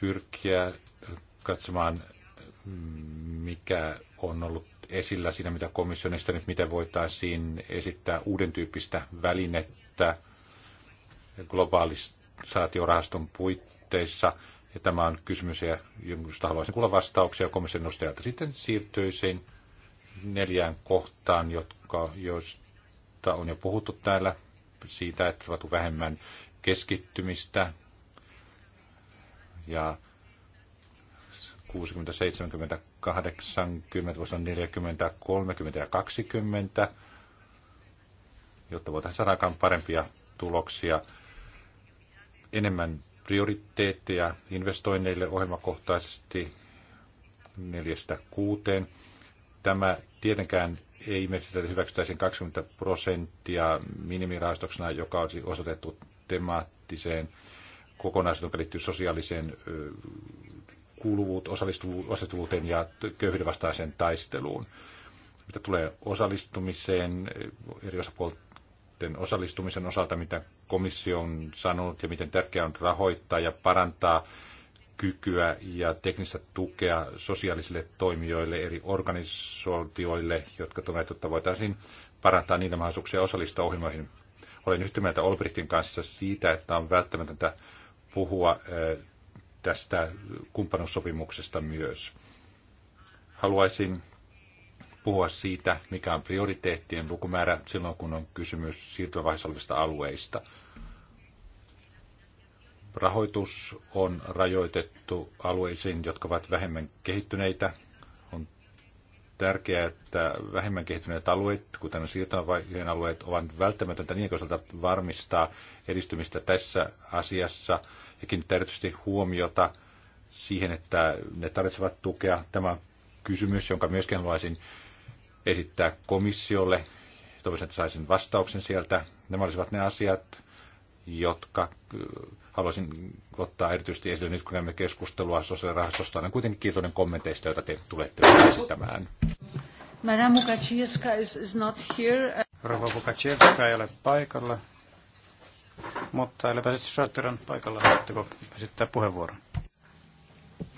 pyrkiä katsomaan, mikä on ollut esillä siinä, mitä komissio nyt, miten voitaisiin esittää uuden tyyppistä välinettä globaalisaatiorahaston puitteissa. Ja tämä on kysymys, josta haluaisin kuulla vastauksia komission nostajalta. Sitten siirtyisin neljään kohtaan, jotka, joista on jo puhuttu täällä, siitä, että on vähemmän keskittymistä ja 60, 70, 80, voisi olla 40, 30 ja 20, jotta voitaisiin saada aikaan parempia tuloksia, enemmän prioriteetteja investoinneille ohjelmakohtaisesti neljästä kuuteen. Tämä tietenkään ei merkitä, että hyväksyttäisiin 20 prosenttia minimirahastoksena, joka olisi osoitettu temaattiseen kokonaisuuteen, joka liittyy sosiaaliseen kuuluvuut osallistuvuuteen ja köyhyyden vastaiseen taisteluun. Mitä tulee osallistumiseen, eri osapuolten osallistumisen osalta, mitä komissio on sanonut ja miten tärkeää on rahoittaa ja parantaa kykyä ja teknistä tukea sosiaalisille toimijoille, eri organisaatioille, jotka tunnet, voitaisiin parantaa niitä mahdollisuuksia osallistua ohjelmoihin. Olen yhtä mieltä Olbrichtin kanssa siitä, että on välttämätöntä puhua tästä kumppanuussopimuksesta myös. Haluaisin puhua siitä, mikä on prioriteettien lukumäärä silloin, kun on kysymys siirtymävaiheessa olevista alueista. Rahoitus on rajoitettu alueisiin, jotka ovat vähemmän kehittyneitä. On tärkeää, että vähemmän kehittyneet alueet, kuten siirtymävaiheen alueet, ovat välttämätöntä niin varmistaa edistymistä tässä asiassa – ja kiinnittää erityisesti huomiota siihen, että ne tarvitsevat tukea. Tämä kysymys, jonka myöskin haluaisin esittää komissiolle. Toivoisin, että saisin vastauksen sieltä. Nämä olisivat ne asiat, jotka äh, haluaisin ottaa erityisesti esille nyt, kun näemme keskustelua sosiaalirahastosta. Olen kuitenkin kiitollinen kommenteista, joita te tulette esittämään. Madame Vukacijewska is, not here. Rova Vukacijewska ei ole paikalla mutta eipä sitten Schroeder paikalla, haluatteko esittää puheenvuoron?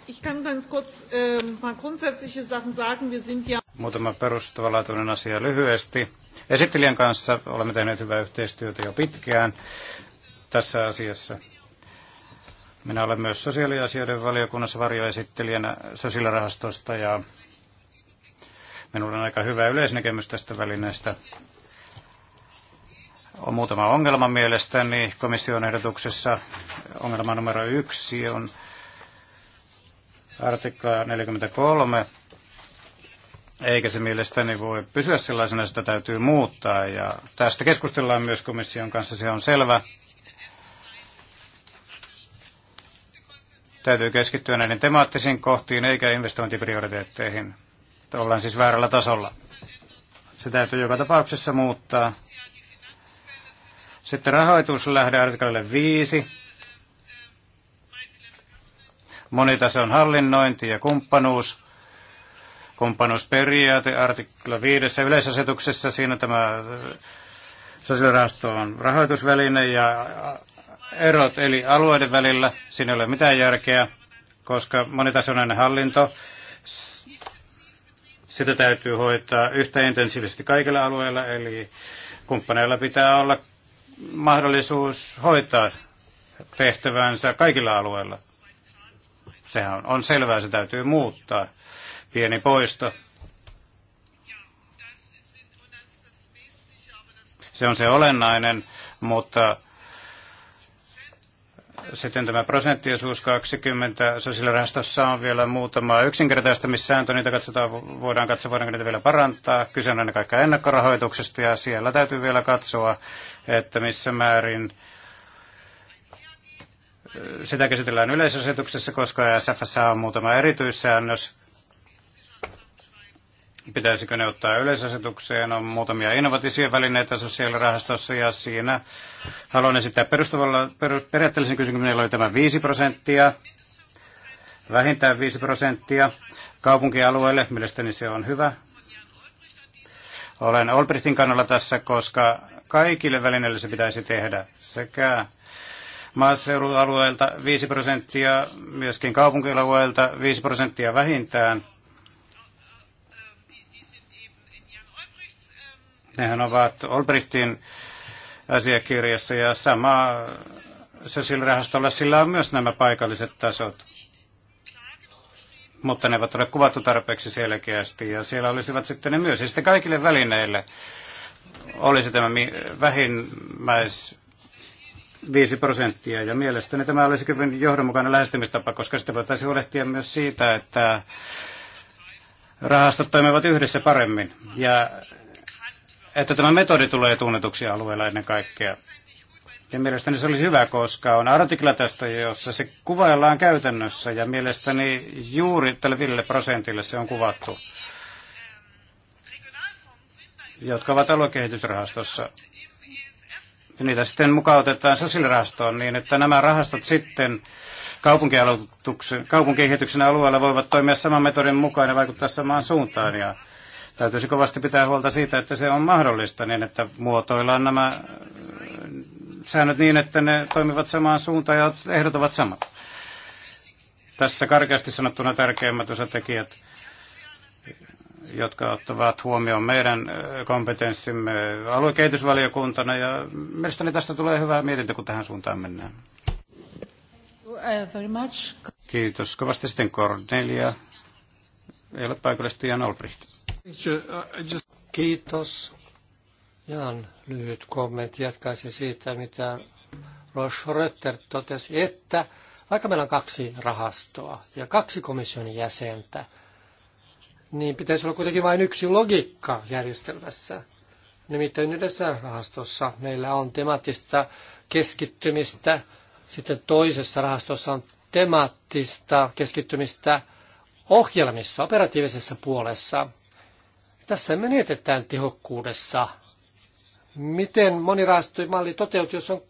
Ich kann ganz kurz äh, mal grundsätzliche Sachen sagen. Wir sind ja Muutama perustavanlaatuinen asia lyhyesti. Esittelijän kanssa olemme tehneet hyvää yhteistyötä jo pitkään tässä asiassa. Minä olen myös sosiaaliasioiden valiokunnassa varjoesittelijänä sosiaalirahastosta ja minulla on aika hyvä yleisnäkemys tästä välineestä on muutama ongelma mielestäni komission ehdotuksessa. Ongelma numero yksi on artikla 43, eikä se mielestäni voi pysyä sellaisena, sitä täytyy muuttaa. Ja tästä keskustellaan myös komission kanssa, se on selvä. Täytyy keskittyä näiden temaattisiin kohtiin eikä investointiprioriteetteihin. Ollaan siis väärällä tasolla. Se täytyy joka tapauksessa muuttaa sitten rahoituslähde artiklalle 5. Monitason hallinnointi ja kumppanuus. Kumppanuusperiaate artikla 5. Yleisasetuksessa siinä tämä äh, sosiaalirahasto on rahoitusväline ja äh, erot eli alueiden välillä. Siinä ei ole mitään järkeä, koska monitasoinen hallinto, sitä täytyy hoitaa yhtä intensiivisesti kaikilla alueilla, eli kumppaneilla pitää olla mahdollisuus hoitaa tehtävänsä kaikilla alueilla. Sehän on, on selvää, se täytyy muuttaa. Pieni poisto. Se on se olennainen, mutta sitten tämä prosenttiosuus 20 sosiaalirahastossa on vielä muutama yksinkertaistamissääntö, niitä katsotaan, voidaan katsoa, voidaanko niitä vielä parantaa. Kyse on ennen kaikkea ennakkorahoituksesta ja siellä täytyy vielä katsoa, että missä määrin sitä käsitellään yleisasetuksessa, koska SFS e on muutama erityissäännös, pitäisikö ne ottaa yleisasetukseen. On muutamia innovatiivisia välineitä sosiaalirahastossa ja siinä haluan esittää perustavalla, per, periaatteellisen kysymyksen, oli tämä 5 prosenttia, vähintään 5 prosenttia kaupunkialueelle. Mielestäni se on hyvä. Olen Olbrichtin kannalla tässä, koska kaikille välineille se pitäisi tehdä sekä maaseudualueelta 5 prosenttia, myöskin kaupunkialueelta 5 prosenttia vähintään – Nehän ovat Olbrichtin asiakirjassa ja sama sosiaalirahastolla sillä on myös nämä paikalliset tasot. Mutta ne eivät ole kuvattu tarpeeksi selkeästi ja siellä olisivat sitten ne myös. Ja sitten kaikille välineille olisi tämä vähimmäis 5 prosenttia. Ja mielestäni tämä olisi kyllä johdonmukainen lähestymistapa, koska sitten voitaisiin huolehtia myös siitä, että rahastot toimivat yhdessä paremmin. Ja että tämä metodi tulee tunnetuksi alueella ennen kaikkea. Ja mielestäni se olisi hyvä, koska on artikla tästä, jossa se kuvaillaan käytännössä, ja mielestäni juuri tälle viidelle prosentille se on kuvattu, jotka ovat aluekehitysrahastossa. Ja niitä sitten mukautetaan sosiaalirahastoon niin, että nämä rahastot sitten kaupunkikehityksen alueella voivat toimia saman metodin mukaan ja vaikuttaa samaan suuntaan. Ja Täytyisi kovasti pitää huolta siitä, että se on mahdollista niin, että muotoillaan nämä äh, säännöt niin, että ne toimivat samaan suuntaan ja ehdot ovat samat. Tässä karkeasti sanottuna tärkeimmät osatekijät, jotka ottavat huomioon meidän äh, kompetenssimme aluekehitysvaliokuntana. Ja mielestäni tästä tulee hyvä mietintö, kun tähän suuntaan mennään. Kiitos kovasti sitten Cornelia. Ei ole paikallisesti Jan Olbricht. Uh, Kiitos. Ihan lyhyt kommentti jatkaisi siitä, mitä Roche Rötter totesi, että vaikka meillä on kaksi rahastoa ja kaksi komission jäsentä, niin pitäisi olla kuitenkin vain yksi logiikka järjestelmässä. Nimittäin yhdessä rahastossa meillä on temaattista keskittymistä, sitten toisessa rahastossa on temaattista keskittymistä ohjelmissa, operatiivisessa puolessa. Tässä menetetään tehokkuudessa. Miten monirahastomalli toteutuu, jos on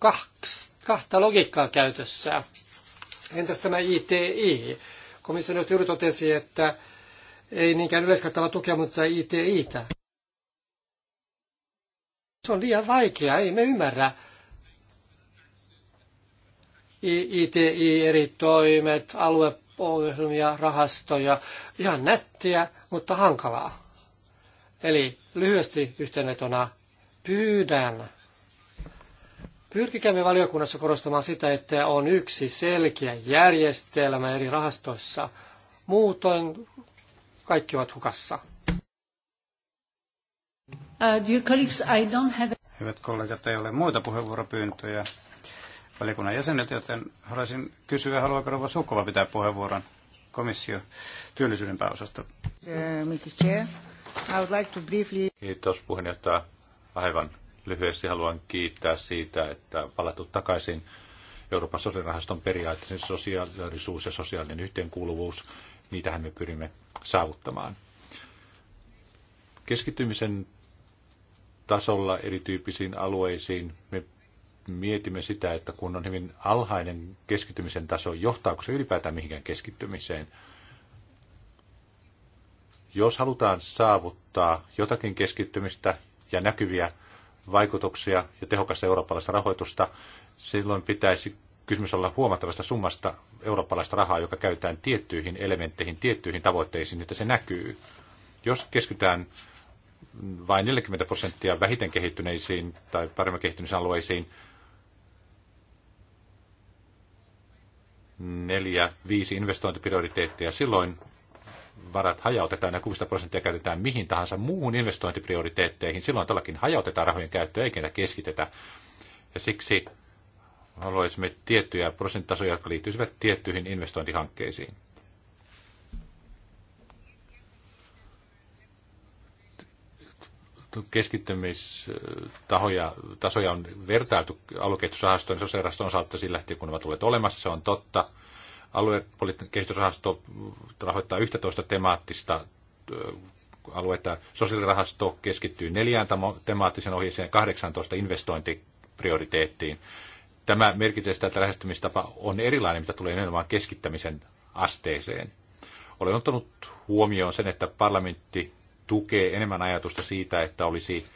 kahta logiikkaa käytössä? Entäs tämä ITI? Komission juuri totesi, että ei niinkään yleiskattava tukea, mutta ITItä. Se on liian vaikeaa, ei me ymmärrä. ITI, eri toimet, alueohjelmia, rahastoja, ihan nättiä, mutta hankalaa. Eli lyhyesti yhteenvetona pyydän, pyrkikäämme valiokunnassa korostamaan sitä, että on yksi selkeä järjestelmä eri rahastoissa. Muutoin kaikki ovat hukassa. Uh, Hyvät kollegat, ei ole muita puheenvuoropyyntöjä valiokunnan jäsenet, joten haluaisin kysyä, haluaako Rova Sukova pitää puheenvuoron komissio työllisyyden pääosasta. Uh, Mrs. Chair. I would like to briefly... Kiitos puheenjohtaja. Aivan lyhyesti haluan kiittää siitä, että palattu takaisin Euroopan sosiaalirahaston periaatteessa sosiaalisuus ja sosiaalinen yhteenkuuluvuus. Niitähän me pyrimme saavuttamaan. Keskittymisen tasolla erityyppisiin alueisiin me mietimme sitä, että kun on hyvin alhainen keskittymisen taso, johtaako se ylipäätään mihinkään keskittymiseen – jos halutaan saavuttaa jotakin keskittymistä ja näkyviä vaikutuksia ja tehokasta eurooppalaista rahoitusta, silloin pitäisi kysymys olla huomattavasta summasta eurooppalaista rahaa, joka käytetään tiettyihin elementteihin, tiettyihin tavoitteisiin, että se näkyy. Jos keskitytään vain 40 prosenttia vähiten kehittyneisiin tai paremmin kehittyneisiin alueisiin, neljä, viisi investointiprioriteettia, silloin varat hajautetaan ja 60 prosenttia käytetään mihin tahansa muuhun investointiprioriteetteihin, silloin todellakin hajautetaan rahojen käyttöä eikä keskitetä. Ja siksi haluaisimme tiettyjä prosenttitasoja, jotka liittyisivät tiettyihin investointihankkeisiin. keskittymistahoja, tasoja on vertailtu allokeittusrahastoon ja sosiaalirahaston osalta sillä, kun ne ovat olleet olemassa, se on totta. Aluepoliittinen kehitysrahasto rahoittaa 11 temaattista aluetta. Sosiaalirahasto keskittyy neljään temaattisen ohjeeseen 18 investointiprioriteettiin. Tämä merkitsee sitä, että lähestymistapa on erilainen, mitä tulee nimenomaan keskittämisen asteeseen. Olen ottanut huomioon sen, että parlamentti tukee enemmän ajatusta siitä, että olisi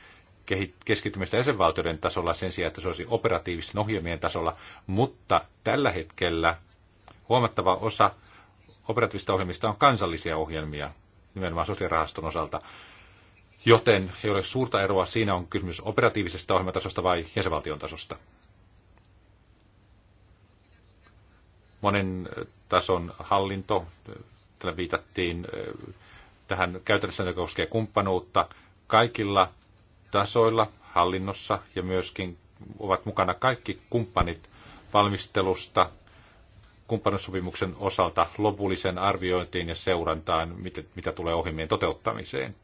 keskittymistä jäsenvaltioiden tasolla sen sijaan, että se olisi operatiivisten ohjelmien tasolla, mutta tällä hetkellä Huomattava osa operatiivista ohjelmista on kansallisia ohjelmia, nimenomaan sosiaalirahaston osalta. Joten ei ole suurta eroa siinä, on kysymys operatiivisesta ohjelmatasosta vai jäsenvaltion tasosta. Monen eh, tason hallinto, eh, tällä viitattiin eh, tähän käytännössä, joka koskee kumppanuutta, kaikilla tasoilla hallinnossa ja myöskin ovat mukana kaikki kumppanit valmistelusta kumppanuussopimuksen osalta lopulliseen arviointiin ja seurantaan, mitä tulee ohjelmien toteuttamiseen.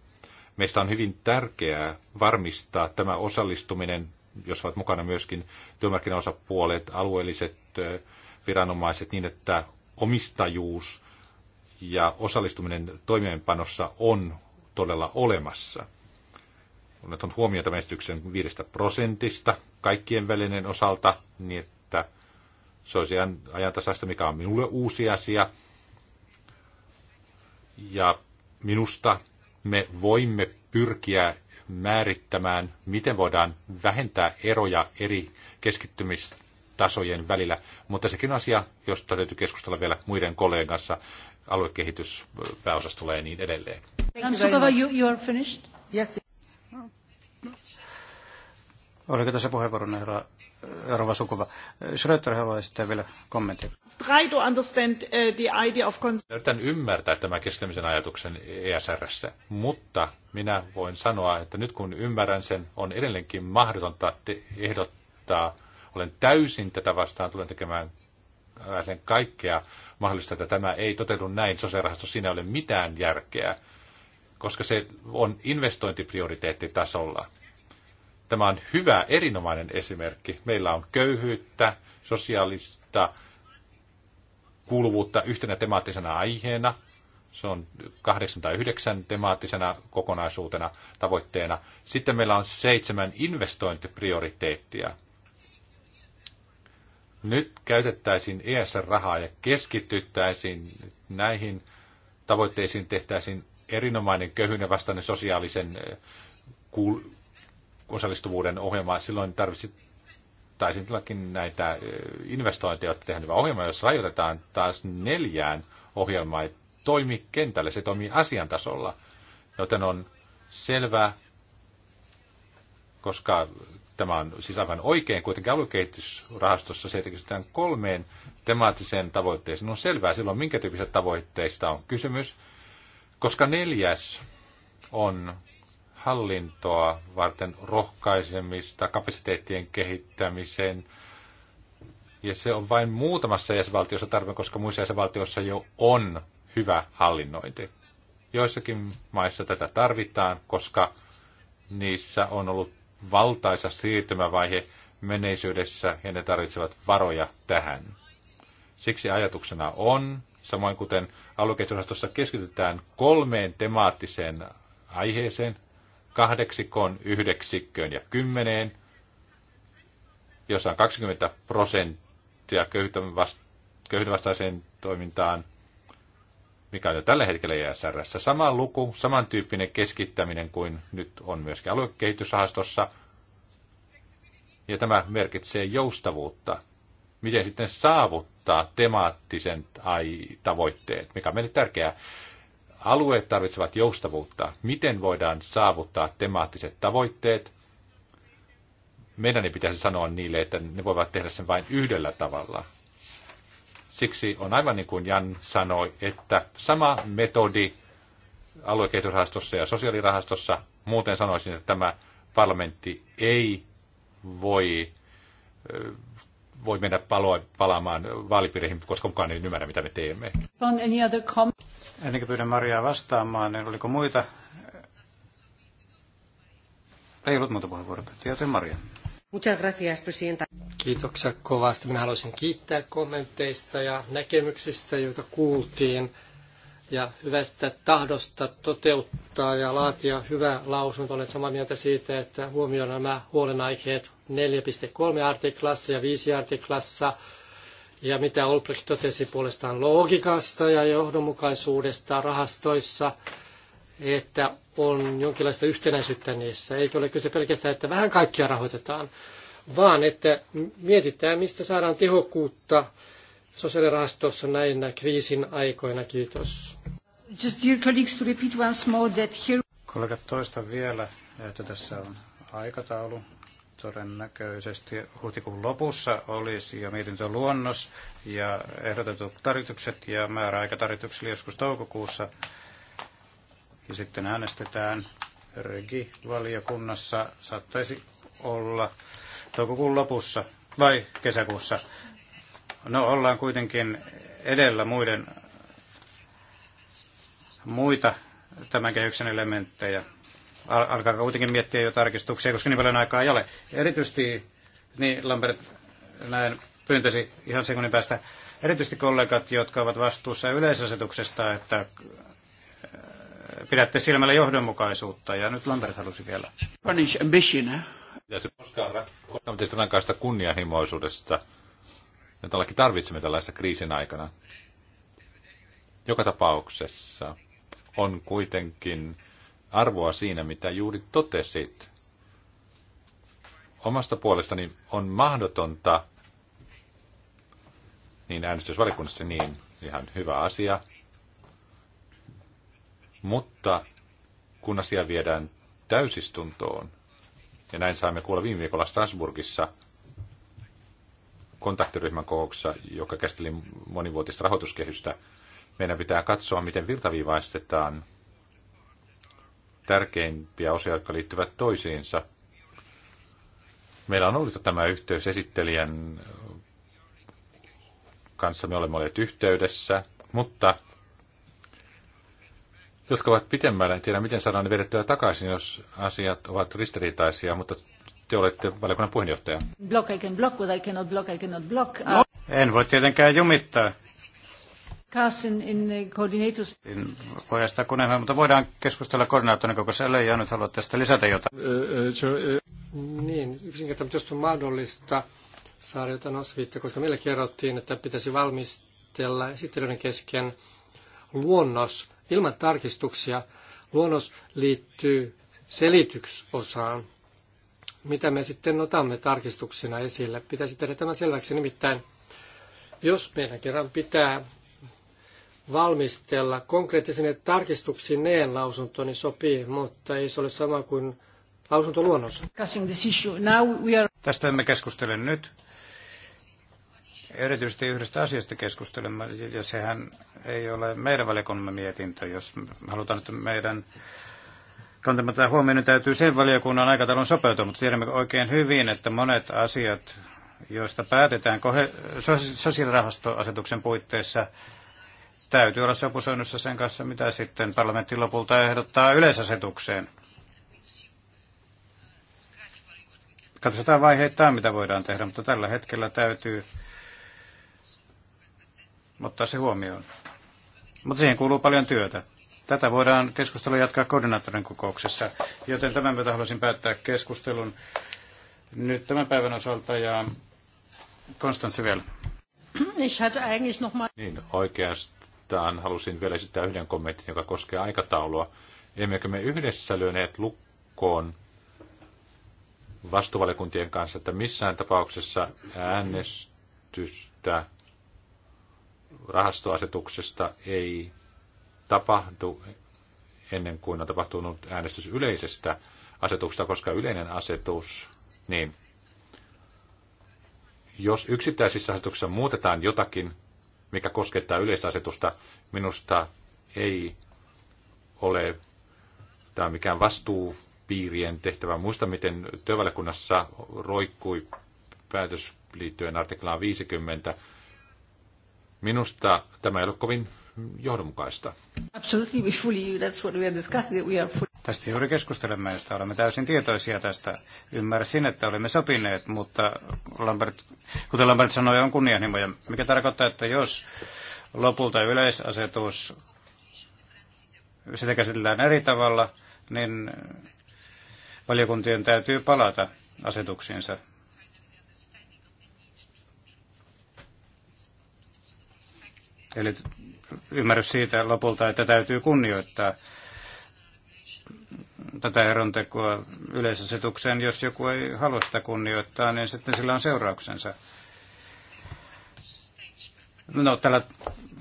Meistä on hyvin tärkeää varmistaa tämä osallistuminen, jos ovat mukana myöskin työmarkkinaosapuolet, alueelliset viranomaiset, niin että omistajuus ja osallistuminen toimeenpanossa on todella olemassa. On huomiota tämän viidestä prosentista kaikkien välinen osalta, niin että se olisi ajantasaista, mikä on minulle uusi asia. Ja minusta me voimme pyrkiä määrittämään, miten voidaan vähentää eroja eri keskittymistasojen välillä. Mutta sekin on asia, josta täytyy keskustella vielä muiden kollegien kanssa, aluekehityspääosastolla ja niin edelleen. Oliko tässä puheenvuoron herra Rova Sukova. Schröter haluaa esittää vielä kommentin. Try to understand uh, the idea of Yritän ymmärtää tämän kestämisen ajatuksen ESRssä, mutta minä voin sanoa, että nyt kun ymmärrän sen, on edelleenkin mahdotonta ehdottaa. Olen täysin tätä vastaan, tulen tekemään äh, sen kaikkea mahdollista, että tämä ei toteudu näin. Sosiaalirahasto siinä ei ole mitään järkeä, koska se on investointiprioriteettitasolla. Tämä on hyvä, erinomainen esimerkki. Meillä on köyhyyttä, sosiaalista kuuluvuutta yhtenä temaattisena aiheena. Se on kahdeksan tai yhdeksän temaattisena kokonaisuutena tavoitteena. Sitten meillä on seitsemän investointiprioriteettia. Nyt käytettäisiin ESR-rahaa ja keskityttäisiin näihin tavoitteisiin, tehtäisiin erinomainen köyhyyden vastainen sosiaalisen eh, osallistuvuuden ohjelmaa, silloin tarvitsisi tai sitten näitä investointeja, jotka tehdään hyvä ohjelma, jos rajoitetaan taas neljään ohjelmaa, ei toimi kentällä, se toimii asiantasolla. Joten on selvää, koska tämä on siis aivan oikein, kuitenkin aluekehitysrahastossa se keskitytään kolmeen temaattiseen tavoitteeseen. On selvää silloin, minkä tyyppisistä tavoitteista on kysymys, koska neljäs on hallintoa varten rohkaisemista, kapasiteettien kehittämiseen, Ja se on vain muutamassa jäsenvaltiossa tarve, koska muissa jäsenvaltioissa jo on hyvä hallinnointi. Joissakin maissa tätä tarvitaan, koska niissä on ollut valtaisa siirtymävaihe menneisyydessä ja ne tarvitsevat varoja tähän. Siksi ajatuksena on, samoin kuten aluekehitysrahastossa keskitytään kolmeen temaattiseen aiheeseen, kahdeksikon, yhdeksikköön ja kymmeneen, jossa on 20 prosenttia köyhyyden toimintaan, mikä on jo tällä hetkellä JSRssä. Sama luku, samantyyppinen keskittäminen kuin nyt on myöskin aluekehitysrahastossa. Ja tämä merkitsee joustavuutta. Miten sitten saavuttaa temaattiset tavoitteet, mikä on meille tärkeää. Alueet tarvitsevat joustavuutta. Miten voidaan saavuttaa temaattiset tavoitteet? Meidän ei pitäisi sanoa niille, että ne voivat tehdä sen vain yhdellä tavalla. Siksi on aivan niin kuin Jan sanoi, että sama metodi aluekehitysrahastossa ja sosiaalirahastossa, muuten sanoisin, että tämä parlamentti ei voi, voi mennä palo, palaamaan vaalipiireihin, koska kukaan ei ymmärrä, mitä me teemme. Ennen kuin pyydän Mariaa vastaamaan, niin oliko muita? Ei ollut muuta puheenvuoropyyntöjä, joten Maria. Muchas gracias, presidenta. Kiitoksia kovasti. Minä haluaisin kiittää kommenteista ja näkemyksistä, joita kuultiin, ja hyvästä tahdosta toteuttaa ja laatia hyvä lausunto. Olen samaa mieltä siitä, että huomioon nämä huolenaiheet 4.3 artiklassa ja 5 artiklassa – ja mitä Olbrich totesi puolestaan loogikasta ja johdonmukaisuudesta rahastoissa, että on jonkinlaista yhtenäisyyttä niissä. Eikä ole kyse pelkästään, että vähän kaikkia rahoitetaan, vaan että mietitään, mistä saadaan tehokkuutta sosiaalirahastossa näinä kriisin aikoina. Kiitos. Just dear colleagues, to repeat once more that here... Kollegat, toista vielä, että tässä on aikataulu todennäköisesti huhtikuun lopussa olisi jo luonnos ja ehdotetut tarjoukset ja määräaika tarjouksille joskus toukokuussa. Ja sitten äänestetään regi-valiokunnassa saattaisi olla toukokuun lopussa vai kesäkuussa. No ollaan kuitenkin edellä muiden muita tämän kehyksen elementtejä alkaa kuitenkin miettiä jo tarkistuksia, koska niin paljon aikaa ei ole. Erityisesti, niin Lambert näin pyyntäsi ihan sekunnin päästä, erityisesti kollegat, jotka ovat vastuussa yleisasetuksesta, että äh, pidätte silmällä johdonmukaisuutta. Ja nyt Lambert halusi vielä. Spanish ambition, eh? Ja se koskaan tietysti rankaista kunnianhimoisuudesta. jota laki tarvitsemme tällaista kriisin aikana. Joka tapauksessa on kuitenkin arvoa siinä, mitä juuri totesit. Omasta puolestani on mahdotonta, niin äänestysvalikunnassa niin, ihan hyvä asia. Mutta kun asia viedään täysistuntoon, ja näin saimme kuulla viime viikolla Strasburgissa kontaktiryhmän kokouksessa, joka käsitteli monivuotista rahoituskehystä, meidän pitää katsoa, miten virtaviivaistetaan – tärkeimpiä osia, jotka liittyvät toisiinsa. Meillä on ollut tämä yhteys esittelijän kanssa, me olemme olleet yhteydessä, mutta jotka ovat pitemmällä, en tiedä miten saadaan ne vedettyä takaisin, jos asiat ovat ristiriitaisia, mutta te olette valiokunnan puheenjohtaja. Block, I can block, I cannot block, I cannot block. No, en voi tietenkään jumittaa Carson in coordinators. Voi niin, sitä mutta voidaan keskustella koordinaattorin kokoisessa, ellei ja nyt haluat tästä lisätä jotain. Niin, yksinkertaisesti jos on mahdollista saada jotain osviittaa, koska meille kerrottiin, että pitäisi valmistella esittelyiden kesken luonnos ilman tarkistuksia. Luonnos liittyy selityksosaan, mitä me sitten otamme tarkistuksina esille. Pitäisi tehdä tämä selväksi, nimittäin jos meidän kerran pitää valmistella konkreettisine tarkistuksineen lausuntoni niin sopii, mutta ei se ole sama kuin lausuntoluonnos. Tästä emme keskustele nyt. Erityisesti yhdestä asiasta keskustelemme, ja sehän ei ole meidän valiokunnan mietintö. Jos halutaan, että meidän kantamme tämä huomioon, niin täytyy sen valiokunnan aikataulun sopeutua, mutta tiedämme oikein hyvin, että monet asiat, joista päätetään sosiaalirahastoasetuksen puitteissa, täytyy olla sopusoinnussa sen kanssa, mitä sitten parlamentti lopulta ehdottaa yleisasetukseen. Katsotaan vaiheittain, mitä voidaan tehdä, mutta tällä hetkellä täytyy ottaa se huomioon. Mutta siihen kuuluu paljon työtä. Tätä voidaan keskustelua jatkaa koordinaattorin kokouksessa, joten tämän myötä haluaisin päättää keskustelun nyt tämän päivän osalta ja Konstantsi vielä. Niin, oikeastaan kohtaan halusin vielä esittää yhden kommentin, joka koskee aikataulua. Emmekö me yhdessä lyöneet lukkoon vastuvalikuntien kanssa, että missään tapauksessa äänestystä rahastoasetuksesta ei tapahdu ennen kuin on tapahtunut äänestys yleisestä asetuksesta, koska yleinen asetus, niin jos yksittäisissä asetuksissa muutetaan jotakin, mikä koskettaa yleisasetusta, minusta ei ole tämä mikään vastuupiirien tehtävä. Muista, miten työvaliokunnassa roikkui päätös liittyen artiklaan 50. Minusta tämä ei ole kovin johdonmukaista. Absolutely, we fully, that's what we are discussing, that we are fully... Tästä juuri keskustelemme, että olemme täysin tietoisia tästä. Ymmärsin, että olemme sopineet, mutta Lambert, kuten Lambert sanoi, on kunnianhimoja, mikä tarkoittaa, että jos lopulta yleisasetus, sitä käsitellään eri tavalla, niin valiokuntien täytyy palata asetuksiinsa. Eli ymmärrys siitä lopulta, että täytyy kunnioittaa tätä erontekoa yleisasetukseen. Jos joku ei halua sitä kunnioittaa, niin sitten sillä on seurauksensa. No, tällä,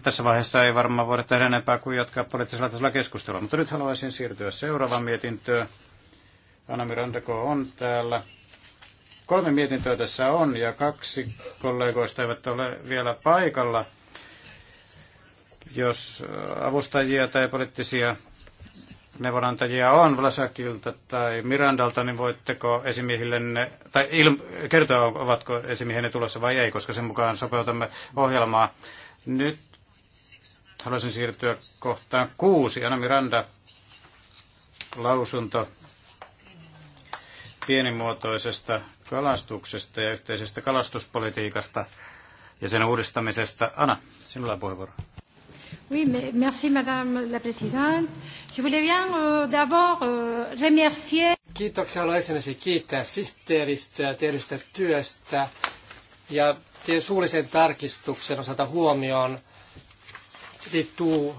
tässä vaiheessa ei varmaan voida tehdä enempää kuin jatkaa poliittisella tasolla keskustelua, mutta nyt haluaisin siirtyä seuraavaan mietintöön. Anami Rantako on täällä. Kolme mietintöä tässä on ja kaksi kollegoista eivät ole vielä paikalla. Jos avustajia tai poliittisia neuvonantajia on Vlasakilta tai Mirandalta, niin voitteko esimiehillenne, tai il, kertoa, ovatko esimiehenne tulossa vai ei, koska sen mukaan sopeutamme ohjelmaa. Nyt haluaisin siirtyä kohtaan kuusi. Anna Miranda, lausunto pienimuotoisesta kalastuksesta ja yhteisestä kalastuspolitiikasta ja sen uudistamisesta. Anna, sinulla on puheenvuoro. Oui, mais merci Madame la Présidente. Je voulais bien euh, d'abord euh, remercier... Kiitoksia haluan ensinnäkin kiittää sihteeristöä tehdystä työstä ja teidän suullisen tarkistuksen osalta huomioon liittyy,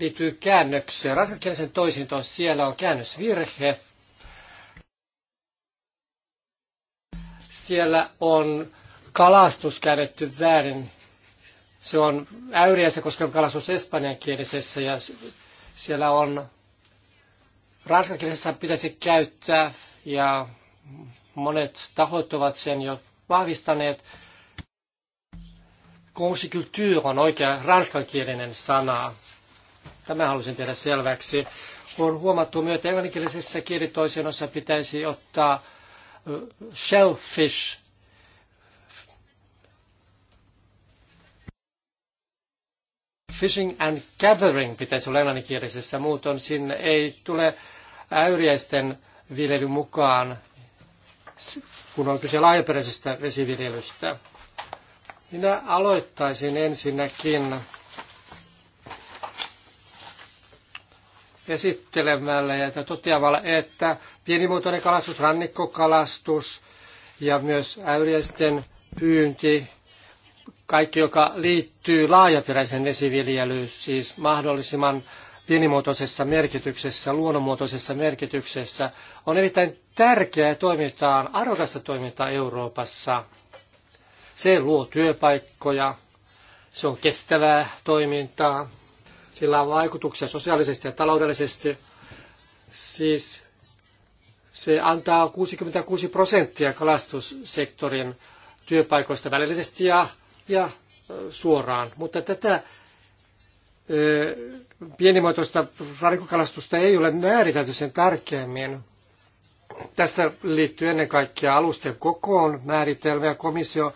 liittyy käännökseen. Ranskankielisen toisintoon siellä on käännösvirhe. Siellä on kalastus käännetty väärin se on äyriässä, koska on kalastus espanjankielisessä ja siellä on ranskankielisessä pitäisi käyttää ja monet tahot ovat sen jo vahvistaneet. Consiculture on oikea ranskankielinen sana. Tämä halusin tehdä selväksi. On huomattu myös, että englanninkielisessä kielitoisennossa pitäisi ottaa shellfish fishing and gathering pitäisi olla englanninkielisessä, muutoin sinne ei tule äyriäisten viljely mukaan, kun on kyse laajaperäisestä vesiviljelystä. Minä aloittaisin ensinnäkin esittelemällä ja toteamalla, että pienimuotoinen kalastus, rannikkokalastus ja myös äyriäisten pyynti kaikki, joka liittyy laajaperäisen vesiviljelyyn, siis mahdollisimman pienimuotoisessa merkityksessä, luonnonmuotoisessa merkityksessä, on erittäin tärkeää toimintaa, arvokasta toimintaa Euroopassa. Se luo työpaikkoja, se on kestävää toimintaa, sillä on vaikutuksia sosiaalisesti ja taloudellisesti. Siis se antaa 66 prosenttia kalastussektorin työpaikoista välillisesti ja ja suoraan. Mutta tätä pienimuotoista rannikkokalastusta ei ole määritelty sen tarkemmin. Tässä liittyy ennen kaikkea alusten kokoon määritelmä ja komissio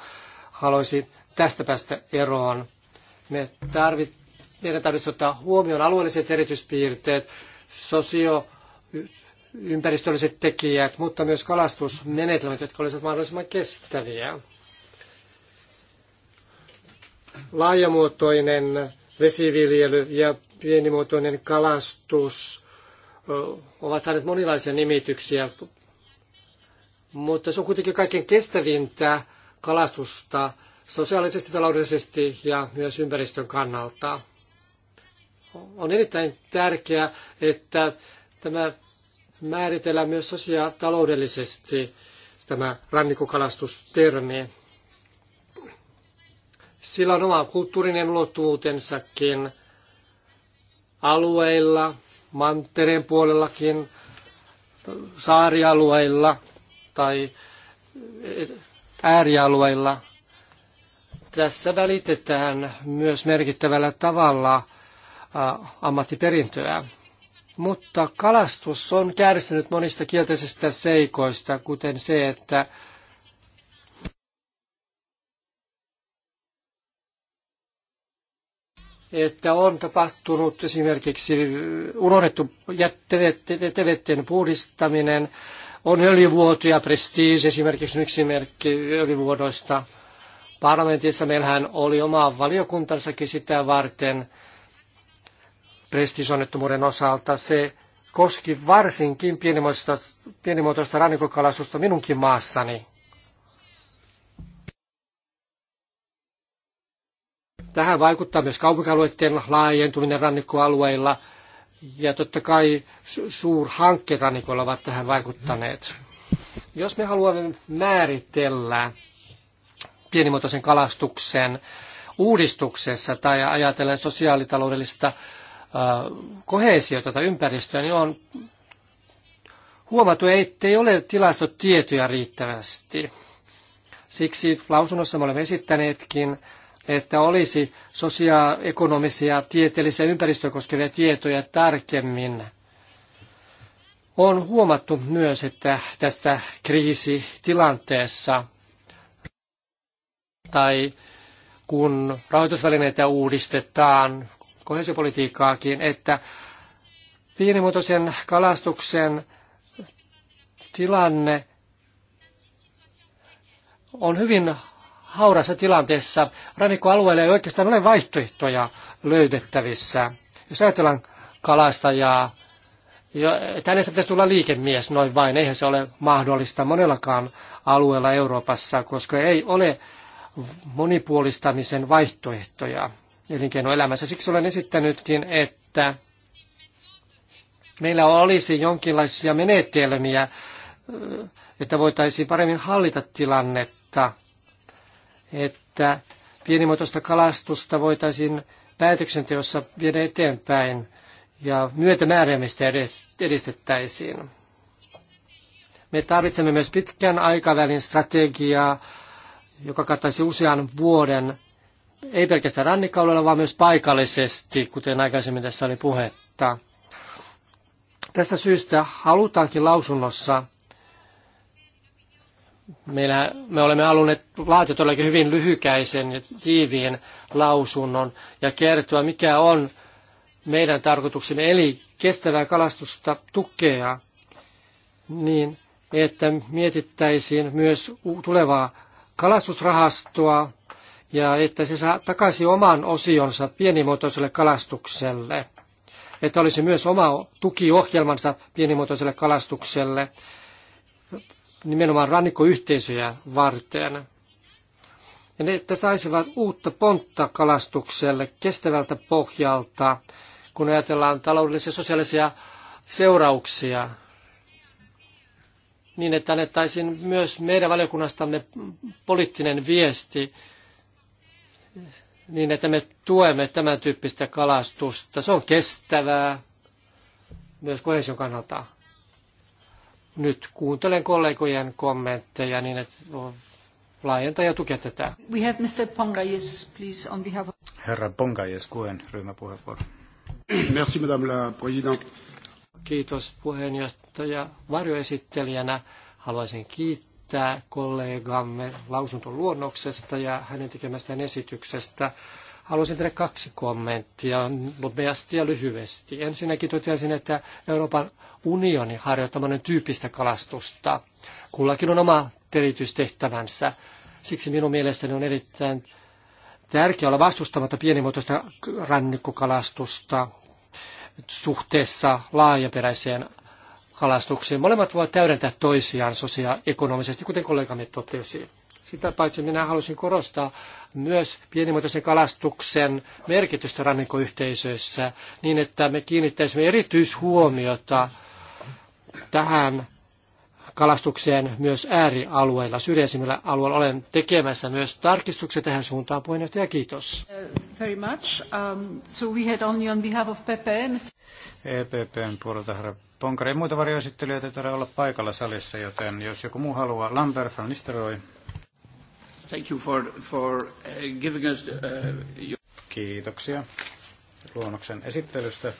haluaisi tästä päästä eroon. Me tarvit, meidän tarvitsisi ottaa huomioon alueelliset erityispiirteet, sosio ympäristölliset tekijät, mutta myös kalastusmenetelmät, jotka olisivat mahdollisimman kestäviä laajamuotoinen vesiviljely ja pienimuotoinen kalastus ovat saaneet monilaisia nimityksiä, mutta se on kuitenkin kaikkein kestävintä kalastusta sosiaalisesti, taloudellisesti ja myös ympäristön kannalta. On erittäin tärkeää, että tämä määritellään myös sosiaalitaloudellisesti tämä rannikkokalastus termi. Sillä on oma kulttuurinen ulottuvuutensakin alueilla, mantereen puolellakin, saarialueilla tai eh, äärialueilla. Tässä välitetään myös merkittävällä tavalla äh, ammattiperintöä. Mutta kalastus on kärsinyt monista kielteisistä seikoista, kuten se, että että on tapahtunut esimerkiksi unohdettu jätevetten puhdistaminen, on ja prestiisi esimerkiksi yksi merkki öljyvuodoista. Parlamentissa meillähän oli oma valiokuntansakin sitä varten prestiisonnettomuuden osalta. Se koski varsinkin pienimuotoista, pienimuotoista rannikokalastusta minunkin maassani. Tähän vaikuttaa myös kaupunkialueiden laajentuminen rannikkoalueilla ja totta kai su- suurhankkeet rannikoilla ovat tähän vaikuttaneet. Jos me haluamme määritellä pienimuotoisen kalastuksen uudistuksessa tai ajatellen sosiaalitaloudellista kohesiota tai ympäristöä, niin on huomattu, ettei ole tilastotietoja riittävästi. Siksi lausunnossa me olemme esittäneetkin, että olisi sosioekonomisia, tieteellisiä ympäristöä koskevia tietoja tarkemmin. On huomattu myös, että tässä kriisitilanteessa tai kun rahoitusvälineitä uudistetaan, kohesiopolitiikkaakin, että pienimuotoisen kalastuksen tilanne on hyvin haurassa tilanteessa. Rannikkoalueella ei oikeastaan ole vaihtoehtoja löydettävissä. Jos ajatellaan kalastajaa, hänestä pitäisi tulla liikemies noin vain. Eihän se ole mahdollista monellakaan alueella Euroopassa, koska ei ole monipuolistamisen vaihtoehtoja elinkeinoelämässä. Siksi olen esittänytkin, että meillä olisi jonkinlaisia menetelmiä, että voitaisiin paremmin hallita tilannetta että pienimuotoista kalastusta voitaisiin päätöksenteossa viedä eteenpäin ja myötämääräämistä edistettäisiin. Me tarvitsemme myös pitkän aikavälin strategiaa, joka kattaisi usean vuoden, ei pelkästään rannikkaudella, vaan myös paikallisesti, kuten aikaisemmin tässä oli puhetta. Tästä syystä halutaankin lausunnossa Meillä me olemme halunneet laatia todellakin hyvin lyhykäisen ja tiiviin lausunnon ja kertoa, mikä on meidän tarkoituksemme, eli kestävää kalastusta tukea, niin että mietittäisiin myös tulevaa kalastusrahastoa ja että se saa takaisin oman osionsa pienimuotoiselle kalastukselle, että olisi myös oma tukiohjelmansa pienimuotoiselle kalastukselle nimenomaan rannikkoyhteisöjä varten. Ja ne, että saisivat uutta pontta kalastukselle kestävältä pohjalta, kun ajatellaan taloudellisia ja sosiaalisia seurauksia, niin että annettaisiin myös meidän valiokunnastamme poliittinen viesti, niin että me tuemme tämän tyyppistä kalastusta. Se on kestävää myös kohesion kannalta. Nyt kuuntelen kollegojen kommentteja niin, että laajentaa ja tukea tätä. We have Mr. Pongajes, please, on behalf of... Herra Pongayes, kuen ryhmäpuheenvuoro. Merci, madame la présidente. Kiitos puheenjohtaja. Varjoesittelijänä haluaisin kiittää kollegamme lausuntoluonnoksesta ja hänen tekemästään esityksestä. Haluaisin tehdä kaksi kommenttia nopeasti ja lyhyesti. Ensinnäkin toteaisin, että Euroopan unioni harjoittaa monen tyyppistä kalastusta. Kullakin on oma erityistehtävänsä. Siksi minun mielestäni on erittäin tärkeää olla vastustamatta pienimuotoista rannikkokalastusta suhteessa laajaperäiseen kalastukseen. Molemmat voivat täydentää toisiaan sosioekonomisesti, kuten kollegamme totesi. Sitä paitsi minä halusin korostaa myös pienimuotoisen kalastuksen merkitystä rannikkoyhteisöissä niin, että me kiinnittäisimme erityishuomiota tähän kalastukseen myös äärialueilla, syrjäisimmillä alueilla. Olen tekemässä myös tarkistuksia tähän suuntaan. Puheenjohtaja, kiitos. Uh, very much. Um, so we had only on behalf of Pepe. EPPn puolelta herra Ponkari. Muita varjoesittelijöitä ei olla paikalla salissa, joten jos joku muu haluaa, Lambert van Nistelrooy. Thank you for, for uh, giving us, uh, Kiitoksia luonnoksen esittelystä.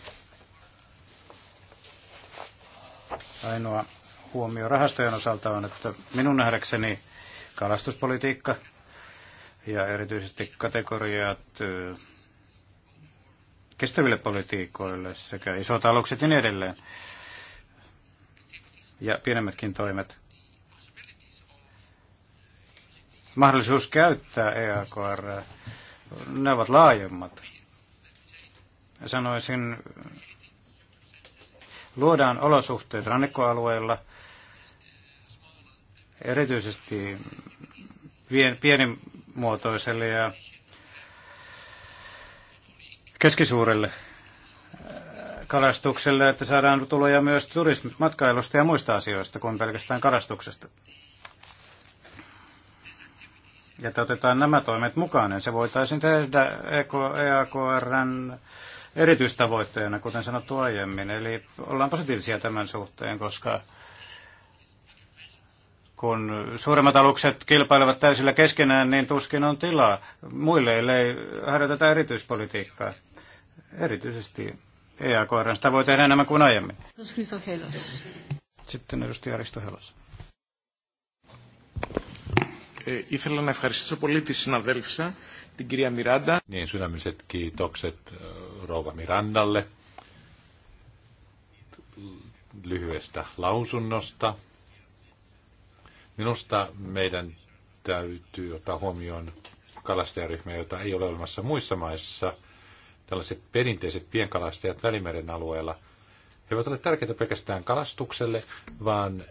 Ainoa huomio rahastojen osalta on, että minun nähdäkseni kalastuspolitiikka ja erityisesti kategoriat kestäville politiikoille sekä isot alukset ja niin edelleen ja pienemmätkin toimet mahdollisuus käyttää EAKR, ne ovat laajemmat. Sanoisin, luodaan olosuhteet rannikkoalueilla, erityisesti pienimuotoiselle ja keskisuurelle äh, kalastukselle, että saadaan tuloja myös turismit, matkailusta ja muista asioista kuin pelkästään kalastuksesta ja että otetaan nämä toimet mukaan, niin se voitaisiin tehdä EAKRn e erityistavoitteena, kuten sanottu aiemmin. Eli ollaan positiivisia tämän suhteen, koska kun suuremmat alukset kilpailevat täysillä keskenään, niin tuskin on tilaa. Muille ei harjoiteta erityispolitiikkaa. Erityisesti EAKRn sitä voi tehdä enemmän kuin aiemmin. Sitten edustaja Aristo Helos. Ε, ήθελα να ευχαριστήσω πολύ τη συναδέλφισσα, την κυρία Μιράντα. Niin, sydämiset kiitokset rova Mirandalle lyhyestä lausunnosta. Minusta meidän täytyy ottaa huomioon kalastajaryhmä, jota ei ole olemassa muissa maissa. Tällaiset perinteiset pienkalastajat Välimeren alueella, he eivät ole tärkeitä pelkästään kalastukselle, vaan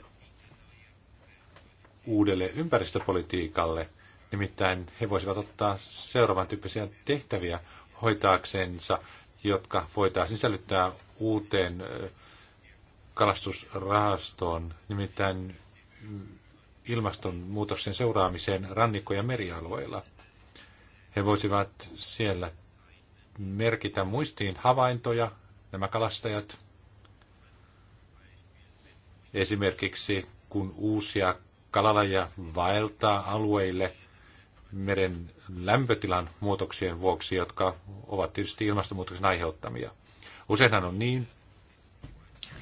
uudelle ympäristöpolitiikalle. Nimittäin he voisivat ottaa seuraavan tyyppisiä tehtäviä hoitaaksensa, jotka voitaisiin sisällyttää uuteen kalastusrahastoon, nimittäin mm, ilmastonmuutoksen seuraamiseen rannikko- ja merialueilla. He voisivat siellä merkitä muistiin havaintoja, nämä kalastajat. Esimerkiksi kun uusia kalalajia vaeltaa alueille meren lämpötilan muutoksien vuoksi, jotka ovat tietysti ilmastonmuutoksen aiheuttamia. Useinhan on niin,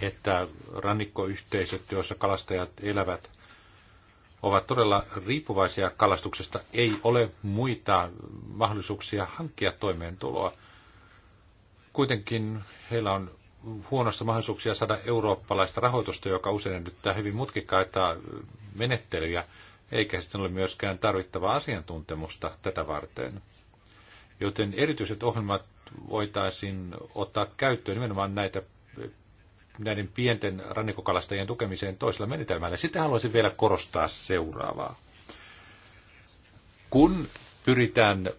että rannikkoyhteisöt, joissa kalastajat elävät, ovat todella riippuvaisia kalastuksesta. Ei ole muita mahdollisuuksia hankkia toimeentuloa. Kuitenkin heillä on huonosta mahdollisuuksia saada eurooppalaista rahoitusta, joka usein edyttää hyvin mutkikkaita menettelyjä, eikä sitten ole myöskään tarvittavaa asiantuntemusta tätä varten. Joten erityiset ohjelmat voitaisiin ottaa käyttöön nimenomaan näitä, näiden pienten rannikokalastajien tukemiseen toisella menetelmällä. Sitä haluaisin vielä korostaa seuraavaa. Kun pyritään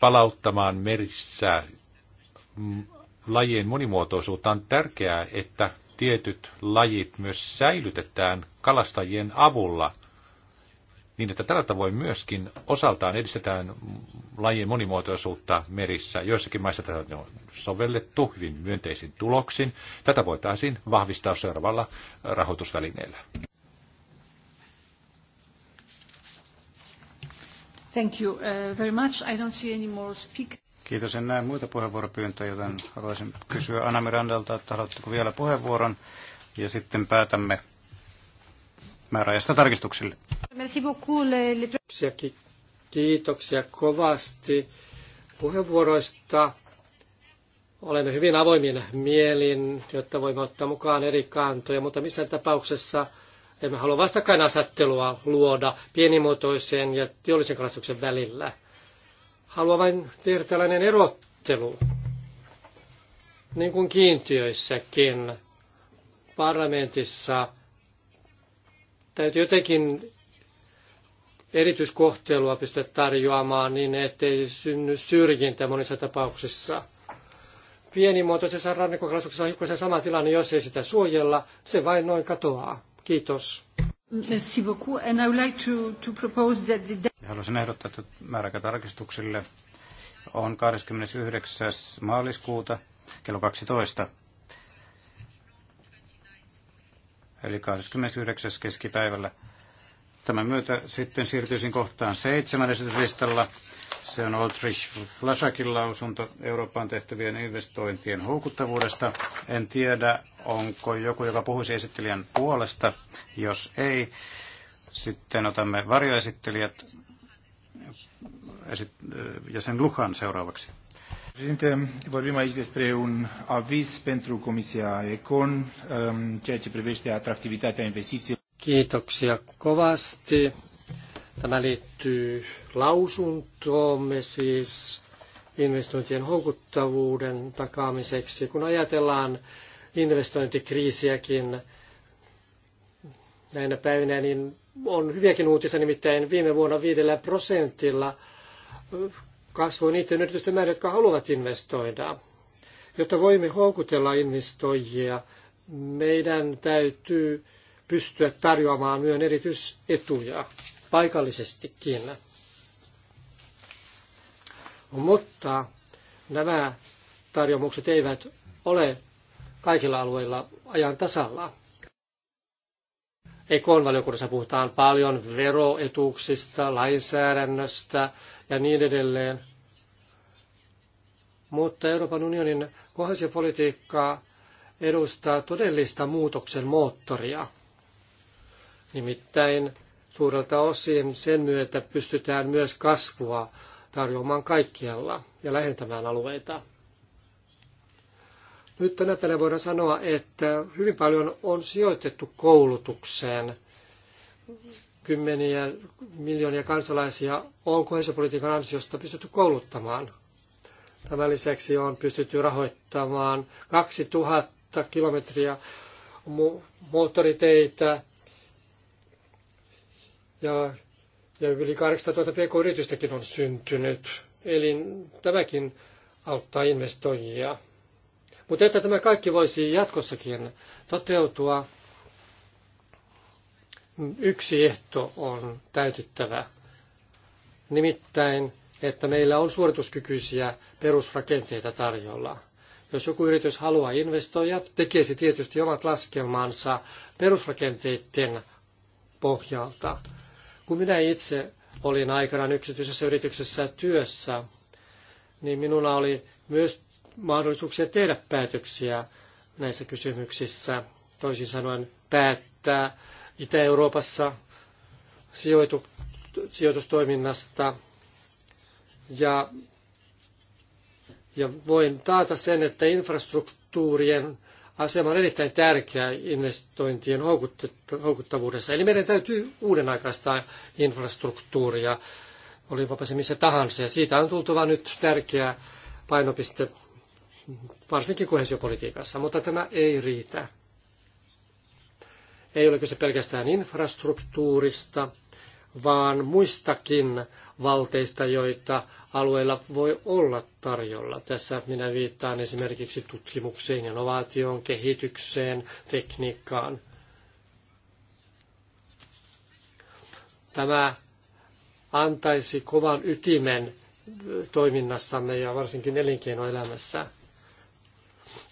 palauttamaan merissä lajien monimuotoisuutta, on tärkeää, että tietyt lajit myös säilytetään kalastajien avulla, niin että tällä tavoin myöskin osaltaan edistetään lajien monimuotoisuutta merissä. Joissakin maissa tätä on sovellettu hyvin myönteisin tuloksin. Tätä voitaisiin vahvistaa seuraavalla rahoitusvälineellä. Thank you uh, very much. I don't see any more speakers. Kiitos. En näe muita puheenvuoropyyntöjä, joten haluaisin kysyä Anna Mirandalta, että haluatteko vielä puheenvuoron ja sitten päätämme määräajasta tarkistuksille. Kiitoksia, kiitoksia kovasti puheenvuoroista. Olemme hyvin avoimin mielin, jotta voimme ottaa mukaan eri kantoja, mutta missään tapauksessa emme halua vastakkainasettelua luoda pienimuotoisen ja teollisen kalastuksen välillä – Haluan vain tehdä tällainen erottelu, niin kuin kiintiöissäkin parlamentissa täytyy jotenkin erityiskohtelua pystyä tarjoamaan niin, ettei synny syrjintä monissa tapauksissa. Pienimuotoisessa rannikkokalastuksessa on hiukan sama tilanne, jos ei sitä suojella, se vain noin katoaa. Kiitos. Merci beaucoup. And I would like to, to propose that the... Haluaisin ehdottaa, että tarkistuksille on 29. maaliskuuta kello 12. Eli 29. keskipäivällä. Tämän myötä sitten siirtyisin kohtaan seitsemän esityslistalla. Se on Oltrich Flasakin lausunto Eurooppaan tehtävien investointien houkuttavuudesta. En tiedä, onko joku, joka puhuisi esittelijän puolesta. Jos ei, sitten otamme varjoesittelijät ja sen Luhan seuraavaksi. Presidente, vorbim aici despre un aviz pentru Comisia Econ, um, ceea ce privește atractivitatea investițiilor. Kiitoksia kovasti. Tämä liittyy lausuntoomme siis investointien houkuttavuuden takaamiseksi. Kun ajatellaan investointikriisiäkin näinä päivinä, niin on hyviäkin uutisia, nimittäin viime vuonna viidellä prosentilla kasvoi niiden yritysten määrä, jotka haluavat investoida. Jotta voimme houkutella investoijia, meidän täytyy pystyä tarjoamaan myön erityisetuja paikallisestikin. Mutta nämä tarjoukset eivät ole kaikilla alueilla ajan tasalla. Ekon valiokunnassa puhutaan paljon veroetuuksista, lainsäädännöstä ja niin edelleen. Mutta Euroopan unionin kohesiopolitiikkaa edustaa todellista muutoksen moottoria. Nimittäin suurelta osin sen myötä pystytään myös kasvua tarjoamaan kaikkialla ja lähentämään alueita. Nyt tänä päivänä voidaan sanoa, että hyvin paljon on sijoitettu koulutukseen. Kymmeniä miljoonia kansalaisia on kohesiopolitiikan ansiosta pystytty kouluttamaan. Tämän lisäksi on pystytty rahoittamaan 2000 kilometriä moottoriteitä ja ja yli 8000 pk-yritystäkin on syntynyt. Eli tämäkin auttaa investoijia. Mutta että tämä kaikki voisi jatkossakin toteutua, yksi ehto on täytyttävä. Nimittäin, että meillä on suorituskykyisiä perusrakenteita tarjolla. Jos joku yritys haluaa investoida, tekee se tietysti omat laskelmansa perusrakenteiden pohjalta. Kun minä itse olin aikanaan yksityisessä yrityksessä työssä, niin minulla oli myös mahdollisuuksia tehdä päätöksiä näissä kysymyksissä. Toisin sanoen päättää Itä-Euroopassa sijoitu, sijoitustoiminnasta. Ja, ja voin taata sen, että infrastruktuurien asema on erittäin tärkeä investointien houkuttavuudessa. Eli meidän täytyy uuden aikaista infrastruktuuria, olipa se missä tahansa. Ja siitä on tultava nyt tärkeä painopiste, varsinkin kohesiopolitiikassa, mutta tämä ei riitä. Ei ole kyse pelkästään infrastruktuurista, vaan muistakin valteista, joita alueilla voi olla tarjolla. Tässä minä viittaan esimerkiksi tutkimukseen, innovaatioon, kehitykseen, tekniikkaan. Tämä antaisi kovan ytimen toiminnassamme ja varsinkin elinkeinoelämässä.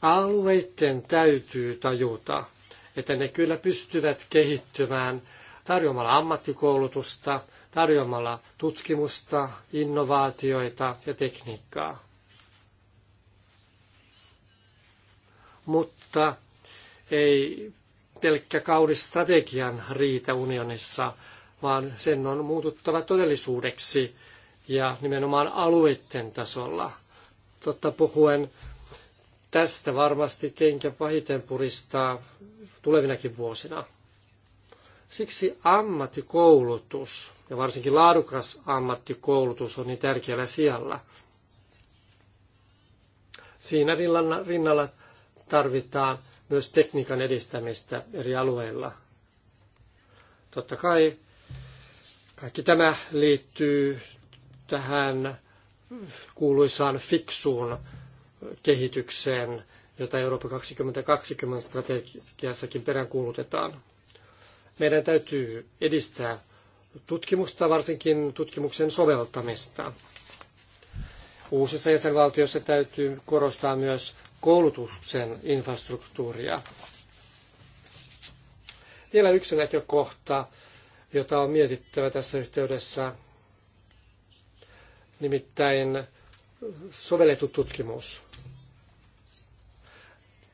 Alueiden täytyy tajuta, että ne kyllä pystyvät kehittymään tarjoamalla ammattikoulutusta – tarjoamalla tutkimusta, innovaatioita ja tekniikkaa. Mutta ei pelkkä kaunis strategian riitä unionissa, vaan sen on muututtava todellisuudeksi ja nimenomaan alueiden tasolla. Totta puhuen, tästä varmasti kenkä pahiten puristaa tulevinakin vuosina. Siksi ammattikoulutus ja varsinkin laadukas ammattikoulutus on niin tärkeällä sijalla. Siinä rinnalla tarvitaan myös tekniikan edistämistä eri alueilla. Totta kai kaikki tämä liittyy tähän kuuluisaan fiksuun kehitykseen, jota Eurooppa 2020 strategiassakin peräänkuulutetaan. Meidän täytyy edistää tutkimusta, varsinkin tutkimuksen soveltamista. Uusissa jäsenvaltioissa täytyy korostaa myös koulutuksen infrastruktuuria. Vielä yksi näkökohta, jota on mietittävä tässä yhteydessä, nimittäin sovellettu tutkimus.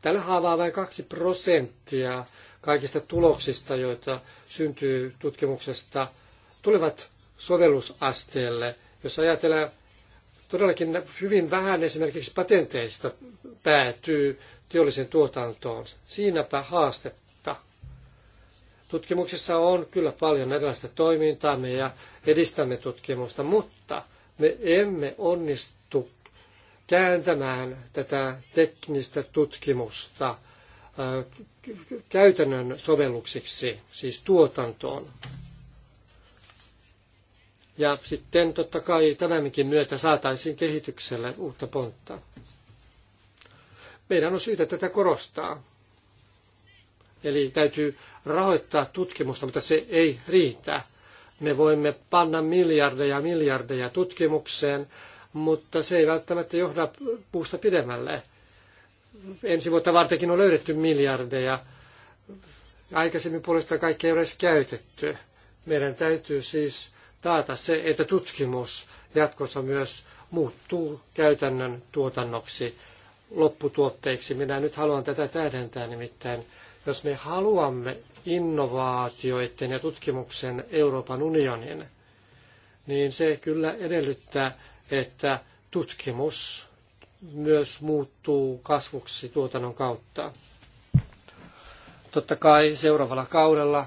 Tällä haavaa vain kaksi prosenttia kaikista tuloksista, joita syntyy tutkimuksesta, tulevat sovellusasteelle. Jos ajatellaan todellakin hyvin vähän esimerkiksi patenteista päätyy teolliseen tuotantoon. Siinäpä haastetta. Tutkimuksessa on kyllä paljon erilaista toimintaa, me ja edistämme tutkimusta, mutta me emme onnistu kääntämään tätä teknistä tutkimusta käytännön sovelluksiksi, siis tuotantoon. Ja sitten totta kai tämänkin myötä saataisiin kehitykselle uutta pontta. Meidän on syytä tätä korostaa. Eli täytyy rahoittaa tutkimusta, mutta se ei riitä. Me voimme panna miljardeja miljardeja tutkimukseen, mutta se ei välttämättä johda puusta pidemmälle ensi vuotta vartenkin on löydetty miljardeja. Aikaisemmin puolesta kaikki ei ole edes käytetty. Meidän täytyy siis taata se, että tutkimus jatkossa myös muuttuu käytännön tuotannoksi, lopputuotteiksi. Minä nyt haluan tätä tähdentää nimittäin. Jos me haluamme innovaatioiden ja tutkimuksen Euroopan unionin, niin se kyllä edellyttää, että tutkimus myös muuttuu kasvuksi tuotannon kautta. Totta kai seuraavalla kaudella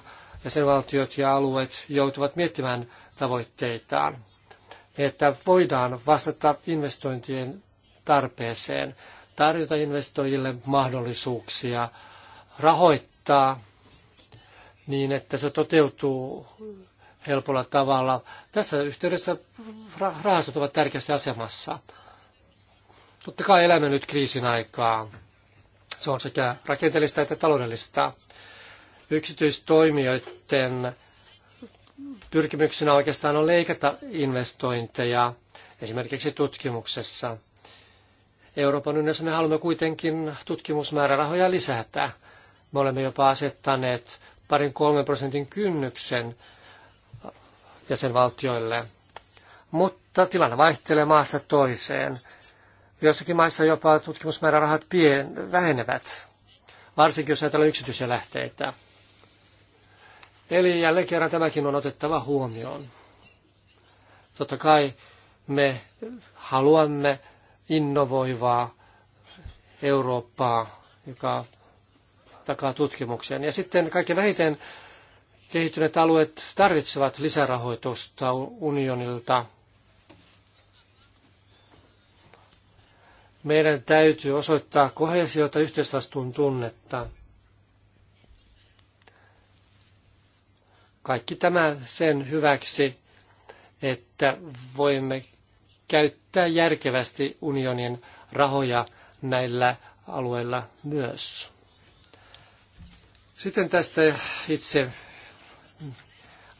ja valtiot ja alueet joutuvat miettimään tavoitteitaan, että voidaan vastata investointien tarpeeseen, tarjota investoijille mahdollisuuksia rahoittaa niin, että se toteutuu helpolla tavalla. Tässä yhteydessä rahastot ovat tärkeässä asemassa. Totta kai elämme nyt kriisin aikaa. Se on sekä rakenteellista että taloudellista. Yksityistoimijoiden pyrkimyksenä oikeastaan on leikata investointeja esimerkiksi tutkimuksessa. Euroopan unionissa me haluamme kuitenkin tutkimusmäärärahoja lisätä. Me olemme jopa asettaneet parin kolmen prosentin kynnyksen jäsenvaltioille. Mutta tilanne vaihtelee maasta toiseen. Joissakin maissa jopa tutkimusmäärärahat pien, vähenevät, varsinkin jos ajatellaan yksityisiä lähteitä. Eli jälleen kerran tämäkin on otettava huomioon. Totta kai me haluamme innovoivaa Eurooppaa, joka takaa tutkimuksen. Ja sitten kaikki vähiten kehittyneet alueet tarvitsevat lisärahoitusta unionilta Meidän täytyy osoittaa kohesiota yhteisvastuun tunnetta. Kaikki tämä sen hyväksi, että voimme käyttää järkevästi unionin rahoja näillä alueilla myös. Sitten tästä itse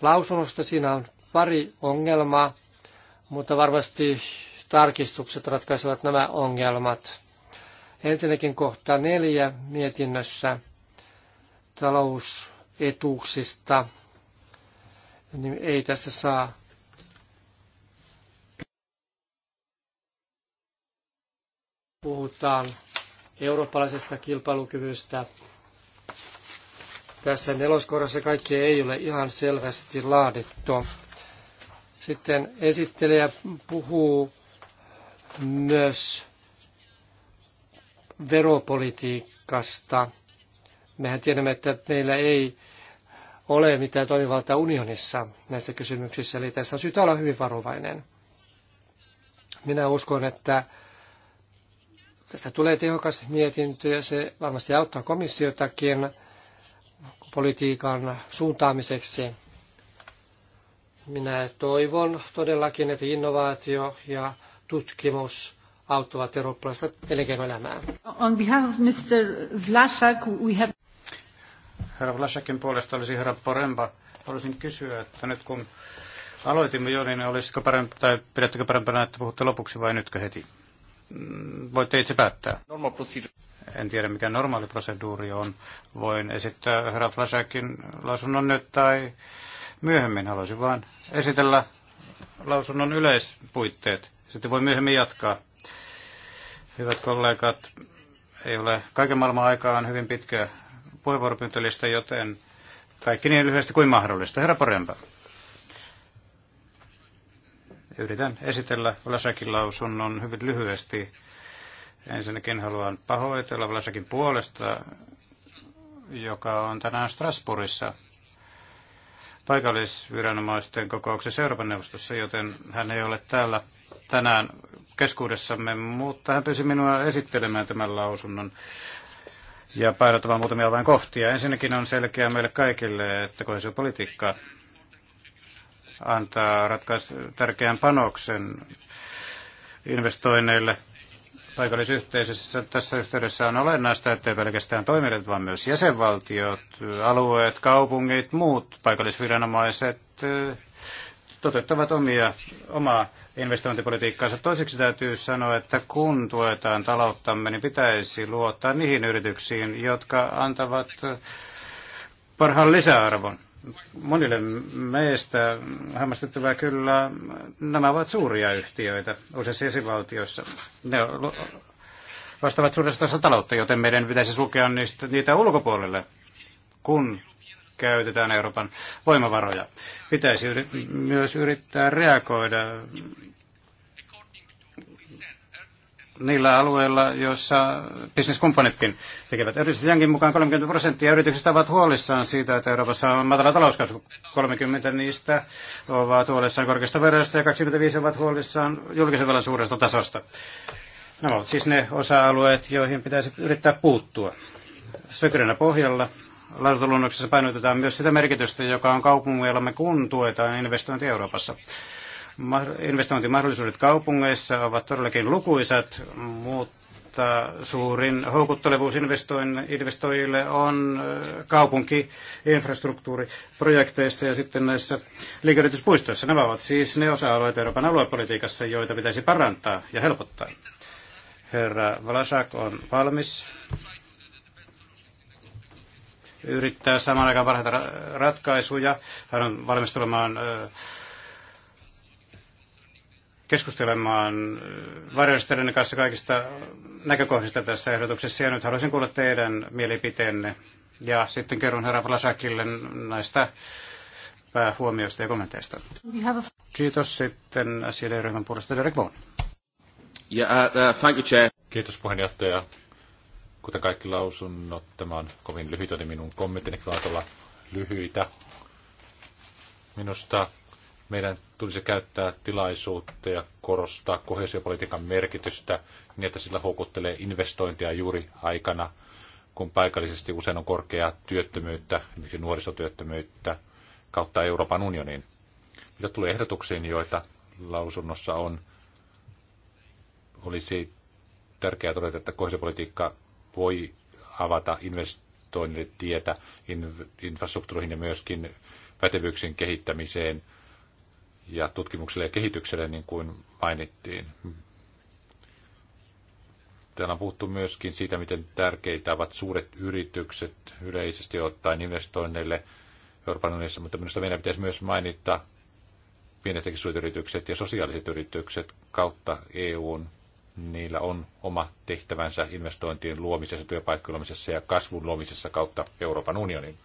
lausunnosta. Siinä on pari ongelmaa, mutta varmasti tarkistukset ratkaisevat nämä ongelmat. Ensinnäkin kohta neljä mietinnössä talousetuuksista. Niin ei tässä saa puhutaan eurooppalaisesta kilpailukyvystä. Tässä neloskorassa kaikki ei ole ihan selvästi laadittu. Sitten esittelijä puhuu myös veropolitiikasta. Mehän tiedämme, että meillä ei ole mitään toimivaltaa unionissa näissä kysymyksissä, eli tässä on syytä olla hyvin varovainen. Minä uskon, että tästä tulee tehokas mietintö ja se varmasti auttaa komissiotakin politiikan suuntaamiseksi. Minä toivon todellakin, että innovaatio ja tutkimus auttavat eurooppalaista elinkeinoelämää. On behalf of Mr. Vlasak, we have... Herra Vlasakin puolesta olisi herra Poremba. Haluaisin kysyä, että nyt kun aloitimme jo, niin olisiko parempi, tai pidättekö parempana, että puhutte lopuksi vai nytkö heti? Mm, voitte itse päättää. En tiedä, mikä normaali proseduuri on. Voin esittää herra Flasakin lausunnon nyt tai myöhemmin. Haluaisin vain esitellä lausunnon yleispuitteet. Sitten voi myöhemmin jatkaa. Hyvät kollegat, ei ole kaiken maailman aikaa on hyvin pitkä puheenvuoropyyntölistä, joten kaikki niin lyhyesti kuin mahdollista. Herra Porempa. Yritän esitellä Vlasakin lausunnon hyvin lyhyesti. Ensinnäkin haluan pahoitella Vlasakin puolesta, joka on tänään Strasbourgissa paikallisviranomaisten kokouksessa Euroopan neuvostossa, joten hän ei ole täällä tänään keskuudessamme, mutta hän pyysi minua esittelemään tämän lausunnon ja painottamaan muutamia vain kohtia. Ensinnäkin on selkeää meille kaikille, että kohesiopolitiikka antaa ratkais- tärkeän panoksen investoinneille paikallisyhteisössä. Tässä yhteydessä on olennaista, ettei pelkästään toimijat, vaan myös jäsenvaltiot, alueet, kaupungit, muut paikallisviranomaiset eh, toteuttavat omia, omaa investointipolitiikkaansa. Toiseksi täytyy sanoa, että kun tuetaan talouttamme, niin pitäisi luottaa niihin yrityksiin, jotka antavat parhaan lisäarvon. Monille meistä hämmästyttävää kyllä nämä ovat suuria yhtiöitä useissa esivaltioissa. Ne vastaavat suuresta taloutta, joten meidän pitäisi sulkea niistä, niitä ulkopuolelle, kun käytetään Euroopan voimavaroja. Pitäisi yri- myös yrittää reagoida niillä alueilla, joissa bisneskumppanitkin tekevät. Erityisesti Jankin mukaan 30 prosenttia yrityksistä ovat huolissaan siitä, että Euroopassa on matala talouskasvu. 30 niistä ovat huolissaan korkeasta verosta ja 25 ovat huolissaan julkisen velan suuresta tasosta. Nämä ovat siis ne osa-alueet, joihin pitäisi yrittää puuttua. Sökyränä pohjalla lausuntoluonnoksessa painotetaan myös sitä merkitystä, joka on kaupungeillamme, kun tuetaan investointi Euroopassa. Investointimahdollisuudet kaupungeissa ovat todellakin lukuisat, mutta suurin houkuttelevuus investoijille on äh, kaupunkiinfrastruktuuriprojekteissa ja sitten näissä liikennetyspuistoissa. Nämä ovat siis ne osa-alueet Euroopan aluepolitiikassa, joita pitäisi parantaa ja helpottaa. Herra Valasak on valmis yrittää samaan aikaan parhaita ratkaisuja. Hän on valmis tulemaan keskustelemaan varjoisten kanssa kaikista näkökohdista tässä ehdotuksessa. Ja nyt haluaisin kuulla teidän mielipiteenne. Ja sitten kerron herra Vlasakille näistä päähuomioista ja kommenteista. Kiitos sitten asioiden ryhmän puolesta Derek Vaughan. Yeah, uh, uh, thank you, Chair. Kiitos puheenjohtaja. Kuten kaikki lausunnot, tämä on kovin lyhyt, niin minun kommenttini ovat olla lyhyitä. Minusta meidän tulisi käyttää tilaisuutta ja korostaa kohesiopolitiikan merkitystä niin, että sillä houkuttelee investointia juuri aikana, kun paikallisesti usein on korkeaa työttömyyttä, esimerkiksi nuorisotyöttömyyttä, kautta Euroopan unioniin. Mitä tulee ehdotuksiin, joita lausunnossa on, olisi tärkeää todeta, että kohesiopolitiikka voi avata investoinnille tietä infrastruktuuriin ja myöskin pätevyyksien kehittämiseen ja tutkimukselle ja kehitykselle, niin kuin mainittiin. Täällä on puhuttu myöskin siitä, miten tärkeitä ovat suuret yritykset yleisesti ottaen investoinneille Euroopan unionissa, mutta minusta meidän pitäisi myös mainita pienet ja yritykset ja sosiaaliset yritykset kautta EUn Niillä on oma tehtävänsä investointien luomisessa, työpaikkojen luomisessa ja kasvun luomisessa kautta Euroopan unionin.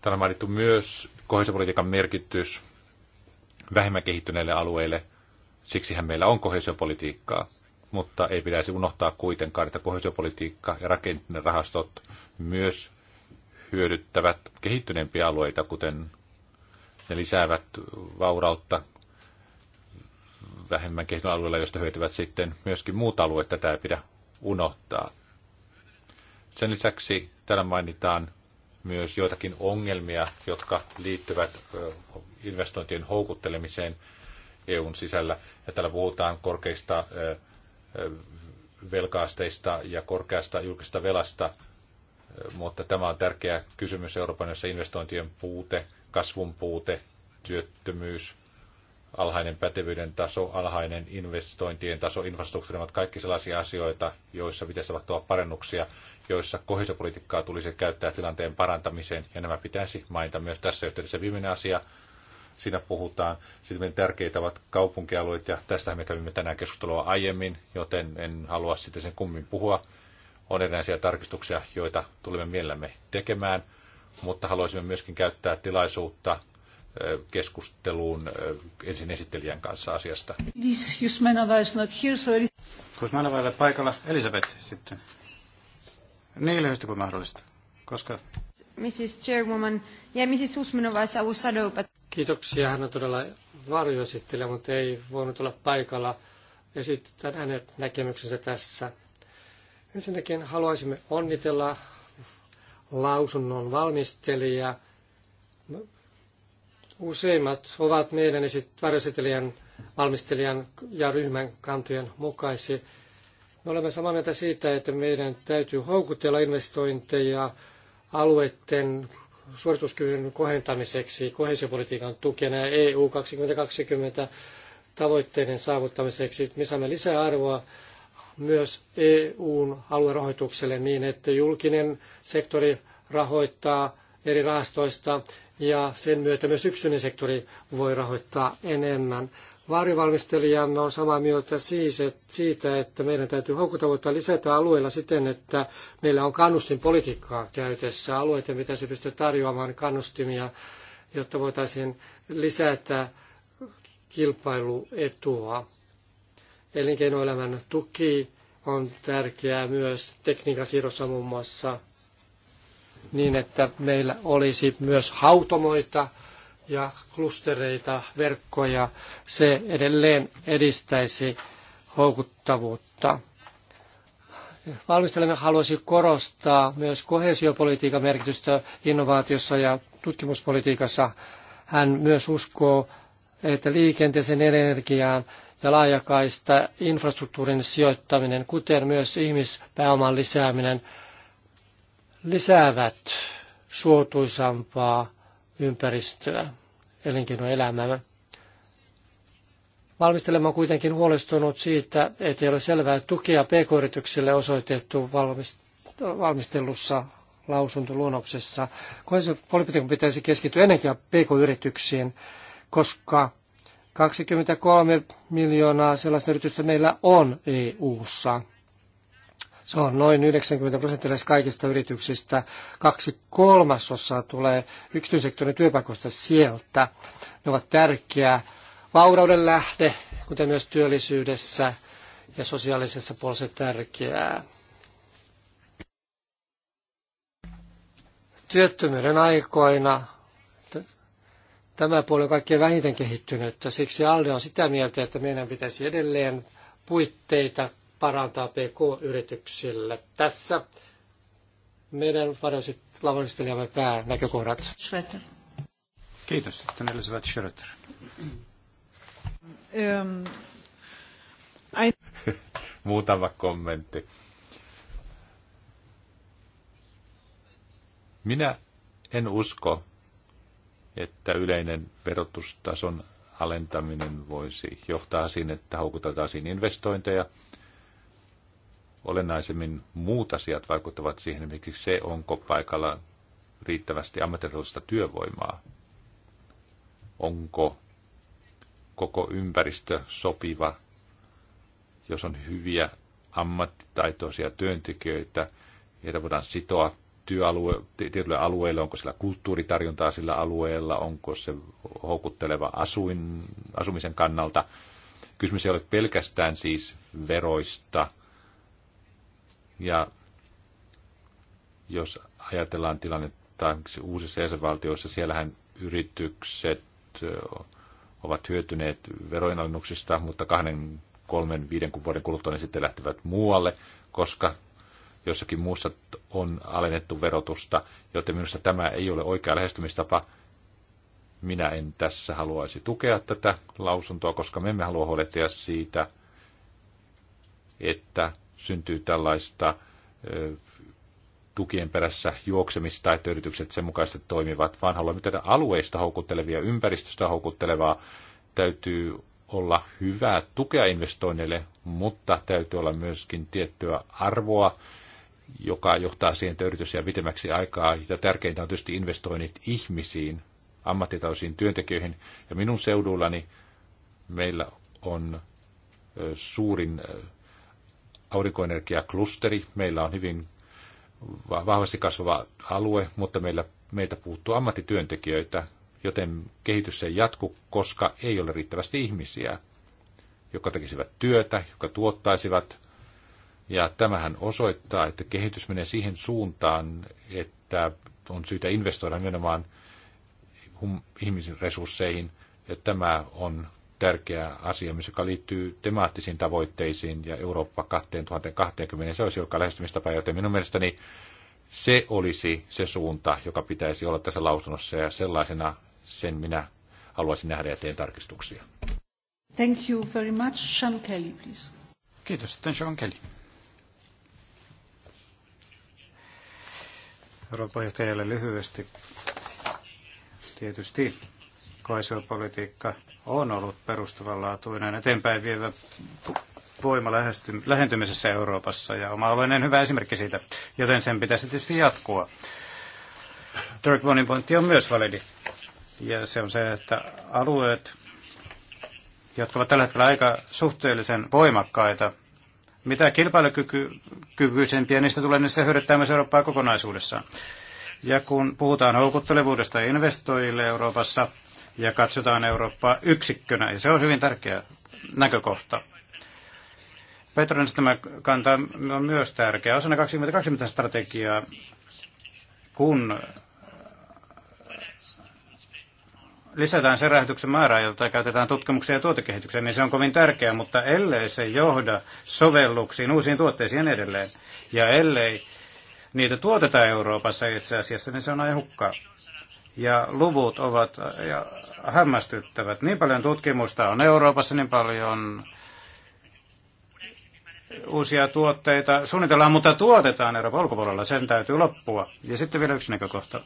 Täällä on mainittu myös kohesiopolitiikan merkitys vähemmän kehittyneille alueille. Siksihän meillä on kohesiopolitiikkaa, mutta ei pitäisi unohtaa kuitenkaan, että kohesiopolitiikka ja rahastot myös hyödyttävät kehittyneempiä alueita, kuten ne lisäävät vaurautta vähemmän kehittyneillä alueilla, joista hyötyvät sitten myöskin muut alueet. Tätä ei pidä unohtaa. Sen lisäksi täällä mainitaan myös joitakin ongelmia, jotka liittyvät investointien houkuttelemiseen EUn sisällä. Ja täällä puhutaan korkeista velkaasteista ja korkeasta julkista velasta, mutta tämä on tärkeä kysymys Euroopan, jossa investointien puute, kasvun puute, työttömyys alhainen pätevyyden taso, alhainen investointien taso, infrastruktuuri ovat kaikki sellaisia asioita, joissa pitäisi tapahtua parannuksia, joissa kohesopolitiikkaa tulisi käyttää tilanteen parantamiseen, ja nämä pitäisi mainita myös tässä yhteydessä. Viimeinen asia, siinä puhutaan, sitten tärkeitä ovat kaupunkialueet, ja tästä me kävimme tänään keskustelua aiemmin, joten en halua sitten sen kummin puhua. On erinäisiä tarkistuksia, joita tulemme mielellämme tekemään, mutta haluaisimme myöskin käyttää tilaisuutta keskusteluun ensin esittelijän kanssa asiasta. Kusmanova ei ole paikalla. Elisabeth sitten. Niin lyhyesti kuin mahdollista. Koska... Mrs. Chairwoman, ja Mrs. Usmanova is our but... Kiitoksia. Hän on todella varjoesittelijä, mutta ei voinut olla paikalla. Esitetään hänen näkemyksensä tässä. Ensinnäkin haluaisimme onnitella lausunnon valmistelijaa Useimmat ovat meidän varjoesittelijän, valmistelijan ja ryhmän kantojen mukaisia. Me olemme samaa mieltä siitä, että meidän täytyy houkutella investointeja alueiden suorituskyvyn kohentamiseksi kohesiopolitiikan tukena ja EU 2020 tavoitteiden saavuttamiseksi. Me saamme lisää arvoa myös EUn aluerahoitukselle niin, että julkinen sektori rahoittaa eri rahastoista ja sen myötä myös yksityinen sektori voi rahoittaa enemmän. Vaarivalmistelijamme on samaa mieltä siis, että siitä, että meidän täytyy houkutavuutta lisätä alueilla siten, että meillä on kannustinpolitiikkaa käytössä. Alueiden pitäisi pystyä tarjoamaan kannustimia, jotta voitaisiin lisätä kilpailuetua. Elinkeinoelämän tuki on tärkeää myös tekniikan siirrossa muun muassa – niin, että meillä olisi myös hautomoita ja klustereita, verkkoja. Se edelleen edistäisi houkuttavuutta. Valmistelemme haluaisi korostaa myös kohesiopolitiikan merkitystä innovaatiossa ja tutkimuspolitiikassa. Hän myös uskoo, että liikenteeseen energiaan ja laajakaista infrastruktuurin sijoittaminen, kuten myös ihmispääoman lisääminen – lisäävät suotuisampaa ympäristöä, elinkeinoelämään. Valmistelema on kuitenkin huolestunut siitä, että ei ole selvää tukea pk-yrityksille osoitettu valmistelussa lausuntoluonnoksessa. Politiikan pitäisi keskittyä ennenkin pk-yrityksiin, koska 23 miljoonaa sellaista yritystä meillä on EU-ssa – se on noin 90 prosenttia kaikista yrityksistä. Kaksi kolmasosaa tulee yksityisektorin työpaikoista sieltä. Ne ovat tärkeä vaurauden lähde, kuten myös työllisyydessä ja sosiaalisessa puolessa tärkeää. Työttömyyden aikoina tämä puoli on kaikkein vähiten kehittynyt. Siksi Alde on sitä mieltä, että meidän pitäisi edelleen puitteita parantaa PK-yrityksille. Tässä meidän varoiset lavallistelemme päänäkökohdat. Schröter. Kiitos. Sitten Elisabeth Schröter. Um, I... Muutama kommentti. Minä en usko, että yleinen verotustason alentaminen voisi johtaa siihen, että houkuteltaisiin investointeja – olennaisemmin muut asiat vaikuttavat siihen, miksi se, onko paikalla riittävästi ammatillista työvoimaa, onko koko ympäristö sopiva, jos on hyviä ammattitaitoisia työntekijöitä, heitä voidaan sitoa työalue, tietylle alueelle, onko sillä kulttuuritarjontaa sillä alueella, onko se houkutteleva asuin, asumisen kannalta. Kysymys ei ole pelkästään siis veroista – ja jos ajatellaan tilannetta uusissa jäsenvaltioissa, siellähän yritykset ovat hyötyneet veroinalennuksista, mutta kahden, kolmen, viiden vuoden kuluttua ne sitten lähtevät muualle, koska jossakin muussa on alennettu verotusta, joten minusta tämä ei ole oikea lähestymistapa. Minä en tässä haluaisi tukea tätä lausuntoa, koska me emme halua huolehtia siitä, että syntyy tällaista tukien perässä juoksemista, että yritykset sen mukaisesti toimivat, vaan haluamme tehdä alueista houkuttelevia, ympäristöstä houkuttelevaa. Täytyy olla hyvää tukea investoinneille, mutta täytyy olla myöskin tiettyä arvoa, joka johtaa siihen, että yritys jää pitemmäksi aikaa. Ja tärkeintä on tietysti investoinnit ihmisiin, ammattitaisiin työntekijöihin. Ja minun seudullani meillä on suurin aurinkoenergiaklusteri. Meillä on hyvin vahvasti kasvava alue, mutta meillä, meiltä puuttuu ammattityöntekijöitä, joten kehitys ei jatku, koska ei ole riittävästi ihmisiä, jotka tekisivät työtä, jotka tuottaisivat. Ja tämähän osoittaa, että kehitys menee siihen suuntaan, että on syytä investoida nimenomaan ihmisen resursseihin. Ja tämä on tärkeä asia, joka liittyy temaattisiin tavoitteisiin ja Eurooppa 2020. Se olisi joka lähestymistapa, joten minun mielestäni se olisi se suunta, joka pitäisi olla tässä lausunnossa ja sellaisena sen minä haluaisin nähdä ja teen tarkistuksia. Thank you very much. Sean Kelly, please. Kiitos. Sitten Sean Kelly. Euroopan puheenjohtajalle lyhyesti. Tietysti koesiopolitiikka on ollut perustavanlaatuinen eteenpäin vievä voima lähesty, lähentymisessä Euroopassa ja oma olen hyvä esimerkki siitä, joten sen pitäisi tietysti jatkua. Dirk Bonin pointti on myös validi ja se on se, että alueet, jotka ovat tällä hetkellä aika suhteellisen voimakkaita, mitä kilpailukykyisempiä niistä tulee, niin se hyödyttää myös Eurooppaa kokonaisuudessaan. Ja kun puhutaan houkuttelevuudesta investoijille Euroopassa, ja katsotaan Eurooppaa yksikkönä, ja se on hyvin tärkeä näkökohta. Petronen tämä kanta on myös tärkeä. Osana 2020 strategiaa, kun lisätään se räjähdyksen määrää, jota käytetään tutkimukseen ja tuotekehitykseen, niin se on kovin tärkeää, mutta ellei se johda sovelluksiin, uusiin tuotteisiin niin edelleen, ja ellei niitä tuoteta Euroopassa itse asiassa, niin se on aihukka. Ja luvut ovat ja hämmästyttävät. Niin paljon tutkimusta on Euroopassa, niin paljon uusia tuotteita suunnitellaan, mutta tuotetaan Euroopan ulkopuolella. Sen täytyy loppua. Ja sitten vielä yksi näkökohta.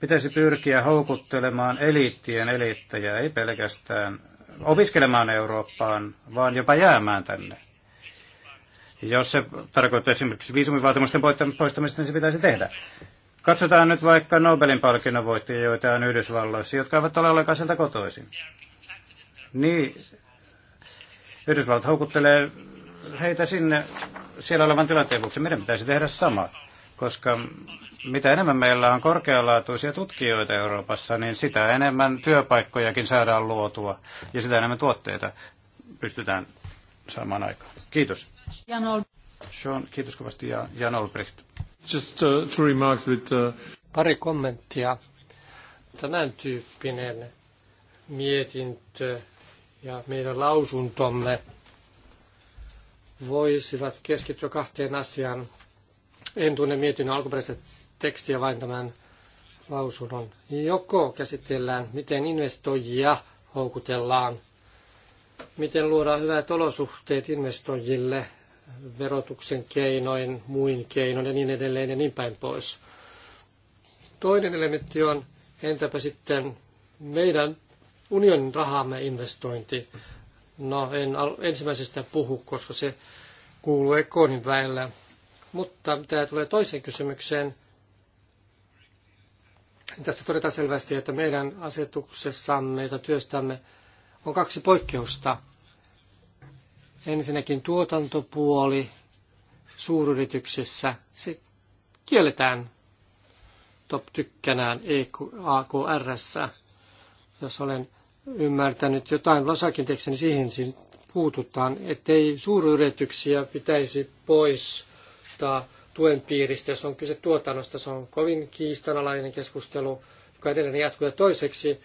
Pitäisi pyrkiä houkuttelemaan eliittien eliittejä, ei pelkästään opiskelemaan Eurooppaan, vaan jopa jäämään tänne. Jos se tarkoittaa esimerkiksi viisumivaatimusten poistamista, niin se pitäisi tehdä. Katsotaan nyt vaikka Nobelin palkinnon voittajia, joita on Yhdysvalloissa, jotka eivät ole ollenkaan sieltä kotoisin. Niin, Yhdysvallat houkuttelee heitä sinne siellä olevan tilanteen vuoksi. Meidän pitäisi tehdä sama, koska mitä enemmän meillä on korkealaatuisia tutkijoita Euroopassa, niin sitä enemmän työpaikkojakin saadaan luotua ja sitä enemmän tuotteita pystytään saamaan aikaan. Kiitos. Sean, kiitos kovasti ja Jan Olbricht. Just uh, two remarks with, uh, Pari kommenttia. Tämän tyyppinen mietintö ja meidän lausuntomme voisivat keskittyä kahteen asiaan. En tunne mietinnön alkuperäistä tekstiä, vain tämän lausunnon. Joko käsitellään, miten investoijia houkutellaan, miten luodaan hyvät olosuhteet investoijille verotuksen keinoin, muin keinoin ja niin edelleen ja niin päin pois. Toinen elementti on, entäpä sitten meidän unionin rahamme investointi. No en ensimmäisestä puhu, koska se kuuluu Ekonin väellä. Mutta tämä tulee toiseen kysymykseen, tässä todetaan selvästi, että meidän asetuksessamme, jota työstämme, on kaksi poikkeusta – Ensinnäkin tuotantopuoli suuryrityksissä, se kielletään top tykkänään AKRssä. E jos olen ymmärtänyt jotain Vlasakin tekstiä, niin siihen siinä puututaan, ettei suuryrityksiä pitäisi poistaa tuen piiristä, jos on kyse tuotannosta. Se on kovin kiistanalainen keskustelu, joka edelleen jatkuu. Ja toiseksi,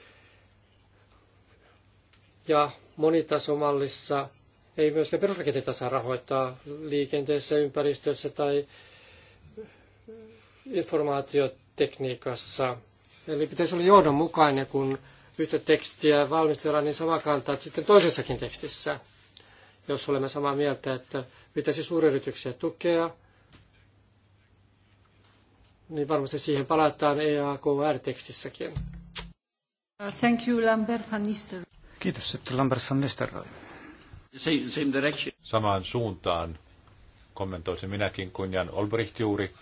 ja monitasomallissa ei myöskään perusrakenteita saa rahoittaa liikenteessä, ympäristössä tai informaatiotekniikassa. Eli pitäisi olla johdonmukainen, kun yhtä tekstiä valmistellaan, niin sama kantaa sitten toisessakin tekstissä. Jos olemme samaa mieltä, että pitäisi suuryrityksiä tukea, niin varmasti siihen palataan EAKR-tekstissäkin. Thank you, Lambert van Nistelrooy. Kiitos sitten Lambert van Nistelrooy. Same, same direction. Samaan suuntaan kommentoisin minäkin kuin Jan Olbricht juuri.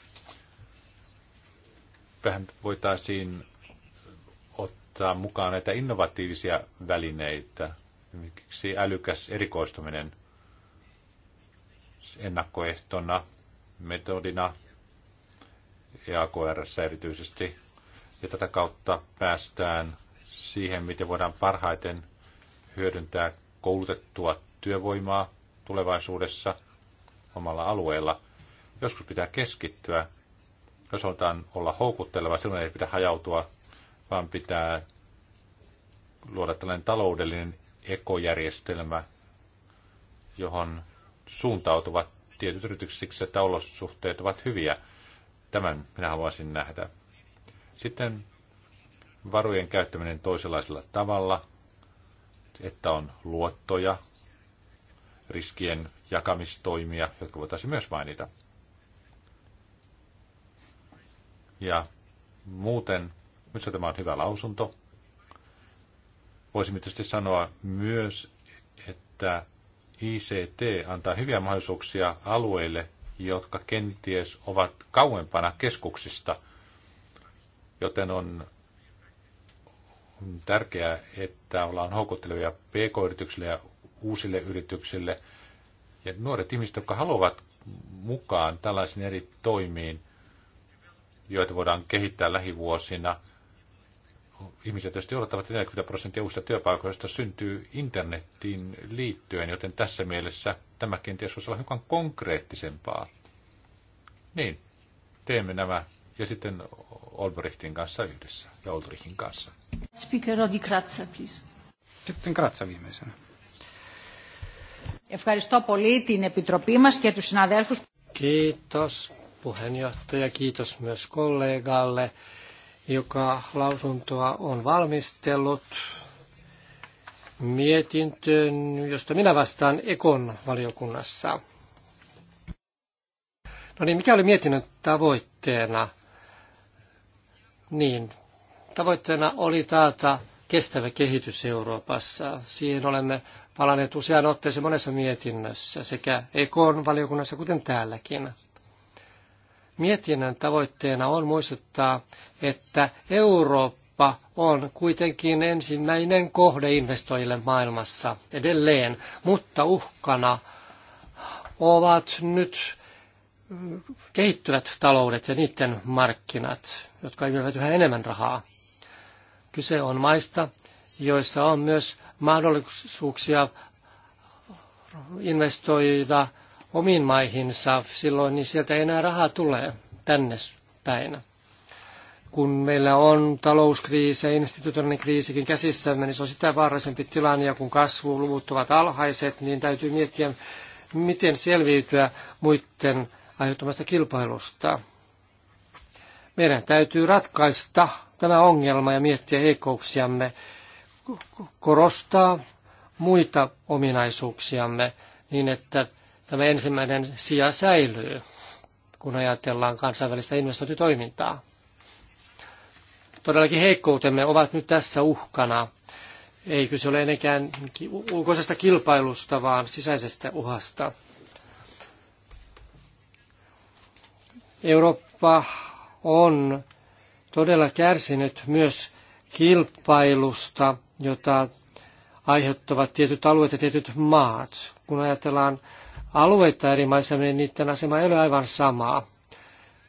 Vähän voitaisiin ottaa mukaan näitä innovatiivisia välineitä, esimerkiksi älykäs erikoistuminen ennakkoehtona, metodina, EAKR erityisesti. Ja tätä kautta päästään siihen, miten voidaan parhaiten hyödyntää koulutettua työvoimaa tulevaisuudessa omalla alueella. Joskus pitää keskittyä. Jos halutaan olla houkutteleva, silloin ei pitää hajautua, vaan pitää luoda tällainen taloudellinen ekojärjestelmä, johon suuntautuvat tietyt yritykset että olosuhteet ovat hyviä. Tämän minä haluaisin nähdä. Sitten varojen käyttäminen toisenlaisella tavalla, että on luottoja, riskien jakamistoimia, jotka voitaisiin myös mainita. Ja muuten, minusta tämä on hyvä lausunto. Voisimme tietysti sanoa myös, että ICT antaa hyviä mahdollisuuksia alueille, jotka kenties ovat kauempana keskuksista, joten on on tärkeää, että ollaan houkuttelevia pk-yrityksille ja uusille yrityksille. Ja nuoret ihmiset, jotka haluavat mukaan tällaisiin eri toimiin, joita voidaan kehittää lähivuosina, ihmiset tietysti odottavat, että 40 prosenttia uusista työpaikoista syntyy internettiin liittyen, joten tässä mielessä tämä kenties voisi olla hiukan konkreettisempaa. Niin, teemme nämä ja sitten Olbrichtin kanssa yhdessä ja Olbrichtin kanssa. Speaker Rodi Kratsa, please. Sitten Kratsa viimeisenä. Ευχαριστώ πολύ την Επιτροπή μας και τους συναδέλφους. Kiitos puheenjohtaja, kiitos myös kollegalle, joka lausuntoa on valmistellut mietintöön, josta minä vastaan Ekon valiokunnassa. No niin, mikä oli mietinnön tavoitteena? Niin, tavoitteena oli taata kestävä kehitys Euroopassa. Siihen olemme palanneet useaan otteeseen monessa mietinnössä sekä ekon valiokunnassa kuten täälläkin. Mietinnän tavoitteena on muistuttaa, että Eurooppa on kuitenkin ensimmäinen kohde investoijille maailmassa edelleen, mutta uhkana ovat nyt kehittyvät taloudet ja niiden markkinat, jotka imevät yhä enemmän rahaa. Kyse on maista, joissa on myös mahdollisuuksia investoida omiin maihinsa silloin, niin sieltä ei enää rahaa tulee tänne päin. Kun meillä on talouskriisi ja institutionaalinen kriisikin käsissämme, niin se on sitä vaarallisempi tilanne, ja kun kasvuluvut ovat alhaiset, niin täytyy miettiä, miten selviytyä muiden aiheuttamasta kilpailusta. Meidän täytyy ratkaista tämä ongelma ja miettiä heikkouksiamme korostaa muita ominaisuuksiamme niin, että tämä ensimmäinen sija säilyy, kun ajatellaan kansainvälistä investointitoimintaa. Todellakin heikkoutemme ovat nyt tässä uhkana. Ei kyse ole ennenkään ulkoisesta kilpailusta, vaan sisäisestä uhasta. Eurooppa on todella kärsinyt myös kilpailusta, jota aiheuttavat tietyt alueet ja tietyt maat. Kun ajatellaan alueita eri maissa, niin niiden asema ei ole aivan samaa.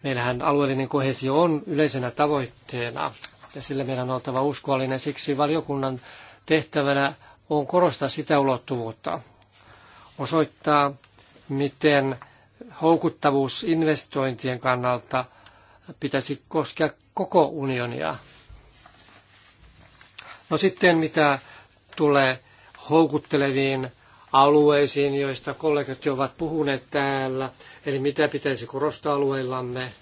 Meillähän alueellinen kohesio on yleisenä tavoitteena ja sillä meidän on oltava uskollinen. Siksi valiokunnan tehtävänä on korostaa sitä ulottuvuutta, osoittaa, miten houkuttavuus investointien kannalta pitäisi koskea koko unionia. No sitten mitä tulee houkutteleviin alueisiin, joista kollegat jo ovat puhuneet täällä, eli mitä pitäisi korostaa alueillamme,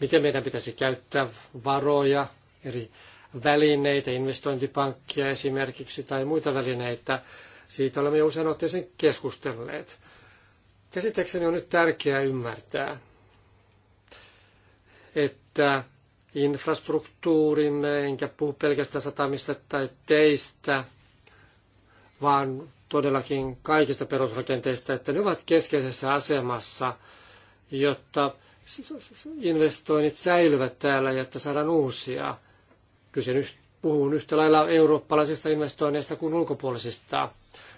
miten meidän pitäisi käyttää varoja, eri välineitä, investointipankkia esimerkiksi tai muita välineitä. Siitä olemme jo usein otteeseen keskustelleet. Käsitekseni on nyt tärkeää ymmärtää, että infrastruktuurimme, enkä puhu pelkästään satamista tai teistä, vaan todellakin kaikista perusrakenteista, että ne ovat keskeisessä asemassa, jotta investoinnit säilyvät täällä ja että saadaan uusia. Kyse puhun yhtä lailla eurooppalaisista investoinneista kuin ulkopuolisista.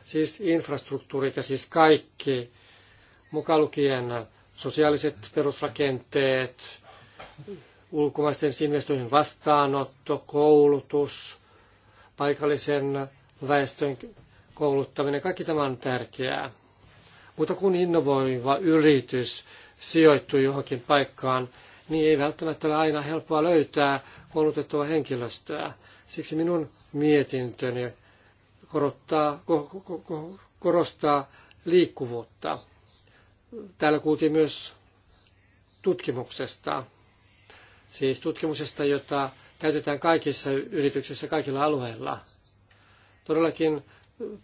Siis infrastruktuurit ja siis kaikki, mukaan lukien sosiaaliset perusrakenteet, ulkomaisten investointien vastaanotto, koulutus, paikallisen väestön kouluttaminen, kaikki tämä on tärkeää. Mutta kun innovoiva yritys sijoittuu johonkin paikkaan, niin ei välttämättä ole aina helppoa löytää koulutettua henkilöstöä. Siksi minun mietintöni korottaa, korostaa liikkuvuutta. Täällä kuultiin myös tutkimuksesta siis tutkimuksesta, jota käytetään kaikissa yrityksissä, kaikilla alueilla. Todellakin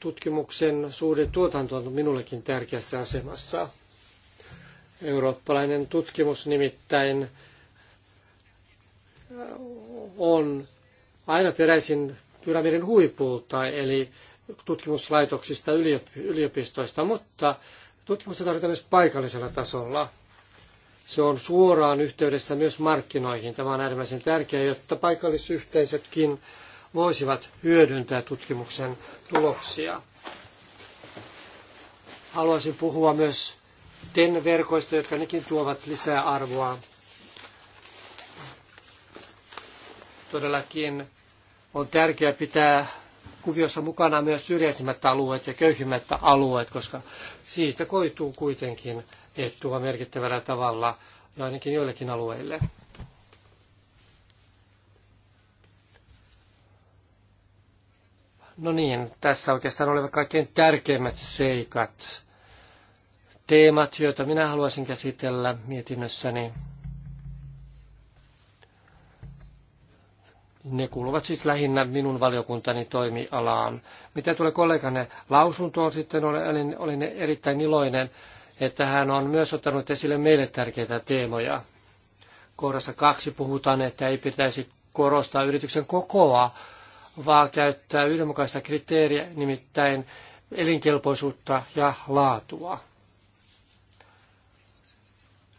tutkimuksen suhde tuotanto on minullekin tärkeässä asemassa. Eurooppalainen tutkimus nimittäin äh, on aina peräisin pyramidin huipulta, eli tutkimuslaitoksista, yliopistoista, mutta tutkimusta tarvitaan myös paikallisella tasolla. Se on suoraan yhteydessä myös markkinoihin. Tämä on äärimmäisen tärkeää, jotta paikallisyhteisötkin voisivat hyödyntää tutkimuksen tuloksia. Haluaisin puhua myös TEN-verkoista, jotka nekin tuovat lisää arvoa. Todellakin on tärkeää pitää kuviossa mukana myös syrjäisimmät alueet ja köyhimmät alueet, koska siitä koituu kuitenkin etua merkittävällä tavalla, ja ainakin joillekin alueille. No niin, tässä oikeastaan olivat kaikkein tärkeimmät seikat, teemat, joita minä haluaisin käsitellä mietinnössäni. Ne kuuluvat siis lähinnä minun valiokuntani toimialaan. Mitä tulee kolleganne lausuntoon sitten, olin, olin erittäin iloinen että hän on myös ottanut esille meille tärkeitä teemoja. Kohdassa kaksi puhutaan, että ei pitäisi korostaa yrityksen kokoa, vaan käyttää yhdenmukaista kriteeriä, nimittäin elinkelpoisuutta ja laatua.